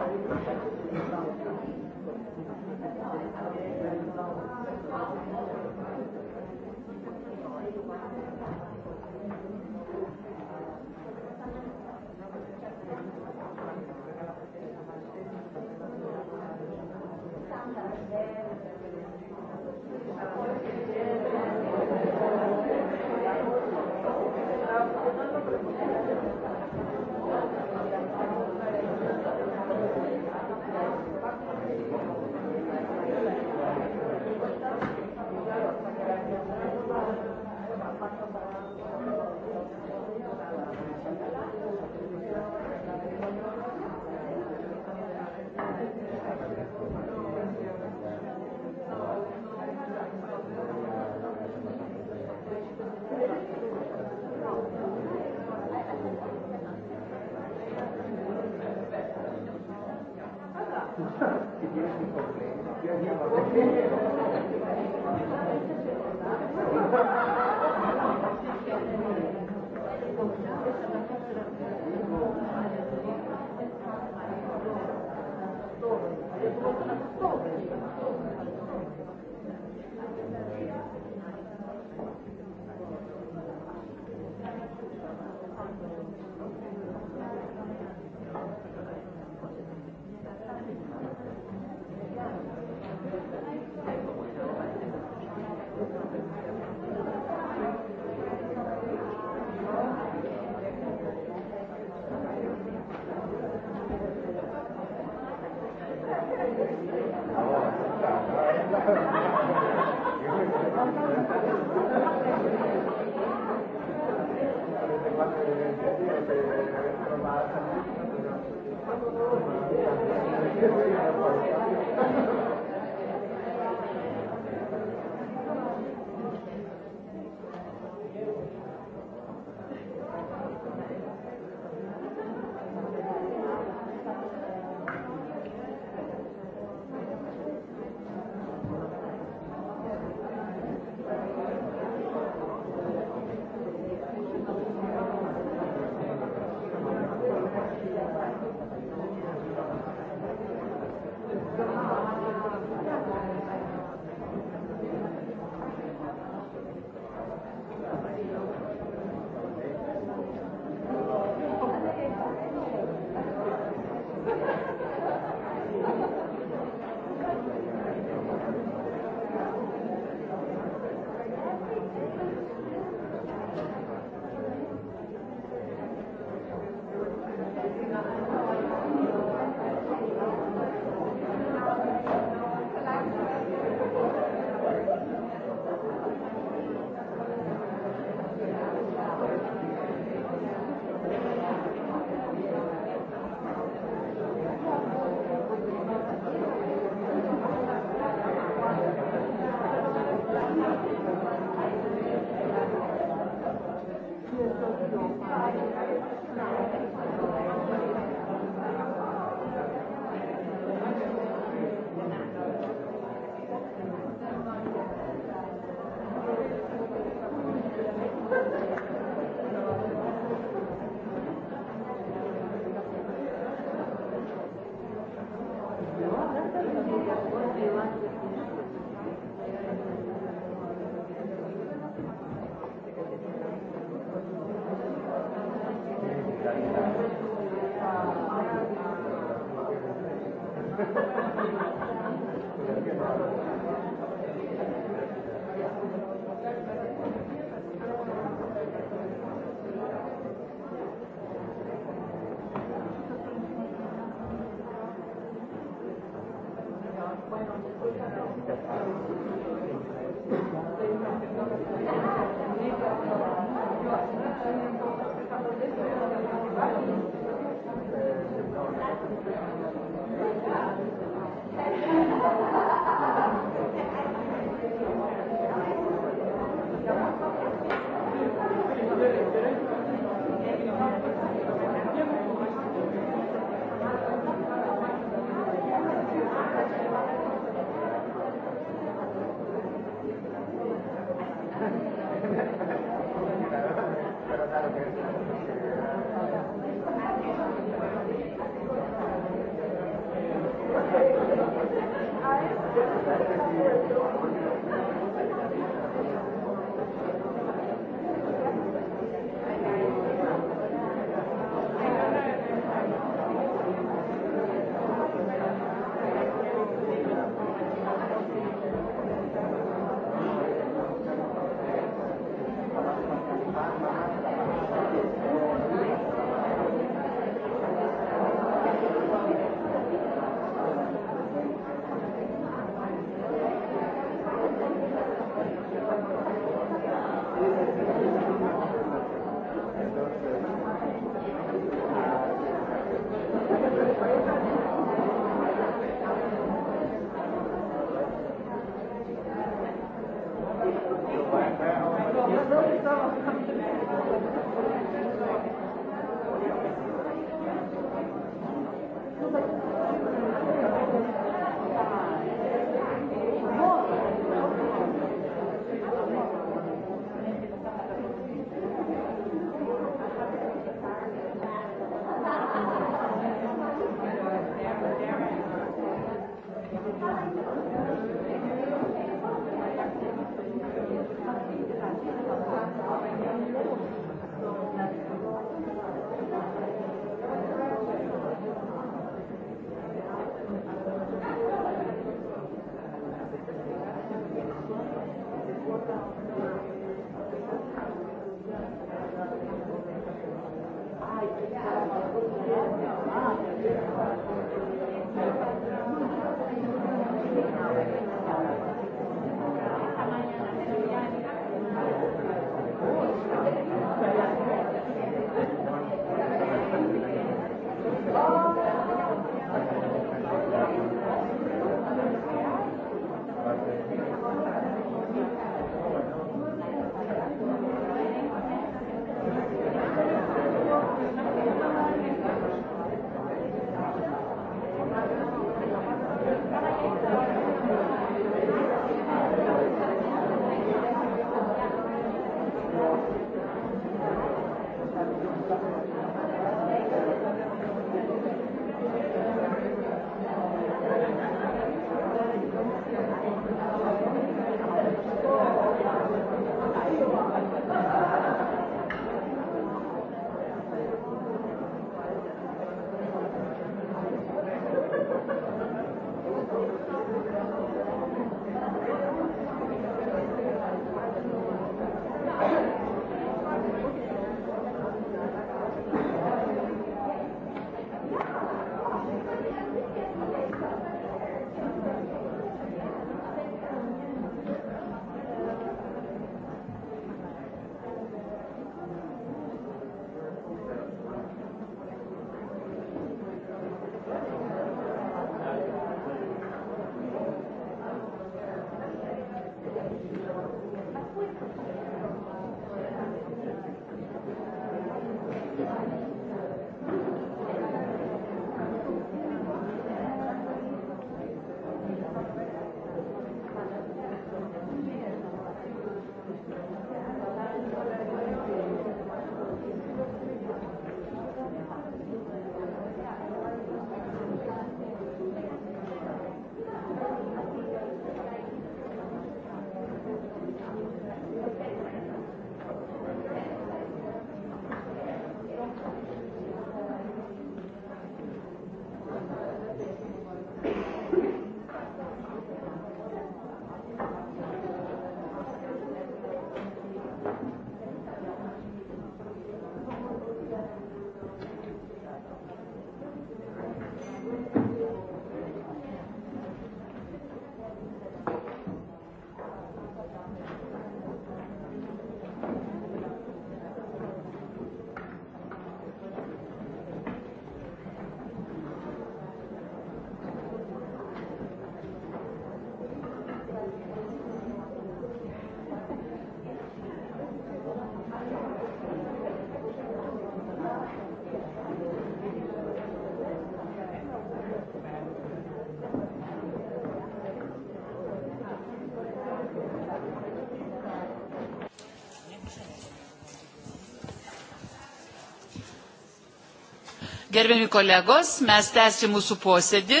Gerbiami kolegos, mes mūsų posėdį.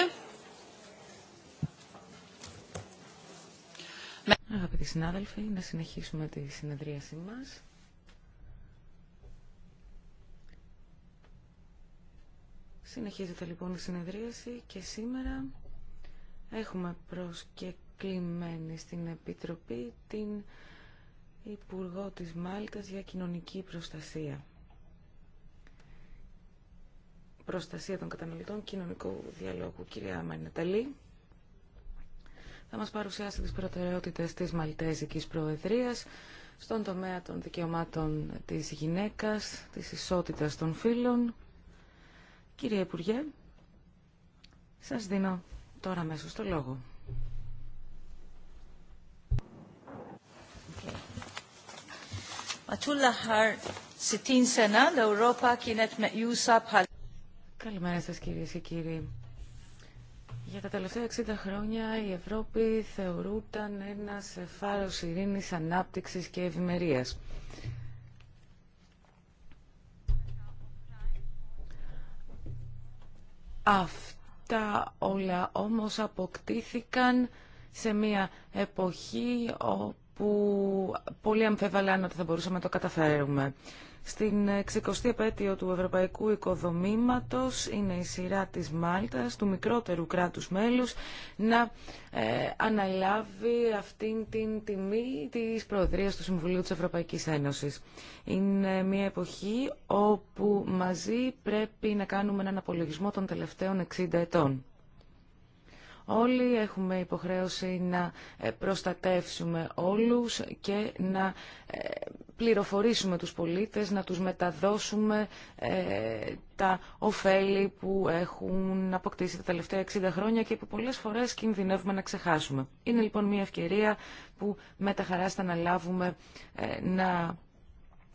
Αγαπητοί συνάδελφοι, να συνεχίσουμε τη συνεδρίασή μας. Συνεχίζεται λοιπόν η συνεδρίαση και σήμερα έχουμε προσκεκλημένη στην Επιτροπή την Υπουργό της Μάλτας για Κοινωνική Προστασία προστασία των καταναλωτών κοινωνικού διαλόγου. Κυρία Μαρινεταλή, θα μας παρουσιάσει τις προτεραιότητες της Μαλτέζικης Προεδρίας στον τομέα των δικαιωμάτων της γυναίκας, της ισότητας των φύλων. Κύριε Υπουργέ, σας δίνω τώρα μέσω στο λόγο. Okay. Καλημέρα σας κύριε, και κύριοι. Για τα τελευταία 60 χρόνια η Ευρώπη θεωρούταν ένας φάρος ειρήνης, ανάπτυξης και ευημερίας. Αυτά όλα όμως αποκτήθηκαν σε μια εποχή όπου πολλοί αμφεβαλάνε ότι θα μπορούσαμε να το καταφέρουμε. Στην 60η επέτειο του Ευρωπαϊκού Οικοδομήματος είναι η σειρά της Μάλτας, του μικρότερου κράτους μέλους, να ε, αναλάβει αυτήν την τιμή της Προεδρίας του Συμβουλίου της Ευρωπαϊκής Ένωσης. Είναι μια εποχή όπου μαζί πρέπει να κάνουμε έναν απολογισμό των τελευταίων 60 ετών. Όλοι έχουμε υποχρέωση να ε, προστατεύσουμε όλους και να ε, πληροφορήσουμε τους πολίτες, να τους μεταδώσουμε ε, τα ωφέλη που έχουν αποκτήσει τα τελευταία 60 χρόνια και που πολλές φορές κινδυνεύουμε να ξεχάσουμε. Είναι λοιπόν μια ευκαιρία που με τα χαρά θα αναλάβουμε να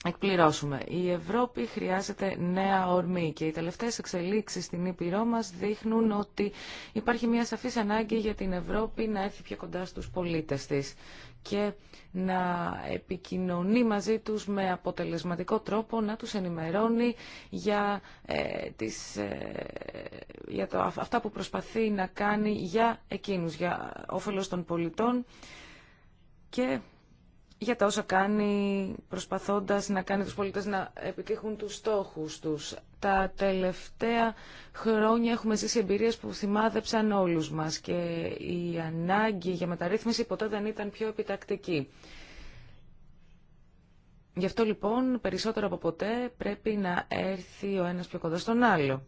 εκπληρώσουμε. Η Ευρώπη χρειάζεται νέα ορμή και οι τελευταίες εξελίξεις στην Ήπειρό μας δείχνουν ότι υπάρχει μια σαφής ανάγκη για την Ευρώπη να έρθει πιο κοντά στους πολίτες της και να επικοινωνεί μαζί τους με αποτελεσματικό τρόπο, να τους ενημερώνει για, ε, τις, ε, για το, αυτά που προσπαθεί να κάνει για εκείνους, για όφελος των πολιτών και για τα όσα κάνει προσπαθώντας να κάνει τους πολίτες να επιτύχουν τους στόχους τους. Τα τελευταία χρόνια έχουμε ζήσει εμπειρίες που θυμάδεψαν όλους μας και η ανάγκη για μεταρρύθμιση ποτέ δεν ήταν πιο επιτακτική. Γι' αυτό λοιπόν περισσότερο από ποτέ πρέπει να έρθει ο ένας πιο κοντά στον άλλο.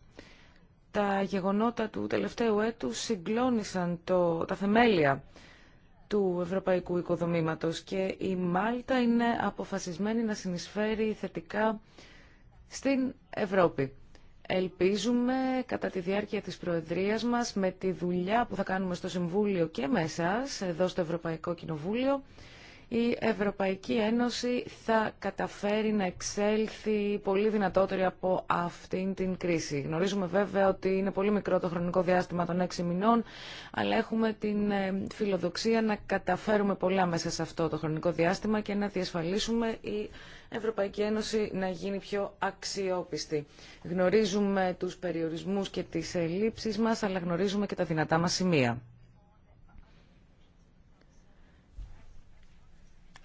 Τα γεγονότα του τελευταίου έτους συγκλώνησαν το, τα θεμέλια του ευρωπαϊκού οικοδομήματος και η Μάλτα είναι αποφασισμένη να συνεισφέρει θετικά στην Ευρώπη. Ελπίζουμε κατά τη διάρκεια της Προεδρίας μας με τη δουλειά που θα κάνουμε στο Συμβούλιο και με εσάς, εδώ στο Ευρωπαϊκό Κοινοβούλιο, η Ευρωπαϊκή Ένωση θα καταφέρει να εξέλθει πολύ δυνατότερη από αυτήν την κρίση. Γνωρίζουμε βέβαια ότι είναι πολύ μικρό το χρονικό διάστημα των έξι μηνών, αλλά έχουμε την ε, φιλοδοξία να καταφέρουμε πολλά μέσα σε αυτό το χρονικό διάστημα και να διασφαλίσουμε η Ευρωπαϊκή Ένωση να γίνει πιο αξιόπιστη. Γνωρίζουμε τους περιορισμούς και τις ελλείψεις μας, αλλά γνωρίζουμε και τα δυνατά μας σημεία.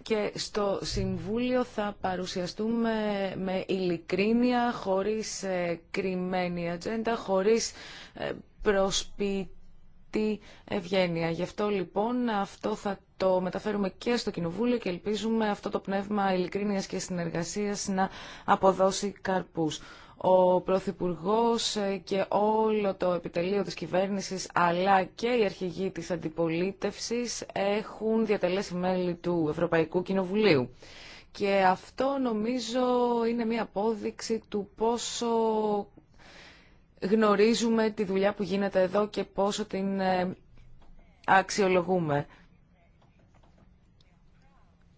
και στο Συμβούλιο θα παρουσιαστούμε με ειλικρίνεια, χωρίς ε, κρυμμένη ατζέντα, χωρίς ε, προσπίτη ευγένεια. Γι' αυτό λοιπόν αυτό θα το μεταφέρουμε και στο Κοινοβούλιο και ελπίζουμε αυτό το πνεύμα ειλικρίνειας και συνεργασίας να αποδώσει καρπούς ο Πρωθυπουργό ε, και όλο το επιτελείο της κυβέρνησης αλλά και οι αρχηγοί της αντιπολίτευσης έχουν διατελέσει μέλη του Ευρωπαϊκού Κοινοβουλίου. Και αυτό νομίζω είναι μια απόδειξη του πόσο γνωρίζουμε τη δουλειά που γίνεται εδώ και πόσο την ε, αξιολογούμε.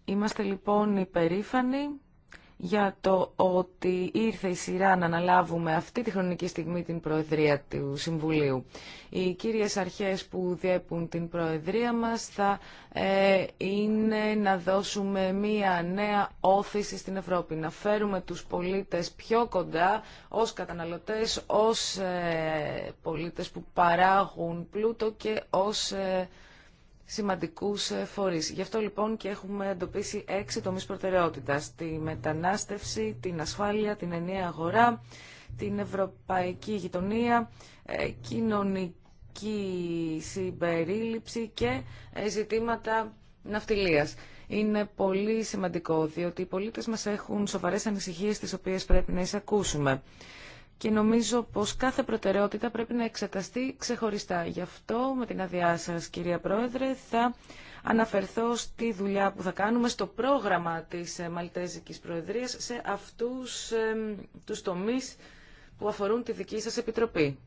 Είμαστε λοιπόν υπερήφανοι για το ότι ήρθε η σειρά να αναλάβουμε αυτή τη χρονική στιγμή την Προεδρία του Συμβουλίου. Οι κύριες αρχές που διέπουν την Προεδρία μας θα ε, είναι να δώσουμε μία νέα όθηση στην Ευρώπη, να φέρουμε τους πολίτες πιο κοντά ως καταναλωτές, ως ε, πολίτες που παράγουν πλούτο και ως... Ε, σημαντικού ε, φορεί. Γι' αυτό λοιπόν και έχουμε εντοπίσει έξι τομεί προτεραιότητα: Τη μετανάστευση, την ασφάλεια, την ενιαία αγορά, την ευρωπαϊκή γειτονία, ε, κοινωνική συμπερίληψη και ε, ζητήματα ναυτιλίας. Είναι πολύ σημαντικό, διότι οι πολίτες μας έχουν σοβαρές ανησυχίες τις οποίες πρέπει να εισακούσουμε και νομίζω πως κάθε προτεραιότητα πρέπει να εξεταστεί ξεχωριστά. Γι' αυτό, με την άδειά σας, κυρία Πρόεδρε, θα αναφερθώ στη δουλειά που θα κάνουμε στο πρόγραμμα της ε, Μαλτέζικης Προεδρίας σε αυτούς ε, τους τομείς που αφορούν τη δική σας Επιτροπή.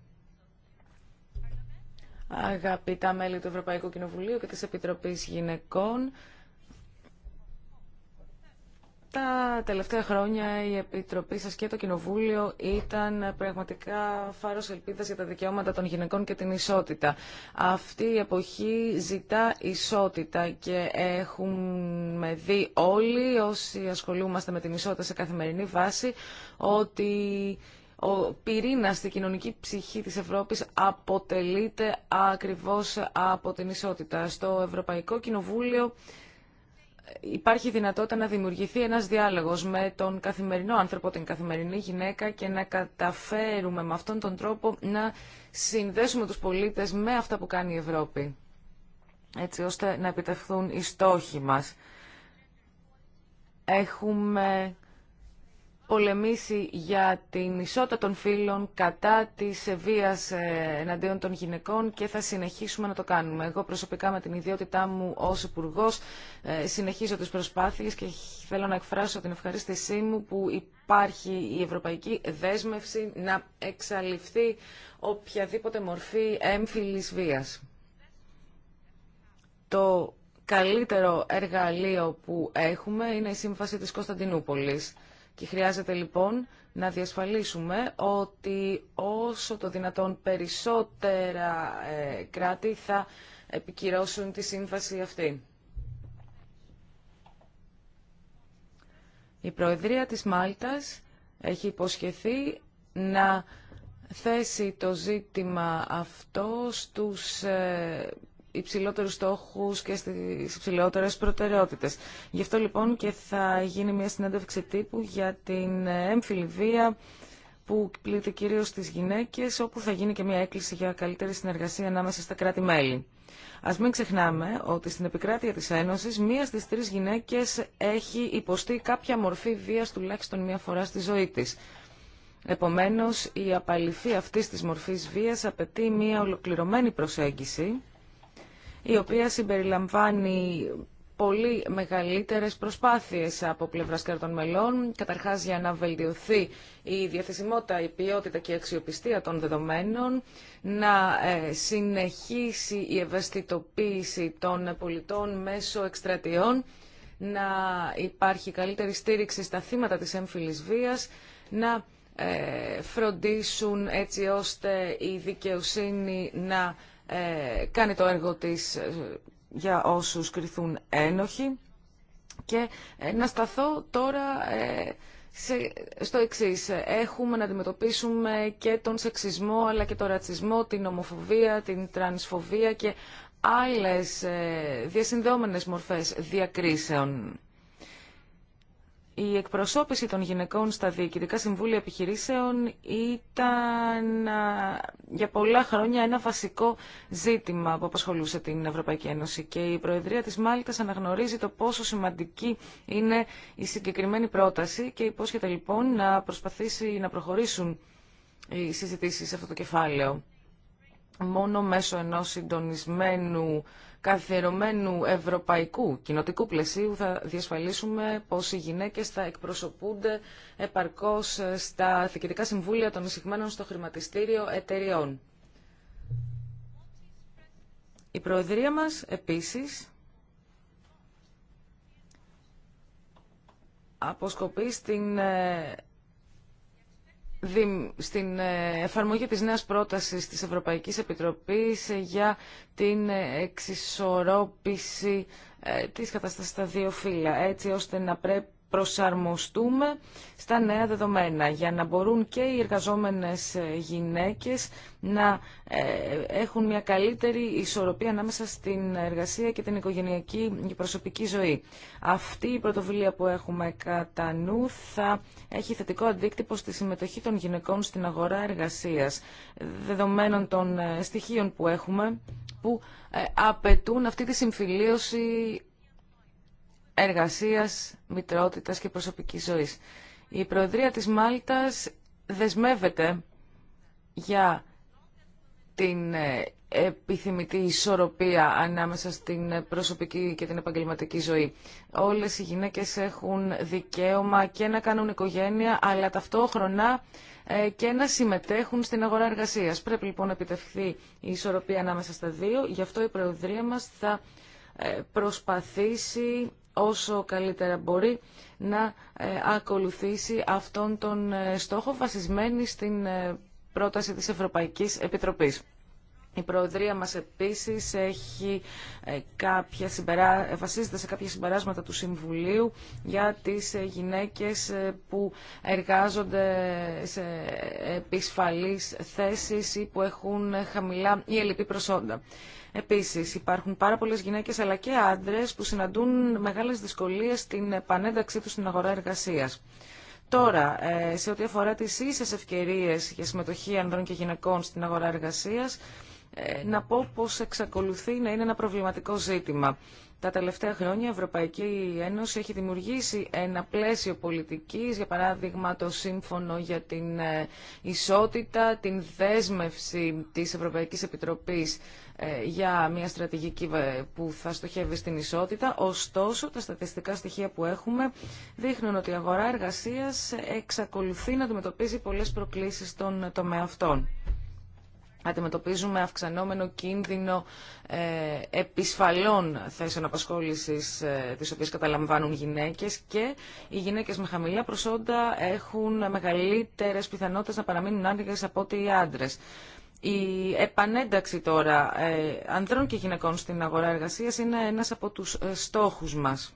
Αγαπητά μέλη του Ευρωπαϊκού Κοινοβουλίου και της Επιτροπής Γυναικών, τα τελευταία χρόνια η Επιτροπή σας και το Κοινοβούλιο ήταν πραγματικά φάρος ελπίδας για τα δικαιώματα των γυναικών και την ισότητα. Αυτή η εποχή ζητά ισότητα και έχουμε δει όλοι όσοι ασχολούμαστε με την ισότητα σε καθημερινή βάση ότι ο πυρήνας στη κοινωνική ψυχή της Ευρώπης αποτελείται ακριβώς από την ισότητα. Στο Ευρωπαϊκό Κοινοβούλιο υπάρχει δυνατότητα να δημιουργηθεί ένας διάλογος με τον καθημερινό άνθρωπο, την καθημερινή γυναίκα και να καταφέρουμε με αυτόν τον τρόπο να συνδέσουμε τους πολίτες με αυτά που κάνει η Ευρώπη, έτσι ώστε να επιτευχθούν οι στόχοι μας. Έχουμε πολεμήσει για την ισότητα των φύλων κατά της βίας ε, εναντίον των γυναικών και θα συνεχίσουμε να το κάνουμε. Εγώ προσωπικά με την ιδιότητά μου ως υπουργό ε, συνεχίζω τις προσπάθειες και θέλω να εκφράσω την ευχαρίστησή μου που υπάρχει η ευρωπαϊκή δέσμευση να εξαλειφθεί οποιαδήποτε μορφή έμφυλης βίας. Το καλύτερο εργαλείο που έχουμε είναι η Σύμφαση της Κωνσταντινούπολης και χρειάζεται λοιπόν να διασφαλίσουμε ότι όσο το δυνατόν περισσότερα ε, κράτη θα επικυρώσουν τη σύμβαση αυτή. Η Προεδρία της Μάλτας έχει υποσχεθεί να θέσει το ζήτημα αυτό στους ε, υψηλότερους στόχους και στις υψηλότερες προτεραιότητες. Γι' αυτό λοιπόν και θα γίνει μια συνέντευξη τύπου για την έμφυλη βία που πλήττει κυρίως στις γυναίκες, όπου θα γίνει και μια έκκληση για καλύτερη συνεργασία ανάμεσα στα κράτη-μέλη. Ας μην ξεχνάμε ότι στην επικράτεια της Ένωσης μία στις τρεις γυναίκες έχει υποστεί κάποια μορφή βίας τουλάχιστον μία φορά στη ζωή της. Επομένως, η απαλυφή αυτής της μορφής βίας απαιτεί μία ολοκληρωμένη προσέγγιση η οποία συμπεριλαμβάνει πολύ μεγαλύτερες προσπάθειες από πλευράς κρατών μελών, καταρχάς για να βελτιωθεί η διαθεσιμότητα, η ποιότητα και η αξιοπιστία των δεδομένων, να ε, συνεχίσει η ευαισθητοποίηση των πολιτών μέσω εκστρατιών, να υπάρχει καλύτερη στήριξη στα θύματα της έμφυλης βίας, να ε, φροντίσουν έτσι ώστε η δικαιοσύνη να ε, κάνει το έργο της ε, για όσους κριθούν ένοχοι και ε, να σταθώ τώρα στο εξή. Έχουμε να αντιμετωπίσουμε και τον σεξισμό αλλά και τον ρατσισμό, την ομοφοβία, την τρανσφοβία και άλλες διασυνδόμενες μορφές διακρίσεων η εκπροσώπηση των γυναικών στα διοικητικά συμβούλια επιχειρήσεων ήταν για πολλά χρόνια ένα βασικό ζήτημα που απασχολούσε την Ευρωπαϊκή Ένωση και η Προεδρία της Μάλτας αναγνωρίζει το πόσο σημαντική είναι η συγκεκριμένη πρόταση και υπόσχεται λοιπόν να προσπαθήσει να προχωρήσουν οι συζητήσεις σε αυτό το κεφάλαιο. Μόνο μέσω ενός συντονισμένου καθιερωμένου ευρωπαϊκού κοινοτικού πλαισίου θα διασφαλίσουμε πως οι γυναίκες θα εκπροσωπούνται επαρκώς στα θεκητικά συμβούλια των εισηγμένων στο χρηματιστήριο εταιριών. Η Προεδρία μας επίσης αποσκοπεί στην ε, στην ε, εφαρμογή της νέας πρότασης της Ευρωπαϊκής Επιτροπής ε, για την ε, εξισορρόπηση της κατάστασης στα δύο φύλλα, έτσι ώστε να πρέπει προσαρμοστούμε στα νέα δεδομένα για να μπορούν και οι εργαζόμενες γυναίκες να ε, έχουν μια καλύτερη ισορροπία ανάμεσα στην εργασία και την οικογενειακή και προσωπική ζωή. Αυτή η πρωτοβουλία που έχουμε κατά νου θα έχει θετικό αντίκτυπο στη συμμετοχή των γυναικών στην αγορά εργασίας, δεδομένων των ε, στοιχείων που έχουμε που ε, απαιτούν αυτή τη συμφιλίωση εργασίας, μητρότητας και προσωπικής ζωής. Η Προεδρία της Μάλτας δεσμεύεται για την ε, επιθυμητή ισορροπία ανάμεσα στην προσωπική και την επαγγελματική ζωή. Όλες οι γυναίκες έχουν δικαίωμα και να κάνουν οικογένεια, αλλά ταυτόχρονα ε, και να συμμετέχουν στην αγορά εργασίας. Πρέπει λοιπόν να επιτευχθεί η ισορροπία ανάμεσα στα δύο. Γι' αυτό η Προεδρία μας θα ε, προσπαθήσει όσο καλύτερα μπορεί να ε, ακολουθήσει αυτόν τον ε, στόχο βασισμένη στην ε, πρόταση της Ευρωπαϊκής Επιτροπής. Η Προεδρία μας επίσης έχει κάποια συμπερά... βασίζεται σε κάποια συμπεράσματα του Συμβουλίου για τις γυναίκες που εργάζονται σε επισφαλείς θέσεις ή που έχουν χαμηλά ή ελλειπή προσόντα. Επίσης υπάρχουν πάρα πολλέ γυναίκες αλλά και άντρε που συναντούν μεγάλες δυσκολίες στην επανένταξή του στην αγορά εργασίας. Τώρα, ε, σε ό,τι αφορά τις ίσες ευκαιρίες για συμμετοχή ανδρών και γυναικών στην αγορά εργασίας, ε, να πω πως εξακολουθεί να είναι ένα προβληματικό ζήτημα. Τα τελευταία χρόνια η Ευρωπαϊκή Ένωση έχει δημιουργήσει ένα πλαίσιο πολιτικής, για παράδειγμα το Σύμφωνο για την ε, Ισότητα, την δέσμευση της Ευρωπαϊκής Επιτροπής ε, για μια στρατηγική ε, που θα στοχεύει στην ισότητα. Ωστόσο, τα στατιστικά στοιχεία που έχουμε δείχνουν ότι η αγορά εργασίας εξακολουθεί να αντιμετωπίζει πολλές προκλήσεις στον τομέα αυτών αντιμετωπίζουμε αυξανόμενο κίνδυνο ε, επισφαλών θέσεων απασχόλησης ε, τις οποίες καταλαμβάνουν γυναίκες και οι γυναίκες με χαμηλά προσόντα έχουν μεγαλύτερες πιθανότητες να παραμείνουν άνοιγες από ότι οι άντρες. Η επανένταξη τώρα ε, ανδρών και γυναικών στην αγορά εργασίας είναι ένας από τους ε, στόχους μας.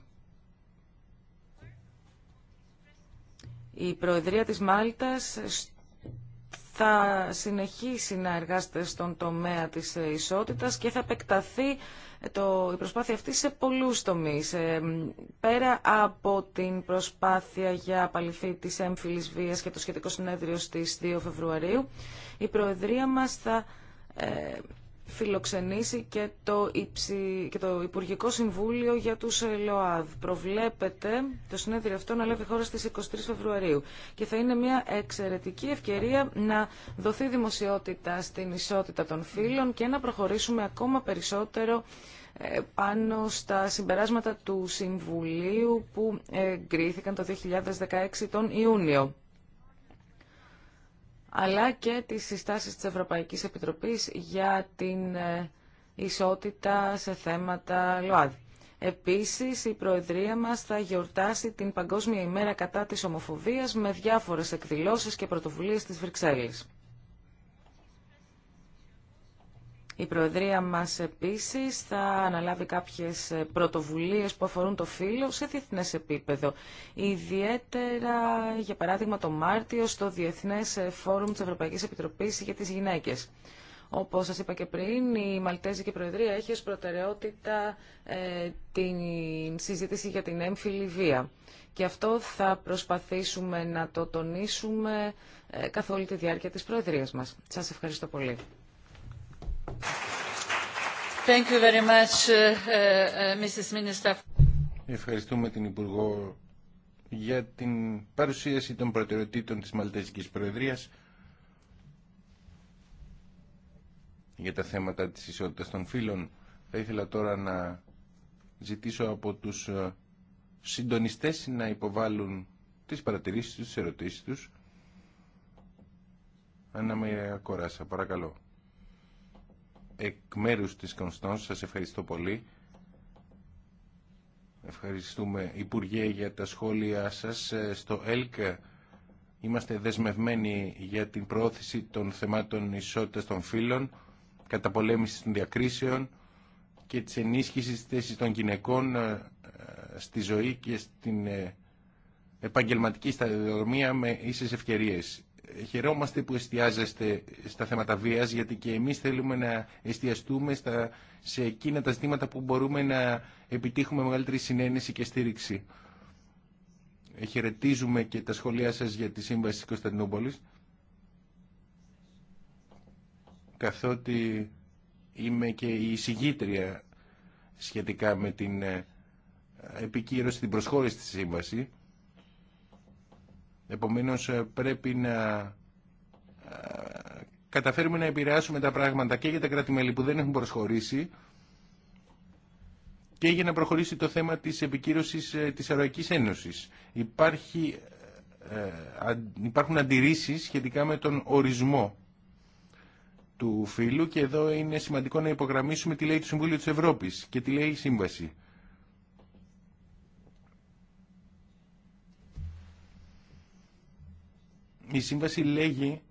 Η Προεδρία της Μάλτας θα συνεχίσει να εργάζεται στον τομέα της ισότητας και θα επεκταθεί το, η προσπάθεια αυτή σε πολλούς τομείς. Ε, πέρα από την προσπάθεια για απαλληφή της έμφυλης βίας και το σχετικό συνέδριο στις 2 Φεβρουαρίου, η Προεδρία μας θα ε, φιλοξενήσει και το, και το Υπουργικό Συμβούλιο για τους ε, ΛΟΑΔ. Προβλέπεται το συνέδριο αυτό να λάβει χώρα στις 23 Φεβρουαρίου και θα είναι μια εξαιρετική ευκαιρία να δοθεί δημοσιότητα στην ισότητα των φύλων και να προχωρήσουμε ακόμα περισσότερο ε, πάνω στα συμπεράσματα του Συμβουλίου που εγκρίθηκαν το 2016 τον Ιούνιο αλλά και τις συστάσεις της Ευρωπαϊκής Επιτροπής για την ε, ισότητα σε θέματα ΛΟΑΔ. Επίσης, η Προεδρία μας θα γιορτάσει την Παγκόσμια ημέρα κατά της ομοφοβίας με διάφορες εκδηλώσεις και πρωτοβουλίες της Βρυξέλλης. Η Προεδρία μας επίσης θα αναλάβει κάποιες πρωτοβουλίες που αφορούν το φύλλο σε διεθνές επίπεδο. Ιδιαίτερα, για παράδειγμα, το Μάρτιο στο Διεθνές Φόρουμ της Ευρωπαϊκής Επιτροπής για τις Γυναίκες. Όπως σας είπα και πριν, η Μαλτέζικη Προεδρία έχει ως προτεραιότητα ε, την συζήτηση για την έμφυλη βία. Και αυτό θα προσπαθήσουμε να το τονίσουμε ε, καθ' όλη τη διάρκεια της Προεδρίας μας. Σας ευχαριστώ πολύ. Uh, uh, Ευχαριστούμε την Υπουργό για την παρουσίαση των προτεραιοτήτων της Μαλτέζικης Προεδρίας για τα θέματα της ισότητας των φύλων. Θα ήθελα τώρα να ζητήσω από τους ε, συντονιστές να υποβάλουν τις παρατηρήσεις τους, τις ερωτήσεις τους. με Κοράσα, παρακαλώ εκ μέρους της Κωνσταντ. Σας ευχαριστώ πολύ. Ευχαριστούμε Υπουργέ για τα σχόλια σας. Ε, στο ΕΛΚ ε, είμαστε δεσμευμένοι για την προώθηση των θεμάτων ισότητας των φύλων, καταπολέμησης των διακρίσεων και της ενίσχυσης θέσης των γυναικών ε, στη ζωή και στην επαγγελματική σταδιοδρομία με ίσες ευκαιρίες χαιρόμαστε που εστιάζεστε στα θέματα βίας γιατί και εμείς θέλουμε να εστιαστούμε στα, σε εκείνα τα ζητήματα που μπορούμε να επιτύχουμε μεγαλύτερη συνένεση και στήριξη. Χαιρετίζουμε και τα σχολεία σας για τη Σύμβαση της Κωνσταντινούπολης καθότι είμαι και η εισηγήτρια σχετικά με την ε, επικύρωση, την προσχώρηση της Σύμβαση Επομένως ε, πρέπει να ε, καταφέρουμε να επηρεάσουμε τα πράγματα και για τα κράτη-μέλη που δεν έχουν προσχωρήσει και για να προχωρήσει το θέμα της επικύρωσης ε, της Ευρωπαϊκής Ένωσης. Υπάρχει, υπάρχουν αντιρρήσεις σχετικά με τον ορισμό του φύλου και εδώ είναι σημαντικό να υπογραμμίσουμε τι λέει το Συμβούλιο της Ευρώπης και τι λέει η Σύμβαση. η σύμβαση λέγει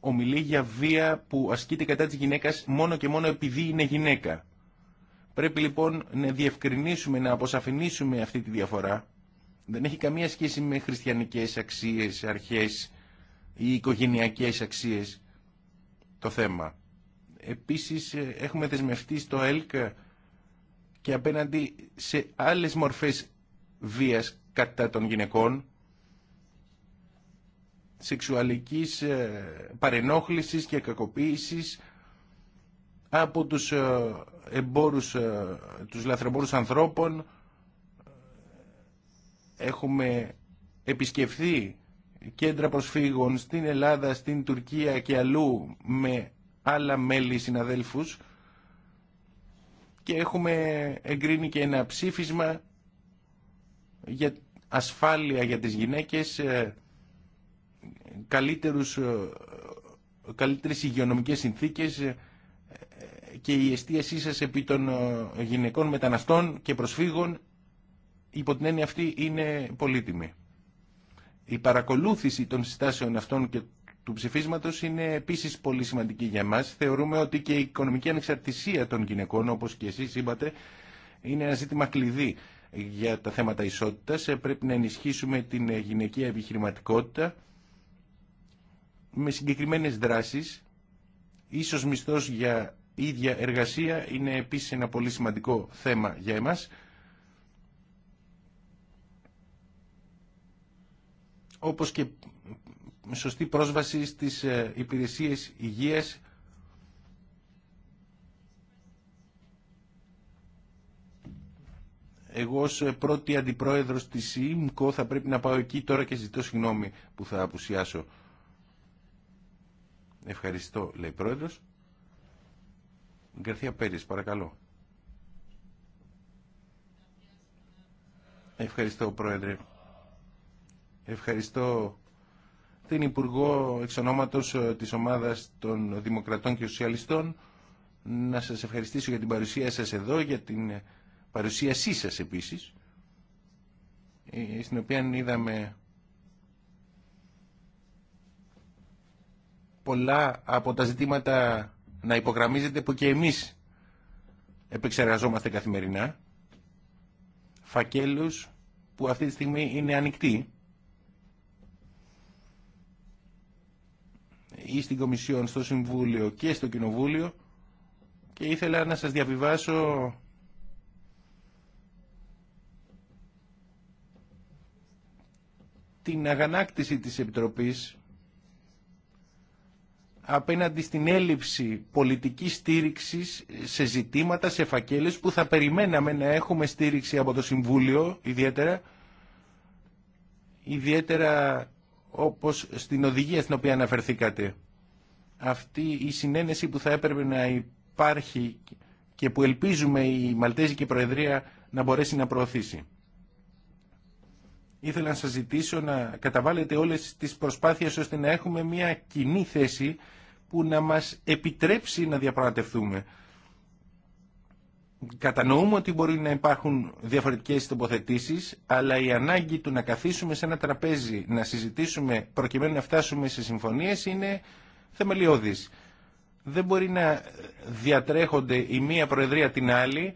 ομιλεί για βία που ασκείται κατά της γυναίκας μόνο και μόνο επειδή είναι γυναίκα. Πρέπει λοιπόν να διευκρινίσουμε, να αποσαφηνίσουμε αυτή τη διαφορά. Δεν έχει καμία σχέση με χριστιανικές αξίες, αρχές ή οικογενειακές αξίες το θέμα. Επίσης ε, έχουμε δεσμευτεί στο ΕΛΚ ε, και απέναντι σε άλλες μορφές βίας κατά των γυναικών σεξουαλικής ε, παρενόχλησης και κακοποίησης από τους ε, εμπόρους, ε, τους λαθρεμπόρους ανθρώπων. Έχουμε επισκεφθεί κέντρα προσφύγων στην Ελλάδα, στην Τουρκία και αλλού με άλλα μέλη συναδέλφους και έχουμε εγκρίνει και ένα ψήφισμα για ασφάλεια για τις γυναίκες καλύτερους, ε, καλύτερες υγειονομικές συνθήκες ε, και η εστίασή σας επί των ε, γυναικών μεταναστών και προσφύγων υπό την έννοια αυτή είναι πολύτιμη. Η παρακολούθηση των συστάσεων αυτών και του ψηφίσματος είναι επίσης πολύ σημαντική για μας. Θεωρούμε ότι και η οικονομική ανεξαρτησία των γυναικών, όπως και εσείς είπατε, είναι ένα ζήτημα κλειδί για τα θέματα ισότητας. Πρέπει να ενισχύσουμε την γυναική επιχειρηματικότητα με συγκεκριμένες δράσεις. Ίσως μισθός για ίδια εργασία είναι επίσης ένα πολύ σημαντικό θέμα για εμάς. Όπως και σωστή πρόσβαση στις ε, υπηρεσίες υγείας εγώ ως πρώτη αντιπρόεδρος της ΣΥΜΚΟ θα πρέπει να πάω εκεί τώρα και ζητώ συγγνώμη που θα απουσιάσω. Ευχαριστώ, λέει πρόεδρος. Γκαρθία Πέρι, παρακαλώ. Ευχαριστώ, πρόεδρε. Ευχαριστώ την Υπουργό εξ ονόματος ε, της ομάδας των Δημοκρατών και Σοσιαλιστών να σας ευχαριστήσω για την παρουσία σας εδώ, για την παρουσίασή σας επίσης, ε, στην οποία είδαμε πολλά από τα ζητήματα να υπογραμμίζεται που και εμείς επεξεργαζόμαστε καθημερινά. Φακέλους που αυτή τη στιγμή είναι ανοιχτοί ή στην Κομισιόν, στο Συμβούλιο και στο Κοινοβούλιο και ήθελα να σας διαβιβάσω την αγανάκτηση της Επιτροπής απέναντι στην έλλειψη πολιτικής στήριξης σε ζητήματα, σε φακέλες που θα περιμέναμε να έχουμε στήριξη από το Συμβούλιο ιδιαίτερα, ιδιαίτερα όπως στην οδηγία στην οποία αναφερθήκατε. Αυτή η συνένεση που θα έπρεπε να υπάρχει και που ελπίζουμε η Μαλτέζικη Προεδρία να μπορέσει να προωθήσει ήθελα να σας ζητήσω να καταβάλλετε όλες τις προσπάθειες ώστε να έχουμε μια κοινή θέση που να μας επιτρέψει να διαπραγματευτούμε. Κατανοούμε ότι μπορεί να υπάρχουν διαφορετικές τοποθετήσεις, αλλά η ανάγκη του να καθίσουμε σε ένα τραπέζι, να συζητήσουμε προκειμένου να φτάσουμε σε συμφωνίες είναι θεμελιώδης. Δεν μπορεί να διατρέχονται η μία προεδρία την άλλη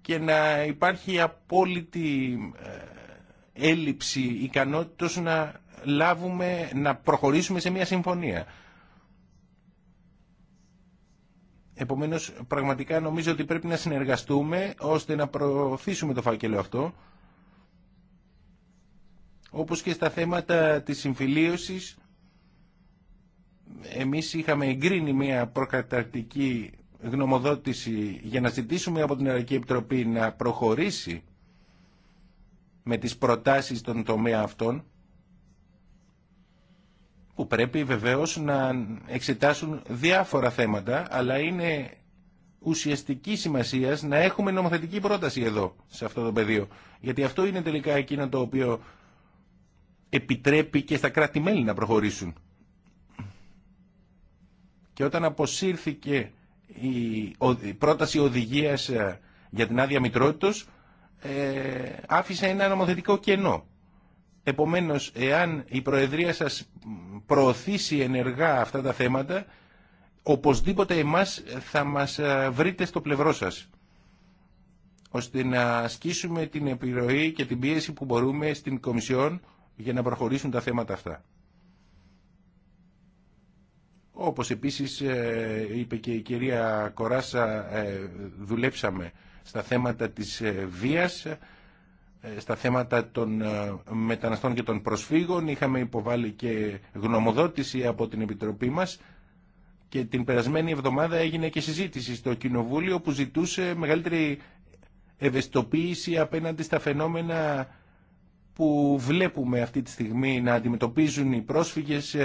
και να υπάρχει απόλυτη ε, έλλειψη ικανότητος να λάβουμε, να προχωρήσουμε σε μια συμφωνία. Επομένως, πραγματικά νομίζω ότι πρέπει να συνεργαστούμε ώστε να προωθήσουμε το φάκελο αυτό, όπως και στα θέματα της συμφιλίωσης, εμείς είχαμε εγκρίνει μια προκαταρκτική γνωμοδότηση για να ζητήσουμε από την Ευρωπαϊκή Επιτροπή να προχωρήσει με τις προτάσεις των τομέα αυτών που πρέπει βεβαίως να εξετάσουν διάφορα θέματα αλλά είναι ουσιαστική σημασία να έχουμε νομοθετική πρόταση εδώ σε αυτό το πεδίο γιατί αυτό είναι τελικά εκείνο το οποίο επιτρέπει και στα κράτη-μέλη να προχωρήσουν. Και όταν αποσύρθηκε η πρόταση οδηγίας ε, για την άδεια μητρότητος, ε, άφησε ένα νομοθετικό κενό. Επομένως, εάν η Προεδρία σας προωθήσει ενεργά αυτά τα θέματα, οπωσδήποτε εμάς θα μας ε, βρείτε στο πλευρό σας, ώστε να ασκήσουμε την επιρροή και την πίεση που μπορούμε στην Κομισιόν για να προχωρήσουν τα θέματα αυτά. Όπως επίσης ε, είπε και η κυρία Κοράσα, ε, δουλέψαμε στα θέματα της ε, βίας, ε, στα θέματα των ε, μεταναστών και των προσφύγων. Είχαμε υποβάλει και γνωμοδότηση από την Επιτροπή μας και την περασμένη εβδομάδα έγινε και συζήτηση στο Κοινοβούλιο που ζητούσε μεγαλύτερη ευαισθητοποίηση απέναντι στα φαινόμενα που βλέπουμε αυτή τη στιγμή να αντιμετωπίζουν οι πρόσφυγες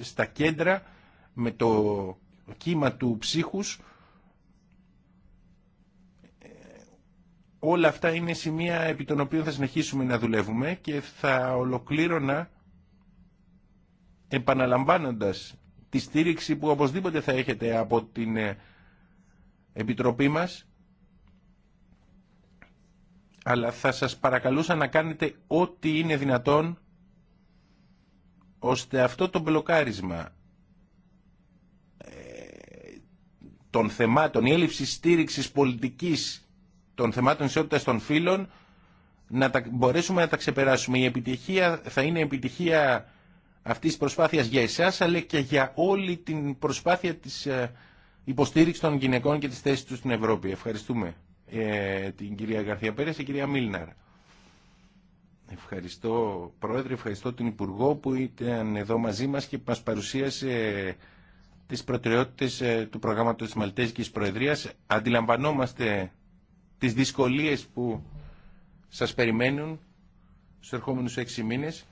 στα κέντρα με το κύμα του ψύχους Όλα αυτά είναι σημεία επί των οποίων θα συνεχίσουμε να δουλεύουμε και θα ολοκλήρωνα επαναλαμβάνοντας τη στήριξη που οπωσδήποτε θα έχετε από την ε, Επιτροπή μας αλλά θα σας παρακαλούσα να κάνετε ό,τι είναι δυνατόν ώστε αυτό το μπλοκάρισμα ε, των θεμάτων, η έλλειψη στήριξης πολιτικής των θεμάτων ισότητα των φύλων να τα, μπορέσουμε να τα ξεπεράσουμε. Η επιτυχία θα είναι επιτυχία αυτής της προσπάθειας για εσάς αλλά και για όλη την προσπάθεια της ε, υποστήριξης των γυναικών και της θέσης τους στην Ευρώπη. Ευχαριστούμε ε, την κυρία Γαρθία Πέρες και κυρία Μίλναρ. Ευχαριστώ Πρόεδρε, ευχαριστώ την Υπουργό που ήταν εδώ μαζί μας και που μας παρουσίασε τις προτεραιότητες ε, του προγράμματος της Μαλτέζικης Προεδρίας. Αντιλαμβανόμαστε τις δυσκολίες που σας περιμένουν στους ερχόμενους έξι μήνες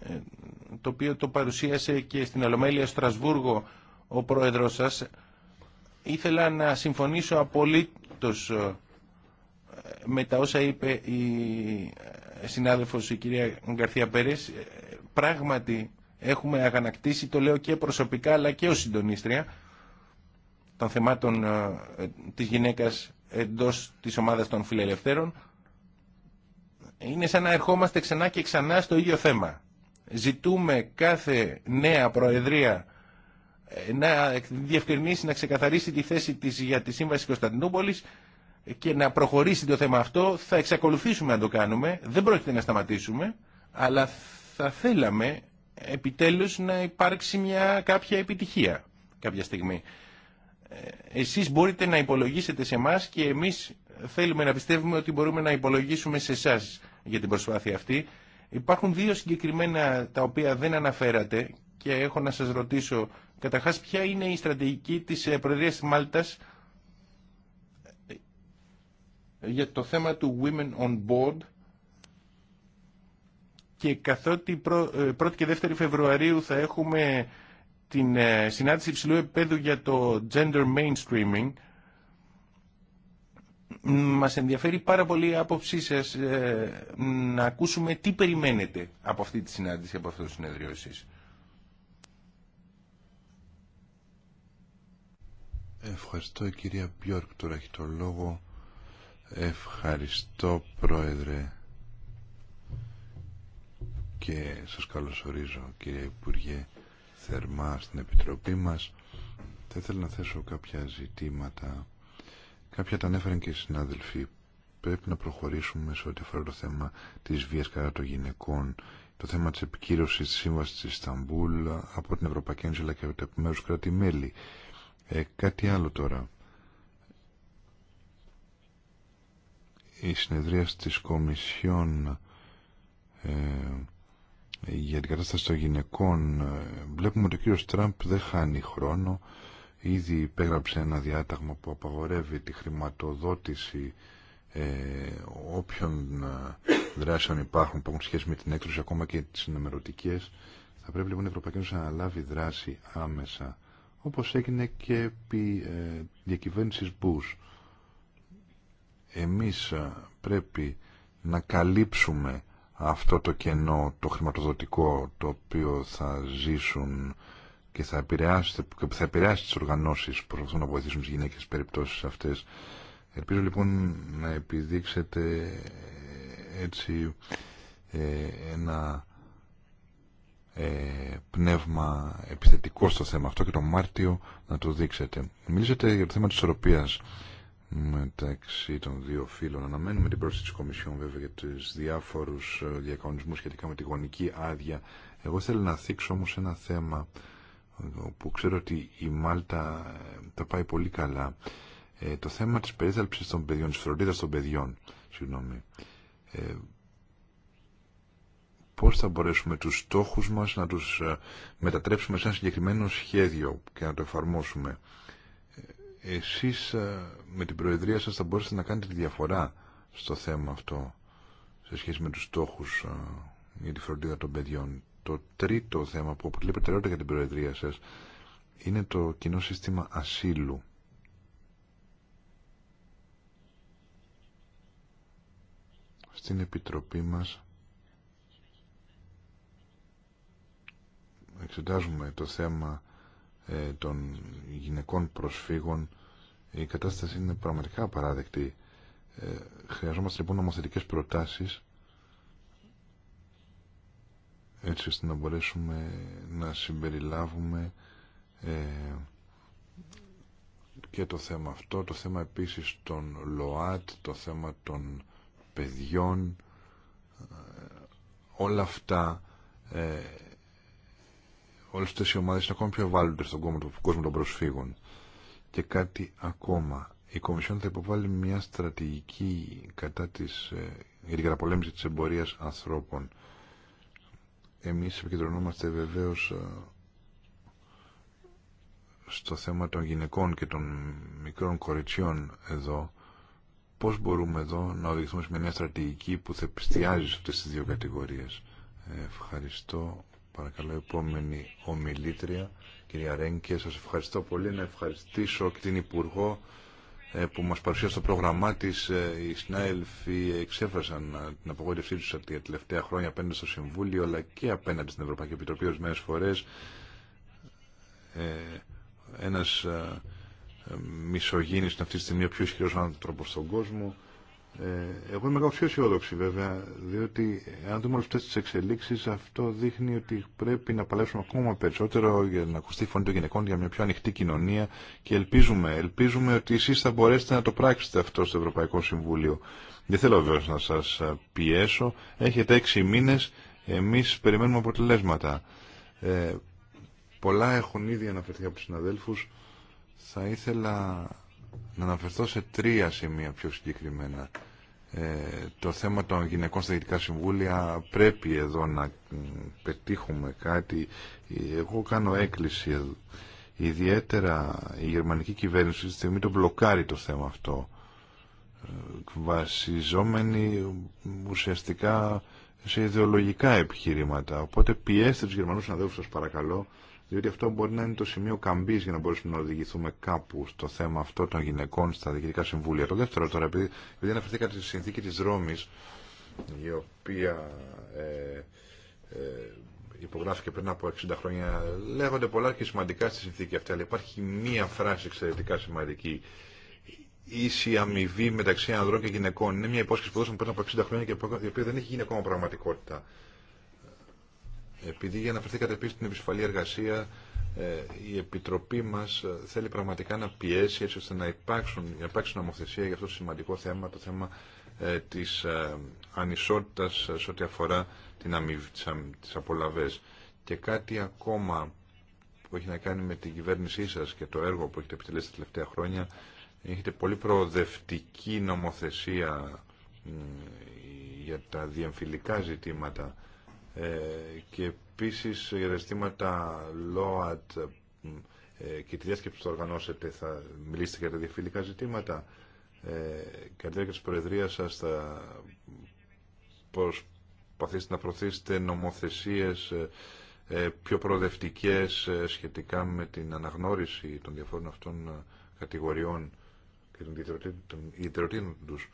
ε, το οποίο το παρουσίασε και στην Ολομέλεια Στρασβούργο ο πρόεδρος σας ήθελα να συμφωνήσω απολύτως ε, με τα όσα είπε η ε, συνάδελφος η κυρία Γκαρθία Πέρες πράγματι έχουμε αγανακτήσει το λέω και προσωπικά αλλά και ως συντονίστρια των θεμάτων της γυναίκας εντός της ομάδας των φιλελευθέρων είναι σαν να ερχόμαστε ξανά και ξανά στο ίδιο θέμα. Ζητούμε κάθε νέα προεδρία ε, να διευκρινίσει, να ξεκαθαρίσει τη θέση της για τη Σύμβαση Κωνσταντινούπολης και να προχωρήσει το θέμα αυτό. Θα εξακολουθήσουμε να το κάνουμε, δεν πρόκειται να σταματήσουμε, αλλά θα θέλαμε επιτέλους να υπάρξει μια κάποια επιτυχία κάποια στιγμή. Ε, εσείς μπορείτε να υπολογίσετε σε εμά και εμείς θέλουμε να πιστεύουμε ότι μπορούμε να υπολογίσουμε σε εσά για την προσπάθεια αυτή. Υπάρχουν δύο συγκεκριμένα τα οποία δεν αναφέρατε και έχω να σας ρωτήσω καταρχάς ποια είναι η στρατηγική της ε, Προεδρίας της Μάλτας ε, για το θέμα του Women on Board και καθότι 1η και 2η Φεβρουαρίου θα έχουμε την ε, συνάντηση υψηλού επίπεδου για το gender mainstreaming. Μας ενδιαφέρει πάρα πολύ η άποψή σας ε, να ακούσουμε τι περιμένετε από αυτή τη συνάντηση, από αυτό το συνέδριο εσείς. Ευχαριστώ κυρία Μπιόρκ, τώρα το λόγο. Ευχαριστώ πρόεδρε και σας καλωσορίζω κύριε Υπουργέ θερμά στην Επιτροπή μας. Θα ήθελα να θέσω κάποια ζητήματα. Κάποια τα ανέφεραν και οι συνάδελφοι. Πρέπει να προχωρήσουμε σε ό,τι αφορά το θέμα της βίας κατά των γυναικών, το θέμα της επικύρωσης της Σύμβασης της Ισταμπούλ από την Ευρωπαϊκή Ένωση αλλά και από τα επιμέρους κράτη-μέλη. Ε, κάτι άλλο τώρα. Η συνεδρία της Κομισιόν ε, για την κατάσταση των γυναικών ε, βλέπουμε ότι ο κύριος Τραμπ δεν χάνει χρόνο ήδη υπέγραψε ένα διάταγμα που απαγορεύει τη χρηματοδότηση ε, όποιων ε, δράσεων υπάρχουν που έχουν σχέση με την έκδοση ακόμα και τις ενημερωτικές θα πρέπει λοιπόν η Ευρωπαϊκή Ένωση να λάβει δράση άμεσα όπως έγινε και επί ε, διακυβέρνησης Μπούς εμείς ε, πρέπει να καλύψουμε αυτό το κενό, το χρηματοδοτικό το οποίο θα ζήσουν και θα επηρεάσει, και θα επηρεάσει τις οργανώσεις που προσπαθούν να βοηθήσουν τις γυναίκες στις περιπτώσεις αυτές. Ελπίζω λοιπόν να επιδείξετε ε, έτσι ε, ένα ε, πνεύμα επιθετικό στο θέμα αυτό και το Μάρτιο να το δείξετε. Μιλήσατε για το θέμα της ισορροπίας μεταξύ των δύο φίλων Αναμένουμε την πρόσθεση της Κομισιόν βέβαια για του διάφορου ε, διακανονισμού σχετικά με τη γονική άδεια. Εγώ θέλω να θίξω όμω ένα θέμα ε, που ξέρω ότι η Μάλτα ε, τα πάει πολύ καλά. το θέμα τη περίθαλψη των παιδιών, τη φροντίδα των παιδιών, συγγνώμη. Ε, πώς θα μπορέσουμε τους στόχους μας να τους μετατρέψουμε σε ένα συγκεκριμένο σχέδιο και να το εφαρμόσουμε. Εσείς ε, με την Προεδρία σας θα μπορέσετε να κάνετε τη διαφορά στο θέμα αυτό σε σχέση με τους στόχους ε, για τη φροντίδα των παιδιών. Το τρίτο θέμα που αποτελεί προτεραιότητα για την Προεδρία σας είναι το κοινό σύστημα ασύλου. Στην Επιτροπή μας εξετάζουμε το θέμα ε, των γυναικών προσφύγων η κατάσταση είναι πραγματικά απαράδεκτη. Ε, χρειαζόμαστε λοιπόν νομοθετικές προτάσεις έτσι ώστε να μπορέσουμε να συμπεριλάβουμε ε, και το θέμα αυτό, το θέμα επίσης των ΛΟΑΤ, το θέμα των παιδιών, όλα αυτά όλες αυτές οι ομάδες είναι ακόμα πιο ευάλωτε στον κόσμο, των προσφύγων. Και κάτι ακόμα. Η Κομισιόν θα υποβάλει μια στρατηγική κατά της, ε, για την καταπολέμηση της εμπορίας ανθρώπων. Εμείς επικεντρωνόμαστε βεβαίως ε, στο θέμα των γυναικών και των μικρών κοριτσιών εδώ. Πώς μπορούμε εδώ να οδηγηθούμε σε μια στρατηγική που θα επιστιάζει σε αυτές τις δύο κατηγορίες. Ε, ευχαριστώ Παρακαλώ, επόμενη ομιλήτρια, κυρία Ρένκε, σας ευχαριστώ πολύ. Να ευχαριστήσω και την Υπουργό ε, που μας παρουσίασε το πρόγραμμά της. Ε, οι συνάδελφοι εξέφρασαν ε, την απογοήτευσή τους από τα τελευταία χρόνια απέναντι στο Συμβούλιο, αλλά και απέναντι στην Ευρωπαϊκή Επιτροπή ορισμένες φορές. Ένας μισογίνης είναι αυτή τη στιγμή ο πιο ισχυρός άνθρωπος στον κόσμο ε, εγώ είμαι κάπως πιο αισιόδοξη βέβαια, διότι αν δούμε αυτές τις εξελίξεις αυτό δείχνει ότι πρέπει να παλέψουμε ακόμα περισσότερο για να ακουστεί η φωνή των γυναικών για μια πιο ανοιχτή κοινωνία και ελπίζουμε, ελπίζουμε ότι εσείς θα μπορέσετε να το πράξετε αυτό στο Ευρωπαϊκό Συμβούλιο. Δεν θέλω βέβαια να σας πιέσω, έχετε έξι μήνες, εμείς περιμένουμε αποτελέσματα. Ε, πολλά έχουν ήδη αναφερθεί από τους συναδέλφους, θα ήθελα να αναφερθώ σε τρία σημεία πιο συγκεκριμένα. Ε, το θέμα των γυναικών στα διοικητικά συμβούλια πρέπει εδώ να πετύχουμε κάτι. Εγώ κάνω έκκληση εδώ. Ιδιαίτερα η γερμανική κυβέρνηση στη στιγμή το μπλοκάρει το θέμα αυτό. Ε, βασιζόμενοι ουσιαστικά σε ιδεολογικά επιχειρήματα. Οπότε πιέστε τους Γερμανούς συναδέλφους σας παρακαλώ διότι αυτό μπορεί να είναι το σημείο καμπής για να μπορέσουμε να οδηγηθούμε κάπου στο θέμα αυτό των γυναικών στα διοικητικά συμβούλια. Το δεύτερο τώρα, επειδή, επειδή αναφερθήκατε στη συνθήκη τη Ρώμη, η οποία ε, ε, υπογράφηκε πριν από 60 χρόνια, λέγονται πολλά και σημαντικά στη συνθήκη αυτή, αλλά υπάρχει μία φράση εξαιρετικά σημαντική. Ίση αμοιβή μεταξύ ανδρών και γυναικών. Είναι μια υπόσχεση που δώσαμε πριν από 60 χρόνια και η οποία δεν έχει γίνει ακόμα πραγματικότητα. Επειδή για να αναφερθήκατε επίση στην επισφαλή εργασία, ε, η Επιτροπή μα ε, θέλει πραγματικά να πιέσει έτσι ώστε να υπάρξουν, υπάρξει νομοθεσία για αυτό το σημαντικό θέμα, το θέμα ε, τη ανισότητα σε ό,τι αφορά την αμοιβή, τι απολαυέ. Και κάτι ακόμα που έχει να κάνει με την κυβέρνησή σα και το έργο που έχετε επιτελέσει τα τελευταία χρόνια, έχετε πολύ προοδευτική νομοθεσία για τα διεμφυλικά ζητήματα ε, και επίσης για τα ζητήματα ΛΟΑΤ ε, και τη διάσκεψη που θα οργανώσετε θα μιλήσετε για τα διαφιλικά ζητήματα ε, και τη της Προεδρίας σας θα προσπαθήσετε να προωθήσετε νομοθεσίες ε, πιο προοδευτικές σχετικά με την αναγνώριση των διαφόρων αυτών κατηγοριών και των ιδιωτήτων τους.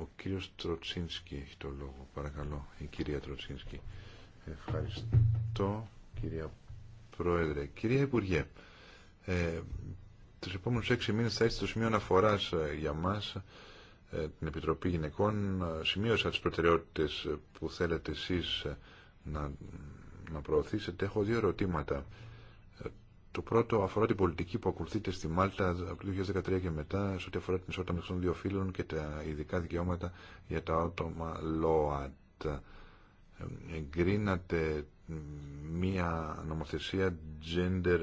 Ο κύριος Τροτσίνσκι έχει το λόγο, παρακαλώ, η κυρία Τροτσίνσκι. Ευχαριστώ, κυρία Πρόεδρε. Κυρία Υπουργέ, ε, τους επόμενους έξι μήνες θα είστε το σημείο αναφοράς ε, για μας, ε, την Επιτροπή Γυναικών. Ε, σημείωσα τις προτεραιότητες που θέλετε εσείς να, να προωθήσετε. Έχω δύο ερωτήματα. Το πρώτο αφορά την πολιτική που ακολουθείται στη Μάλτα από το 2013 και μετά, σε ό,τι αφορά την ισότητα μεταξύ των δύο φίλων και τα ειδικά δικαιώματα για τα άτομα ΛΟΑΤ. Ε, εγκρίνατε μία νομοθεσία gender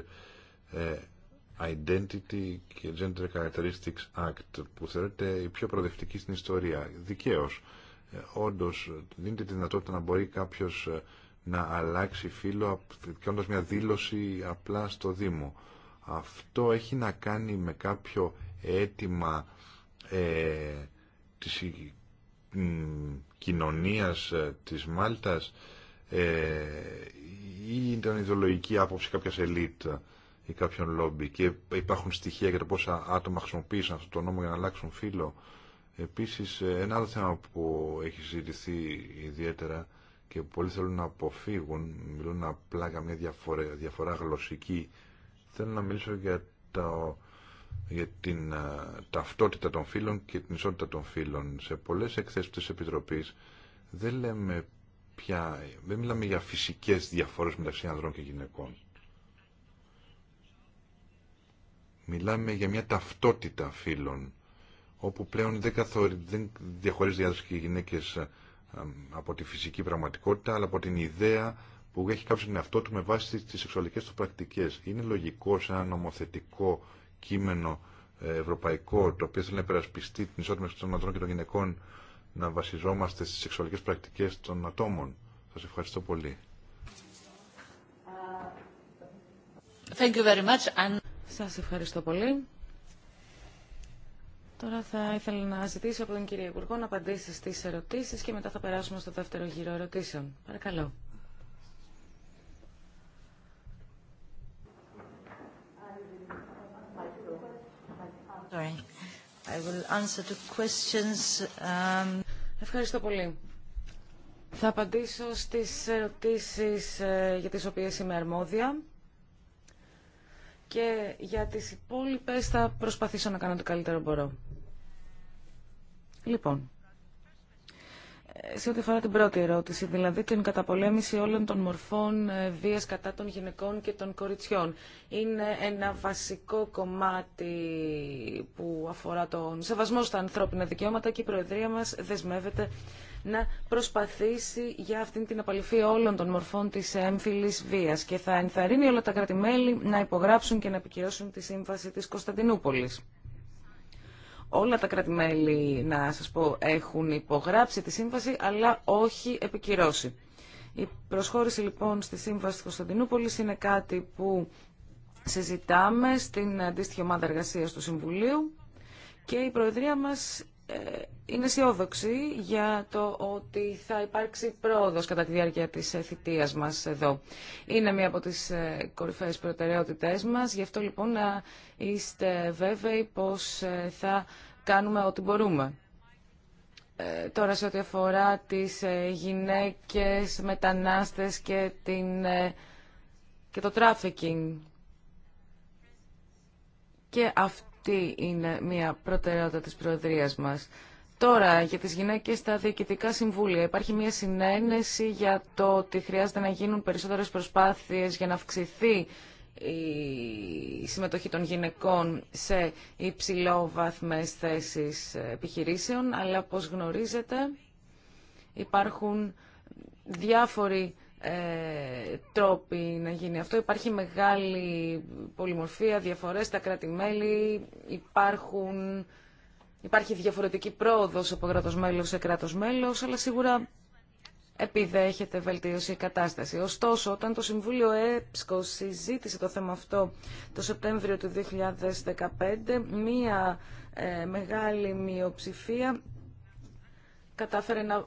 ε, identity και gender characteristics act που θεωρείται η πιο προοδευτική στην ιστορία. Δικαίως, ε, όντως δίνεται τη δυνατότητα να μπορεί κάποιος να αλλάξει φύλλο κάνοντας μια δήλωση απλά στο Δήμο. Αυτό έχει να κάνει με κάποιο αίτημα ε, της κοινωνίας ε, της Μάλτας ε, ή ήταν ιδεολογική άποψη κάποιας ελίτ ή κάποιον λόμπι και υπάρχουν στοιχεία για το πόσα άτομα χρησιμοποίησαν αυτό το νόμο για να αλλάξουν φύλλο. Επίσης ε, ένα άλλο θέμα που έχει συζητηθεί ιδιαίτερα και πολλοί θέλουν να αποφύγουν, μιλούν απλά για μια διαφορά, γλωσσική. Θέλω να μιλήσω για, το, για την ε, ταυτότητα των φύλων και την ισότητα των φίλων. Σε πολλές εκθέσεις της Επιτροπής δεν μιλάμε για φυσικές διαφορές μεταξύ ανδρών και γυναικών. Μιλάμε για μια ταυτότητα φύλων, όπου πλέον δεν, καθορι, δεν διαχωρίζει άνδρες και γυναίκες ε, από τη φυσική πραγματικότητα, αλλά από την ιδέα που έχει κάποιο τον εαυτό του με βάση τις σεξουαλικές του πρακτικές. Είναι λογικό σε ένα νομοθετικό κείμενο ε, ευρωπαϊκό, το οποίο θέλει να υπερασπιστεί την ισότητα των ανδρών και των γυναικών, να βασιζόμαστε στις σεξουαλικές πρακτικές των ατόμων. Σα ευχαριστώ πολύ. Thank Σας ευχαριστώ πολύ. Τώρα θα ήθελα να ζητήσω από τον κύριο Υπουργό να απαντήσει στις ερωτήσεις και μετά θα περάσουμε στο δεύτερο γύρο ερωτήσεων. Παρακαλώ. I will answer the questions. Um, Ευχαριστώ πολύ. Θα απαντήσω στις ερωτήσεις ε, για τις οποίες είμαι αρμόδια και για τις υπόλοιπες θα προσπαθήσω να κάνω το καλύτερο μπορώ. Λοιπόν, σε ό,τι αφορά την πρώτη ερώτηση, δηλαδή την καταπολέμηση όλων των μορφών ε, βίας κατά των γυναικών και των κοριτσιών. Είναι ένα βασικό κομμάτι που αφορά τον σεβασμό στα ανθρώπινα δικαιώματα και η Προεδρία μας δεσμεύεται να προσπαθήσει για αυτήν την απαλήφη όλων των μορφών της έμφυλης βίας και θα ενθαρρύνει όλα τα κράτη-μέλη να υπογράψουν και να επικυρώσουν τη σύμβαση της Κωνσταντινούπολης όλα τα κρατημέλη, να σας πω, έχουν υπογράψει τη σύμβαση, αλλά όχι επικυρώσει. Η προσχώρηση λοιπόν στη σύμβαση της Κωνσταντινούπολης είναι κάτι που συζητάμε στην αντίστοιχη ομάδα εργασίας του Συμβουλίου και η Προεδρία μας ε, είναι αισιόδοξη για το ότι θα υπάρξει πρόοδος κατά τη διάρκεια της ε, θητείας μας εδώ. Είναι μία από τις ε, κορυφαίες προτεραιότητές μας, γι' αυτό λοιπόν να είστε βέβαιοι πως θα κάνουμε ό,τι μπορούμε. Ε, τώρα σε ό,τι αφορά τις γυναίκες, μετανάστες και, την, και το τράφικινγκ. Και αυτό αυτή είναι μια προτεραιότητα της Προεδρίας μας. Τώρα, για τις γυναίκες στα διοικητικά συμβούλια. Υπάρχει μια συνένεση για το ότι χρειάζεται να γίνουν περισσότερες προσπάθειες για να αυξηθεί η συμμετοχή των γυναικών σε υψηλόβαθμες θέσεις επιχειρήσεων, αλλά όπως γνωρίζετε υπάρχουν διάφοροι ε, τρόποι να γίνει αυτό. Υπάρχει μεγάλη πολυμορφία, διαφορές στα κράτη-μέλη, υπάρχουν... Υπάρχει διαφορετική πρόοδος από κράτος μέλος σε κράτος μέλος, αλλά σίγουρα επιδέχεται βελτίωση η κατάσταση. Ωστόσο, όταν το Συμβούλιο ΕΠΣΚΟ συζήτησε το θέμα αυτό το Σεπτέμβριο του 2015, μία ε, μεγάλη μειοψηφία κατάφερε να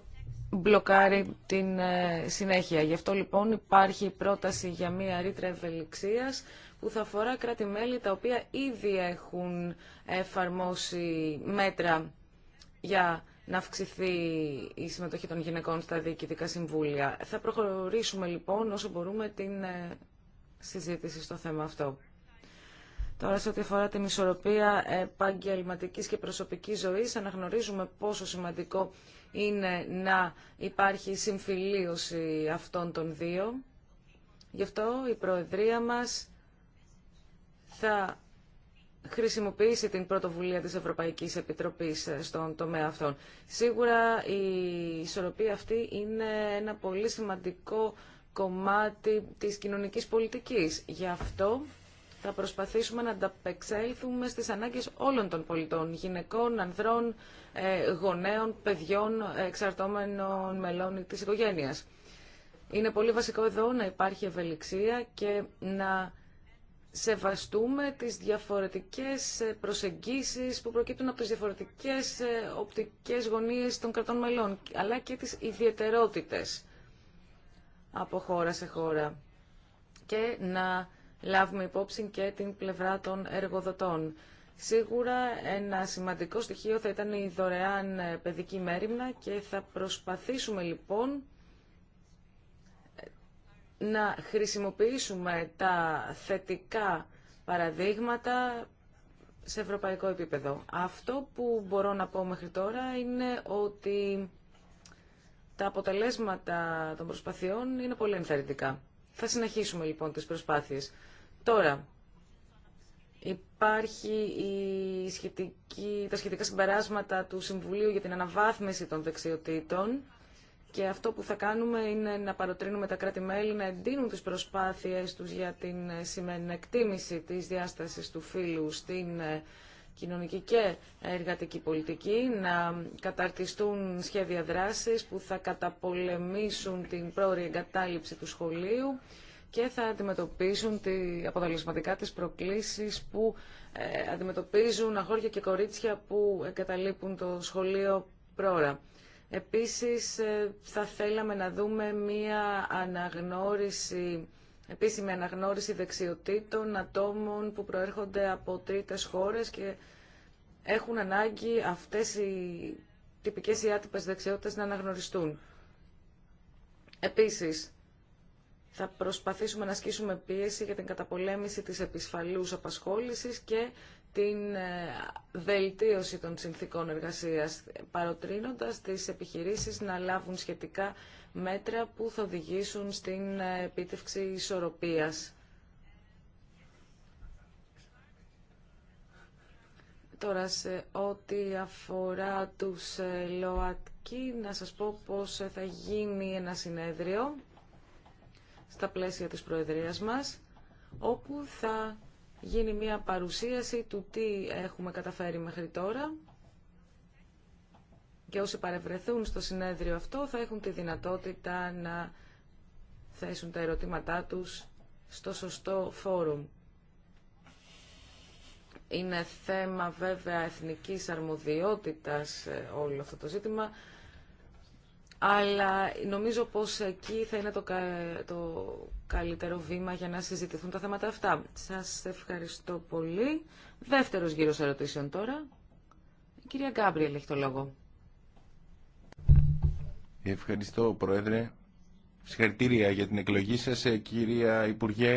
μπλοκάρει την ε, συνέχεια. Γι' αυτό λοιπόν υπάρχει πρόταση για μία ρήτρα ευελιξίας που θα αφορά κράτη-μέλη τα οποία ήδη έχουν εφαρμόσει μέτρα για να αυξηθεί η συμμετοχή των γυναικών στα διοικητικά συμβούλια. Θα προχωρήσουμε λοιπόν όσο μπορούμε την ε, συζήτηση στο θέμα αυτό. Τώρα, σε ό,τι αφορά την ισορροπία επαγγελματικής και προσωπικής ζωής, αναγνωρίζουμε πόσο σημαντικό είναι να υπάρχει συμφιλίωση αυτών των δύο. Γι' αυτό η Προεδρία μας θα χρησιμοποιήσει την πρωτοβουλία της Ευρωπαϊκής Επιτροπής στον τομέα αυτών. Σίγουρα η ισορροπία αυτή είναι ένα πολύ σημαντικό κομμάτι της κοινωνικής πολιτικής. Γι' αυτό θα προσπαθήσουμε να ανταπεξέλθουμε στις ανάγκες όλων των πολιτών, γυναικών, ανδρών, ε, γονέων, παιδιών, εξαρτώμενων μελών της οικογένειας. Είναι πολύ βασικό εδώ να υπάρχει ευελιξία και να σεβαστούμε τις διαφορετικές ε, προσεγγίσεις που προκύπτουν από τις διαφορετικές ε, οπτικές γωνίες των κρατών μελών, αλλά και τις ιδιαιτερότητες από χώρα σε χώρα. Και να λάβουμε υπόψη και την πλευρά των εργοδοτών. Σίγουρα ένα σημαντικό στοιχείο θα ήταν η δωρεάν ε, παιδική μέρημνα και θα προσπαθήσουμε λοιπόν να χρησιμοποιήσουμε τα θετικά παραδείγματα σε ευρωπαϊκό επίπεδο. Αυτό που μπορώ να πω μέχρι τώρα είναι ότι τα αποτελέσματα των προσπαθειών είναι πολύ ενθαρρυντικά. Θα συνεχίσουμε λοιπόν τις προσπάθειες. Τώρα, υπάρχει η σχετική, τα σχετικά συμπεράσματα του Συμβουλίου για την αναβάθμιση των δεξιοτήτων και αυτό που θα κάνουμε είναι να παροτρύνουμε τα κράτη-μέλη να εντείνουν τις προσπάθειες τους για την σημερινή εκτίμηση της διάστασης του φύλου στην ε, κοινωνική και εργατική πολιτική, να καταρτιστούν σχέδια δράσης που θα καταπολεμήσουν την πρόορη εγκατάλειψη του σχολείου και θα αντιμετωπίσουν τη, αποτελεσματικά τις προκλήσεις που ε, αντιμετωπίζουν αγόρια και κορίτσια που εγκαταλείπουν το σχολείο πρόωρα. Επίσης, ε, θα θέλαμε να δούμε μία αναγνώριση επίσημη αναγνώριση δεξιοτήτων ατόμων που προέρχονται από τρίτες χώρες και έχουν ανάγκη αυτές οι τυπικές ή άτυπες δεξιότητες να αναγνωριστούν. Επίσης, θα προσπαθήσουμε να ασκήσουμε πίεση για την καταπολέμηση της επισφαλούς απασχόλησης και την ε, βελτίωση των συνθήκων εργασίας, παροτρύνοντας τις επιχειρήσεις να λάβουν σχετικά μέτρα που θα οδηγήσουν στην επίτευξη ισορροπίας. Τώρα, σε ό,τι αφορά τους ε, ΛΟΑΤΚΙ, να σας πω πως ε, θα γίνει ένα συνέδριο στα πλαίσια της Προεδρίας μας, όπου θα γίνει μια παρουσίαση του τι έχουμε καταφέρει μέχρι τώρα και όσοι παρευρεθούν στο συνέδριο αυτό θα έχουν τη δυνατότητα να θέσουν τα ερωτήματά τους στο σωστό φόρουμ. Είναι θέμα βέβαια εθνικής αρμοδιότητας ε, όλο αυτό το ζήτημα, αλλά νομίζω πως εκεί θα είναι το, το καλύτερο βήμα για να συζητηθούν τα θέματα αυτά. Σας ευχαριστώ πολύ. Δεύτερος γύρος ερωτήσεων τώρα. Η κυρία Γκάμπριελ έχει το λόγο. Ευχαριστώ, Πρόεδρε. Συγχαρητήρια για την εκλογή σας, ε, κυρία Υπουργέ.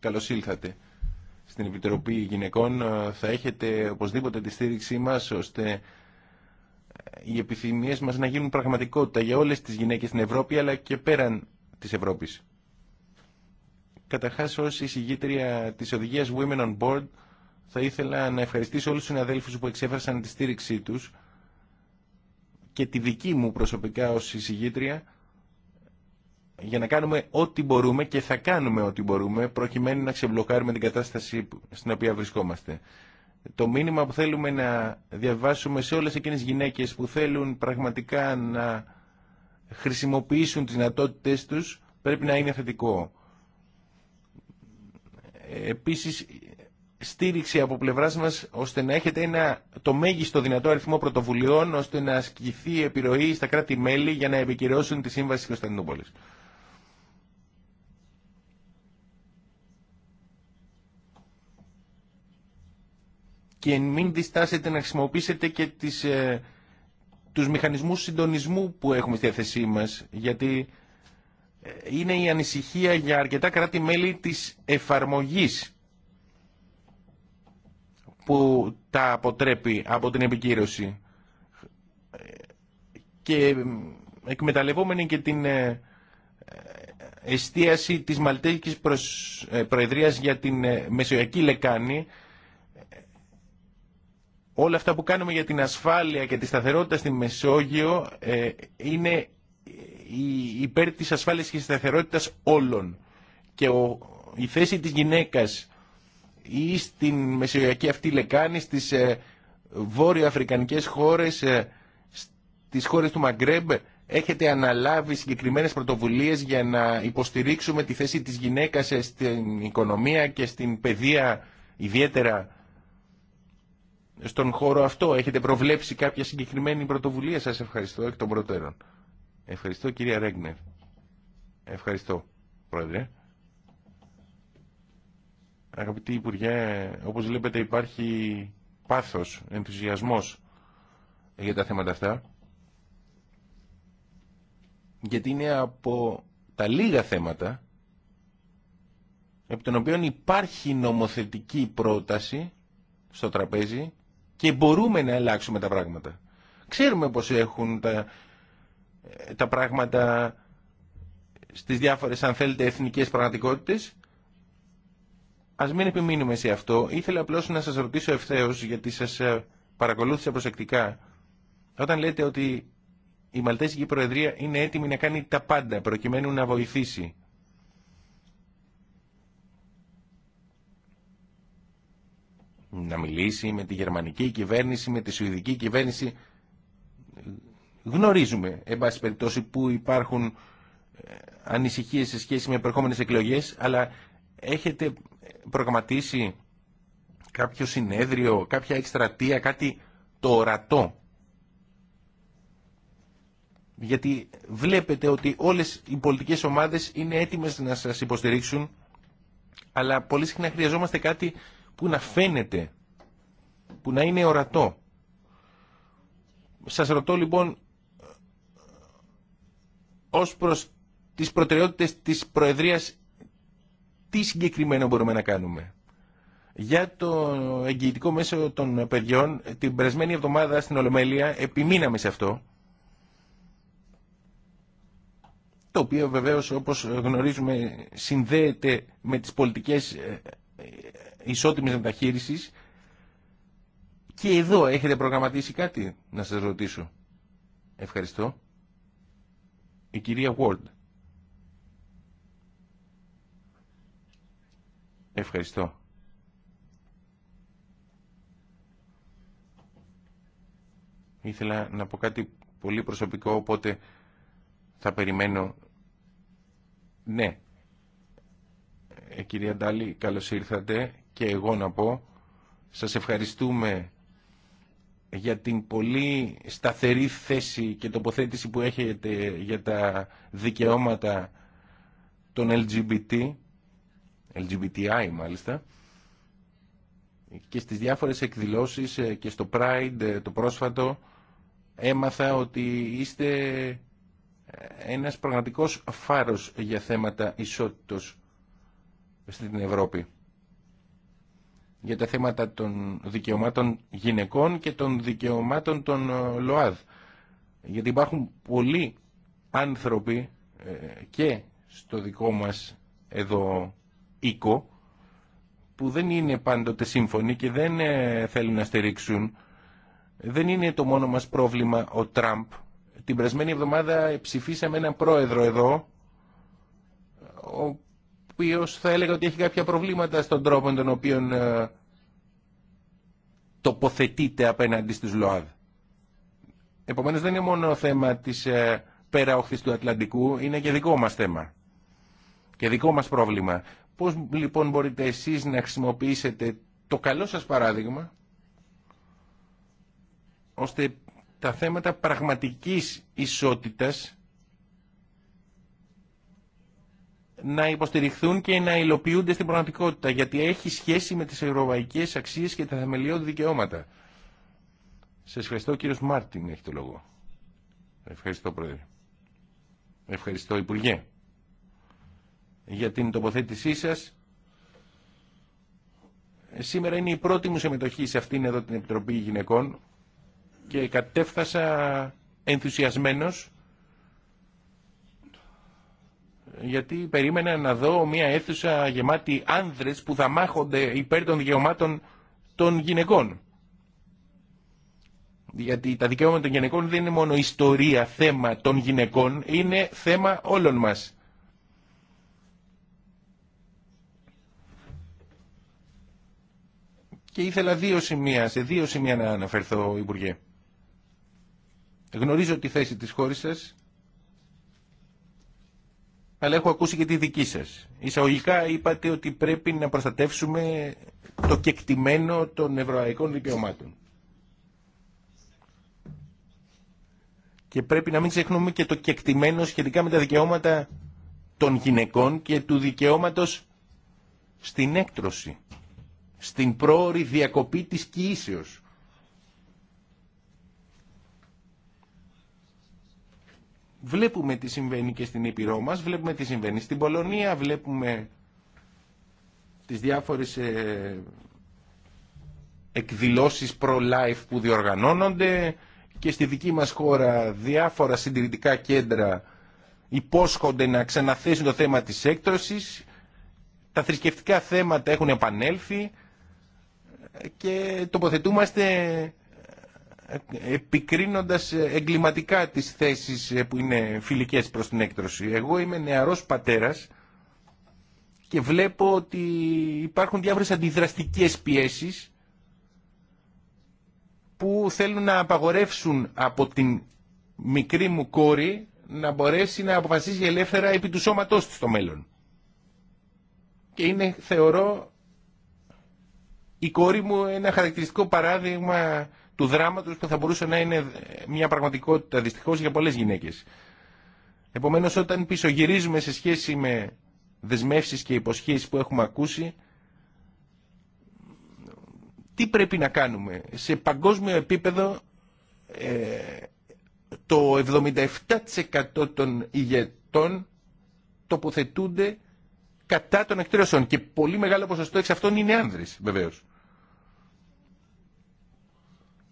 Καλώς ήλθατε στην Επιτροπή Γυναικών. Ε, θα έχετε οπωσδήποτε τη στήριξή μας, ώστε οι επιθυμίες μας να γίνουν πραγματικότητα για όλες τις γυναίκες στην Ευρώπη, αλλά και πέραν της Ευρώπης. Καταρχάς, ως εισηγήτρια της οδηγίας Women on Board, θα ήθελα να ευχαριστήσω όλους τους συναδέλφους που εξέφρασαν τη στήριξή τους, και τη δική μου προσωπικά ως εισηγήτρια για να κάνουμε ό,τι μπορούμε και θα κάνουμε ό,τι μπορούμε προκειμένου να ξεμπλοκάρουμε την κατάσταση στην οποία βρισκόμαστε. Το μήνυμα που θέλουμε να διαβάσουμε σε όλες εκείνες γυναίκες που θέλουν πραγματικά να χρησιμοποιήσουν τις δυνατότητε τους πρέπει να είναι θετικό. Ε, επίσης στήριξη από πλευράς μας ώστε να έχετε ένα, το μέγιστο δυνατό αριθμό πρωτοβουλειών ώστε να ασκηθεί επιρροή στα κράτη-μέλη για να επικυρώσουν τη Σύμβαση της Κωνσταντινούπολης. Και μην διστάσετε να χρησιμοποιήσετε και τις, ε, τους μηχανισμούς συντονισμού που έχουμε στη θέση μας γιατί ε, είναι η ανησυχία για αρκετά κράτη-μέλη της εφαρμογής που τα αποτρέπει από την επικύρωση. Και εκμεταλλευόμενοι και την ε, ε, εστίαση της Μαλτέκης ε, Προεδρίας για την Μεσογειακή Λεκάνη, όλα αυτά που κάνουμε για την ασφάλεια και τη σταθερότητα στη Μεσόγειο είναι υπέρ της ασφάλειας και της σταθερότητας όλων. Και η θέση της γυναίκας ή στην μεσογειακή αυτή λεκάνη, στις ε, βόρειο-αφρικανικές χώρες, ε, στις χώρες του Μαγκρέμπ, έχετε αναλάβει συγκεκριμένες πρωτοβουλίες για να υποστηρίξουμε τη θέση της γυναίκας ε, στην οικονομία και στην παιδεία ιδιαίτερα στον χώρο αυτό. Έχετε προβλέψει κάποια συγκεκριμένη πρωτοβουλία. Σας ευχαριστώ εκ των προτέρων. Ευχαριστώ κυρία Ρέγνερ. Ευχαριστώ πρόεδρε. Αγαπητοί Υπουργέ, όπως βλέπετε υπάρχει πάθος, ενθουσιασμός για τα θέματα αυτά. Γιατί είναι από τα λίγα θέματα από των οποία υπάρχει νομοθετική πρόταση στο τραπέζι και μπορούμε να αλλάξουμε τα πράγματα. Ξέρουμε πως έχουν τα, τα πράγματα στις διάφορες αν θέλετε εθνικές πραγματικότητες Ας μην επιμείνουμε σε αυτό. Ήθελα απλώ να σας ρωτήσω ευθέως, γιατί σας ε, παρακολούθησα προσεκτικά. Όταν λέτε ότι η Μαλτέζικη Προεδρία είναι έτοιμη να κάνει τα πάντα προκειμένου να βοηθήσει. Να μιλήσει με τη γερμανική κυβέρνηση, με τη σουηδική κυβέρνηση. Γνωρίζουμε, εν πάση περιπτώσει, που υπάρχουν ε, ανησυχίες σε σχέση με προηγούμενε εκλογές, αλλά έχετε προγραμματίσει κάποιο συνέδριο, κάποια εκστρατεία, κάτι το ορατό. Γιατί βλέπετε ότι όλες οι πολιτικές ομάδες είναι έτοιμες να σας υποστηρίξουν, αλλά πολύ συχνά χρειαζόμαστε κάτι που να φαίνεται, που να είναι ορατό. Σας ρωτώ λοιπόν, ως προς τις προτεραιότητες της Προεδρίας τι συγκεκριμένο μπορούμε να κάνουμε. Για το εγγυητικό μέσο των παιδιών, την περασμένη εβδομάδα στην Ολομέλεια επιμείναμε σε αυτό. Το οποίο βεβαίως όπως γνωρίζουμε συνδέεται με τις πολιτικές ε, ε, ισότιμης μεταχείρισης. Και εδώ έχετε προγραμματίσει κάτι να σας ρωτήσω. Ευχαριστώ. Η κυρία Ward. Ευχαριστώ. Ήθελα να πω κάτι πολύ προσωπικό, οπότε θα περιμένω. Ναι, ε, κυρία Ντάλη, καλώς ήρθατε και εγώ να πω. Σας ευχαριστούμε για την πολύ σταθερή θέση και τοποθέτηση που έχετε για τα δικαιώματα των LGBT LGBTI μάλιστα, και στις διάφορες εκδηλώσεις ε, και στο Pride ε, το πρόσφατο έμαθα ότι είστε ε, ένας πραγματικός φάρος για θέματα ισότητος στην Ευρώπη. Για τα θέματα των δικαιωμάτων γυναικών και των δικαιωμάτων των ΛΟΑΔ. Γιατί υπάρχουν πολλοί άνθρωποι και στο δικό μας εδώ οίκο που δεν είναι πάντοτε σύμφωνοι και δεν ε, θέλουν να στηρίξουν. Δεν είναι το μόνο μας πρόβλημα ο Τραμπ. Την περασμένη εβδομάδα ψηφίσαμε έναν πρόεδρο εδώ, ο οποίος θα έλεγα ότι έχει κάποια προβλήματα στον τρόπο τον οποίο ε, τοποθετείται απέναντι στους ΛΟΑΔ. Επομένως δεν είναι μόνο θέμα της ε, πέρα όχθης του Ατλαντικού, είναι και δικό μας θέμα και δικό μας πρόβλημα Πώς λοιπόν μπορείτε εσείς να χρησιμοποιήσετε το καλό σας παράδειγμα ώστε τα θέματα πραγματικής ισότητας να υποστηριχθούν και να υλοποιούνται στην πραγματικότητα γιατί έχει σχέση με τις ευρωπαϊκές αξίες και τα θεμελιώδη δικαιώματα. Σας ευχαριστώ κύριος Μάρτιν έχει το λόγο. Ευχαριστώ πρόεδρε. Ευχαριστώ Υπουργέ για την τοποθέτησή σας. Σήμερα είναι η πρώτη μου συμμετοχή σε αυτήν εδώ την Επιτροπή Γυναικών και κατέφθασα ενθουσιασμένος γιατί περίμενα να δω μια αίθουσα γεμάτη άνδρες που θα μάχονται υπέρ των δικαιωμάτων των γυναικών. Γιατί τα δικαιώματα των γυναικών δεν είναι μόνο ιστορία, θέμα των γυναικών, είναι θέμα όλων μας. και ήθελα δύο σημεία, σε δύο σημεία να αναφερθώ, Υπουργέ. Γνωρίζω τη θέση της χώρας σας, αλλά έχω ακούσει και τη δική σας. Εισαγωγικά είπατε ότι πρέπει να προστατεύσουμε το κεκτημένο των ευρωαϊκών δικαιωμάτων. Και πρέπει να μην ξεχνούμε και το κεκτημένο σχετικά με τα δικαιώματα των γυναικών και του δικαιώματος στην έκτρωση στην πρόορη διακοπή της κοιήσεως. Βλέπουμε τι συμβαίνει και στην Ήπειρό μας, βλέπουμε τι συμβαίνει στην Πολωνία, βλέπουμε τις διάφορες ε, εκδηλώσεις pro-life που διοργανώνονται και στη δική μας χώρα διάφορα συντηρητικά κέντρα υπόσχονται να ξαναθέσουν το θέμα της έκτρωσης. Τα θρησκευτικά θέματα έχουν επανέλθει και τοποθετούμαστε ε, επικρίνοντας εγκληματικά τις θέσεις ε, που είναι φιλικές προς την έκτρωση. Εγώ είμαι νεαρός πατέρας και βλέπω ότι υπάρχουν διάφορες αντιδραστικές πιέσεις που θέλουν να απαγορεύσουν από την μικρή μου κόρη να μπορέσει να αποφασίσει ελεύθερα επί του σώματός του στο μέλλον. Και είναι, θεωρώ, η κόρη μου ένα χαρακτηριστικό παράδειγμα του δράματος που θα μπορούσε να είναι μια πραγματικότητα δυστυχώς για πολλές γυναίκες. Επομένως όταν πισωγυρίζουμε σε σχέση με δεσμεύσεις και υποσχέσεις που έχουμε ακούσει, τι πρέπει να κάνουμε. Σε παγκόσμιο επίπεδο ε, το 77% των ηγετών τοποθετούνται κατά των εκτρέωσεων και πολύ μεγάλο ποσοστό εξ αυτών είναι άνδρες βεβαίως.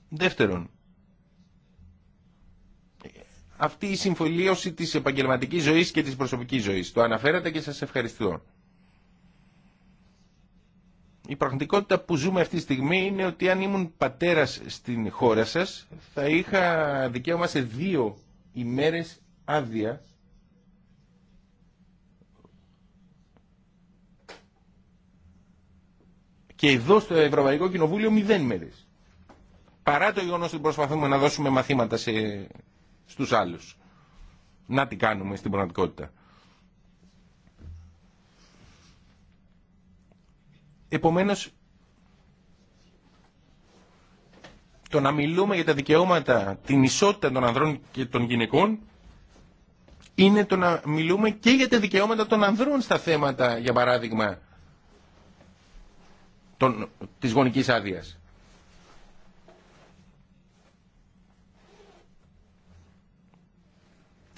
Δεύτερον, αυτή η συμφιλίωση της επαγγελματικής ζωής και της προσωπικής ζωής. Το αναφέρατε και σας ευχαριστώ. Η πραγματικότητα που ζούμε αυτή τη στιγμή είναι ότι αν ήμουν πατέρας στην χώρα σας θα είχα δικαίωμα σε δύο ημέρες άδεια και εδώ στο Ευρωπαϊκό Κοινοβούλιο μηδέν μέρες παρά το γεγονό ότι προσπαθούμε να δώσουμε μαθήματα σε, στους άλλους. Να τι κάνουμε στην πραγματικότητα. Επομένως, το να μιλούμε για τα δικαιώματα, την ισότητα των ανδρών και των γυναικών, είναι το να μιλούμε και για τα δικαιώματα των ανδρών στα θέματα, για παράδειγμα, των, της γονικής άδειας.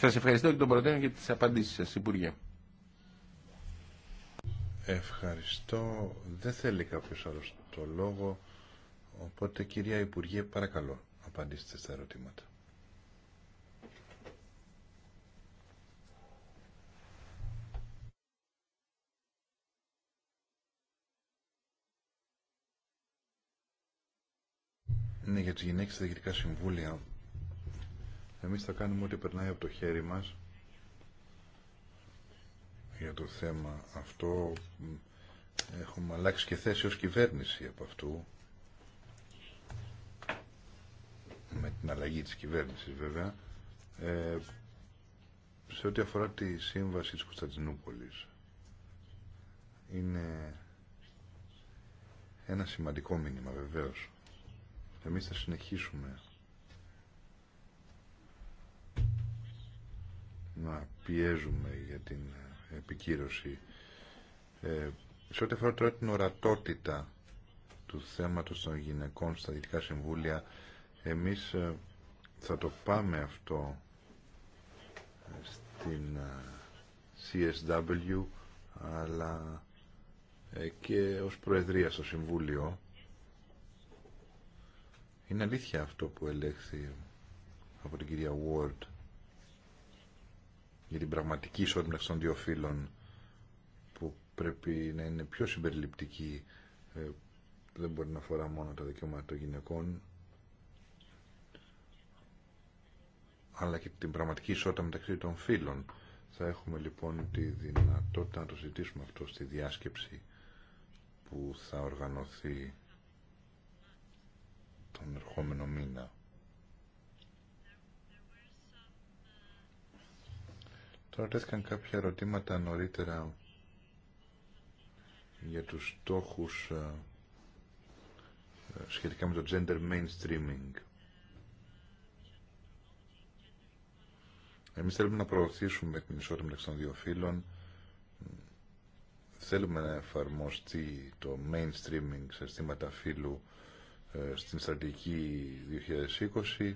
Σας ευχαριστώ και τον προτείνω για τις απαντήσεις σας, Υπουργέ. Ευχαριστώ. Δεν θέλει κάποιος άλλο το λόγο. Οπότε, κυρία Υπουργέ, παρακαλώ, απαντήστε στα ερωτήματα. Ναι, για τις γυναίκες στα διοικητικά συμβούλια εμείς θα κάνουμε ό,τι περνάει από το χέρι μας για το θέμα αυτό. Έχουμε αλλάξει και θέση ως κυβέρνηση από αυτού. Με την αλλαγή της κυβέρνησης βέβαια. Ε, σε ό,τι αφορά τη σύμβαση της Κωνσταντινούπολης. Είναι ένα σημαντικό μήνυμα βεβαίως. Εμείς θα συνεχίσουμε να πιέζουμε για την ε, επικύρωση. Ε, σε ό,τι αφορά τώρα την ορατότητα του θέματος των γυναικών στα Δυτικά Συμβούλια, εμείς ε, θα το πάμε αυτό στην CSW, αλλά και ως Προεδρία στο Συμβούλιο. Είναι αλήθεια αυτό που ελέγχθη από την κυρία Ward για την πραγματική ισότητα μεταξύ των δύο φύλων που πρέπει να είναι πιο συμπεριληπτική ε, δεν μπορεί να αφορά μόνο τα δικαιώματα των γυναικών αλλά και την πραγματική ισότητα μεταξύ των φύλων. Θα έχουμε λοιπόν τη δυνατότητα να το ζητήσουμε αυτό στη διάσκεψη που θα οργανωθεί τον ερχόμενο μήνα. Τώρα τέθηκαν κάποια ερωτήματα νωρίτερα για τους στόχους ε, ε, σχετικά με το gender mainstreaming. Εμείς θέλουμε να προωθήσουμε την ισότητα μεταξύ των δύο φύλων. Θέλουμε να εφαρμοστεί το mainstreaming σε αισθήματα φύλου ε, στην στρατηγική 2020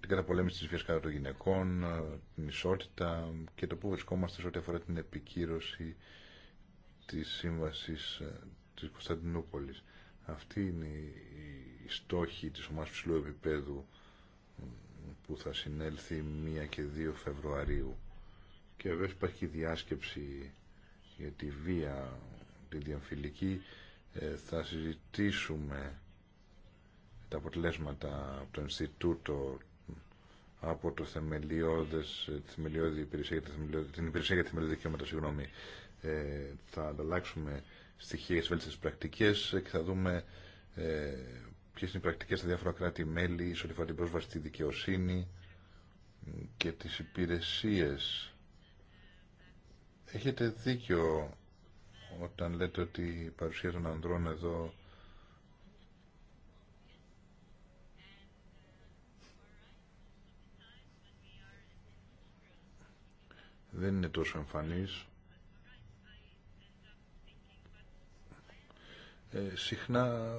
την καταπολέμηση της βίας κατά των γυναικών, ε, την ισότητα και το που βρισκόμαστε σε ό,τι αφορά την επικύρωση της σύμβασης ε, της Κωνσταντινούπολης. Αυτή είναι η στόχη της ομάδας ψηλού επίπεδου που θα συνέλθει 1 και 2 Φεβρουαρίου. Και βέβαια υπάρχει και διάσκεψη για τη βία, τη διαμφιλική. Ε, θα συζητήσουμε τα αποτελέσματα από το Ινστιτούτο από το θεμελιώδες, ε, θεμελιώδη υπηρεσία, την υπηρεσία για θεμελιώδη δικαιώματα, συγγνώμη, ε, θα ανταλλάξουμε στοιχεία για βέλτιστες πρακτικές και θα δούμε ε, ποιες είναι οι πρακτικές στα διάφορα κράτη-μέλη, σε ό,τι την πρόσβαση στη δικαιοσύνη και τις υπηρεσίες. Έχετε δίκιο όταν λέτε ότι η παρουσία των ανδρών εδώ δεν είναι τόσο εμφανής. Ε, συχνά,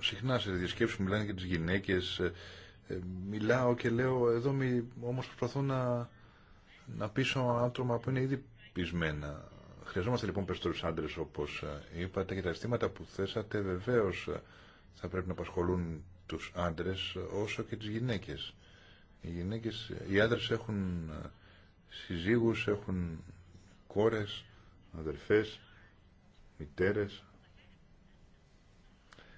συχνά σε διασκέψεις μιλάνε και τις γυναίκες, ε, ε, μιλάω και λέω, εδώ μη, όμως προσπαθώ να, να πείσω άτομα που είναι ήδη πεισμένα. Χρειαζόμαστε λοιπόν περισσότερους άντρες όπως είπατε και τα αισθήματα που θέσατε βεβαίως θα πρέπει να απασχολούν τους άντρες όσο και τις γυναίκες. Οι, γυναίκες, άντρες έχουν συζύγους, έχουν κόρες, αδερφές, μητέρες.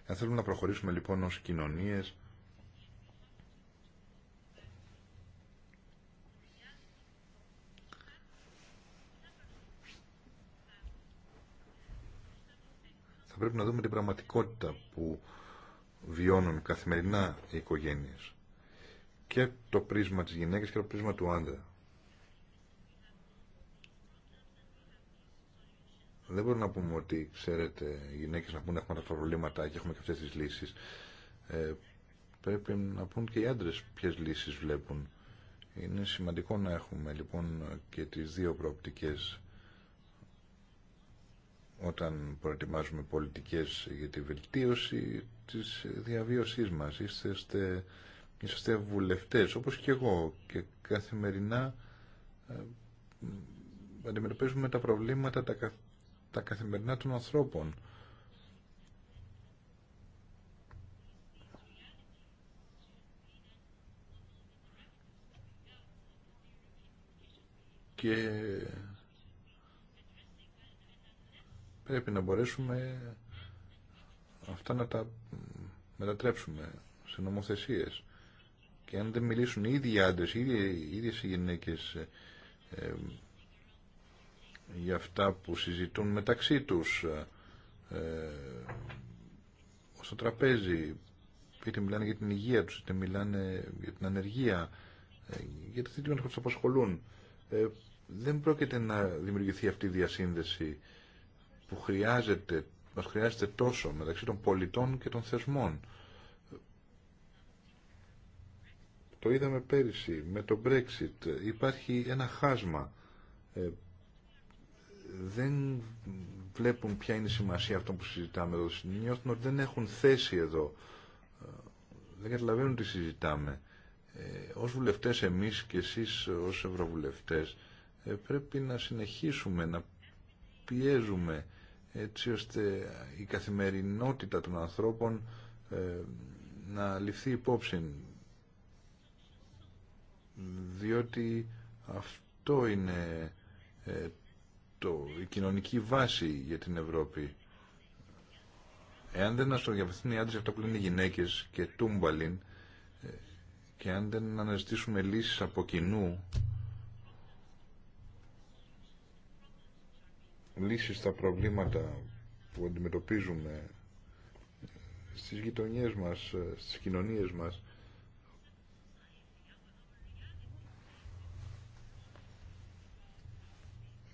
Αν θέλουμε να προχωρήσουμε λοιπόν ως κοινωνίες, θα πρέπει να δούμε την πραγματικότητα που βιώνουν καθημερινά οι οικογένειες και το πρίσμα της γυναίκας και το πρίσμα του άντρα. δεν μπορούμε να πούμε ότι, ξέρετε, οι γυναίκες να πούνε έχουμε τα προβλήματα και έχουμε και αυτές τις λύσεις. Ε, πρέπει να πούν και οι άντρες ποιες λύσεις βλέπουν. Είναι σημαντικό να έχουμε λοιπόν και τις δύο προοπτικές όταν προετοιμάζουμε πολιτικές για τη βελτίωση της διαβίωσής μας. Είστε, είστε βουλευτές, όπως και εγώ, και καθημερινά ε, αντιμετωπίζουμε τα προβλήματα τα, τα καθημερινά των ανθρώπων. Και πρέπει να μπορέσουμε αυτά να τα μετατρέψουμε σε νομοθεσίες. Και αν δεν μιλήσουν οι ίδιοι άντρες, οι ίδιες γυναίκες ε, ε, για αυτά που συζητούν μεταξύ τους ε, ε, στο τραπέζι είτε μιλάνε για την υγεία τους είτε μιλάνε για την ανεργία ε, για τα που τους απασχολούν ε, δεν πρόκειται να δημιουργηθεί αυτή η διασύνδεση που χρειάζεται μας χρειάζεται τόσο μεταξύ των πολιτών και των θεσμών το είδαμε πέρυσι με το Brexit υπάρχει ένα χάσμα ε, δεν βλέπουν ποια είναι η σημασία αυτών που συζητάμε εδώ. Νιώθουν ότι δεν έχουν θέση εδώ. Ε, δεν καταλαβαίνουν τι συζητάμε. Ε, ως βουλευτές εμείς και εσείς ως ευρωβουλευτές ε, πρέπει να συνεχίσουμε να πιέζουμε έτσι ώστε η καθημερινότητα των ανθρώπων ε, να ληφθεί υπόψη διότι αυτό είναι η κοινωνική βάση για την Ευρώπη. Εάν δεν αστροδιαβαθούν οι άντρε αυτά που λένε οι γυναίκε και τούμπαλιν, ε, και αν δεν αναζητήσουμε λύσεις από κοινού, λύσεις στα προβλήματα που αντιμετωπίζουμε ε, στις γειτονιές μας, ε, στις κοινωνίες μας,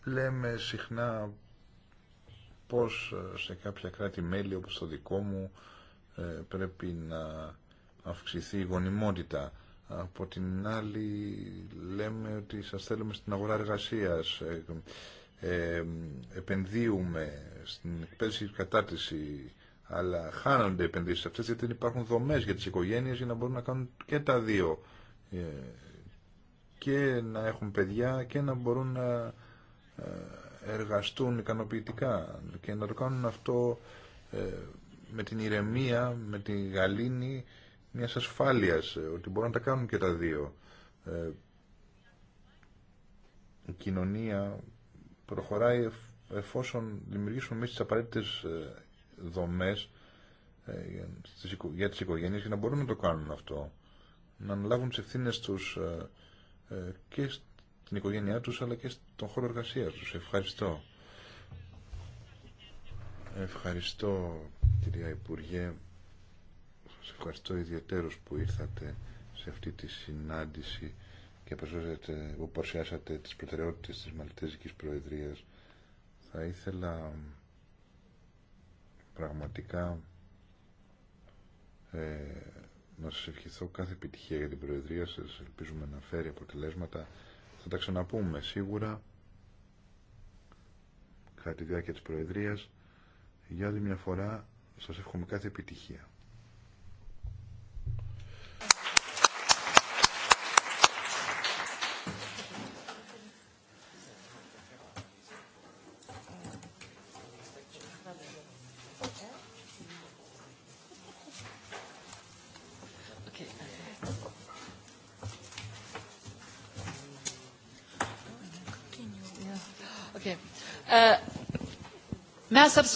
Λέμε συχνά πως ε, σε κάποια κράτη-μέλη όπως το δικό μου ε, πρέπει να αυξηθεί η γονιμότητα. Από την άλλη λέμε ότι σας θέλουμε στην αγορά εργασίας, ε, ε, επενδύουμε στην εκπαίδευση και κατάρτιση, αλλά χάνονται οι επενδύσεις αυτές γιατί δεν υπάρχουν δομές για τις οικογένειες για να μπορούν να κάνουν και τα δύο και να έχουν παιδιά και να μπορούν να ε, εργαστούν ικανοποιητικά και να το κάνουν αυτό ε, με την ηρεμία, με την γαλήνη μια ασφάλειας, ε, ότι μπορούν να τα κάνουν και τα δύο. Η κοινωνία προχωράει εφόσον δημιουργήσουμε εμείς τις απαραίτητες δομές για τις οικογένειες και να μπορούν να το κάνουν αυτό. Να αναλάβουν τις ευθύνες τους και στην οικογένειά τους αλλά και στον χώρο εργασία τους. Ευχαριστώ. Ευχαριστώ κυρία Υπουργέ. Σας ευχαριστώ ιδιαίτερος που ήρθατε σε αυτή τη συνάντηση και που παρουσιάσατε τις προτεραιότητες της Μαλτέζικης Προεδρίας. Θα ήθελα πραγματικά ε, να σας ευχηθώ κάθε επιτυχία για την Προεδρία σας. Ελπίζουμε να φέρει αποτελέσματα θα τα ξαναπούμε σίγουρα κατά τη διάρκεια της Προεδρίας. Για άλλη μια φορά σας εύχομαι κάθε επιτυχία.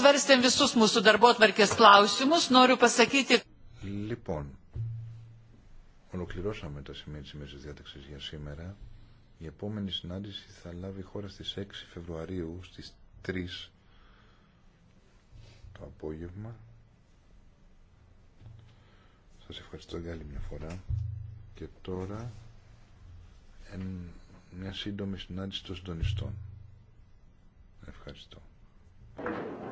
svarstėm visus mūsų klausimus, noriu pasakyti. Λοιπόν, ολοκληρώσαμε τα σημεία της ημέρας διάταξης για σήμερα. Η επόμενη συνάντηση θα λάβει χώρα στις 6 Φεβρουαρίου, στις 3 το απόγευμα. Σα ευχαριστώ για άλλη μια φορά. Και τώρα μια σύντομη συνάντηση των συντονιστών. Ευχαριστώ.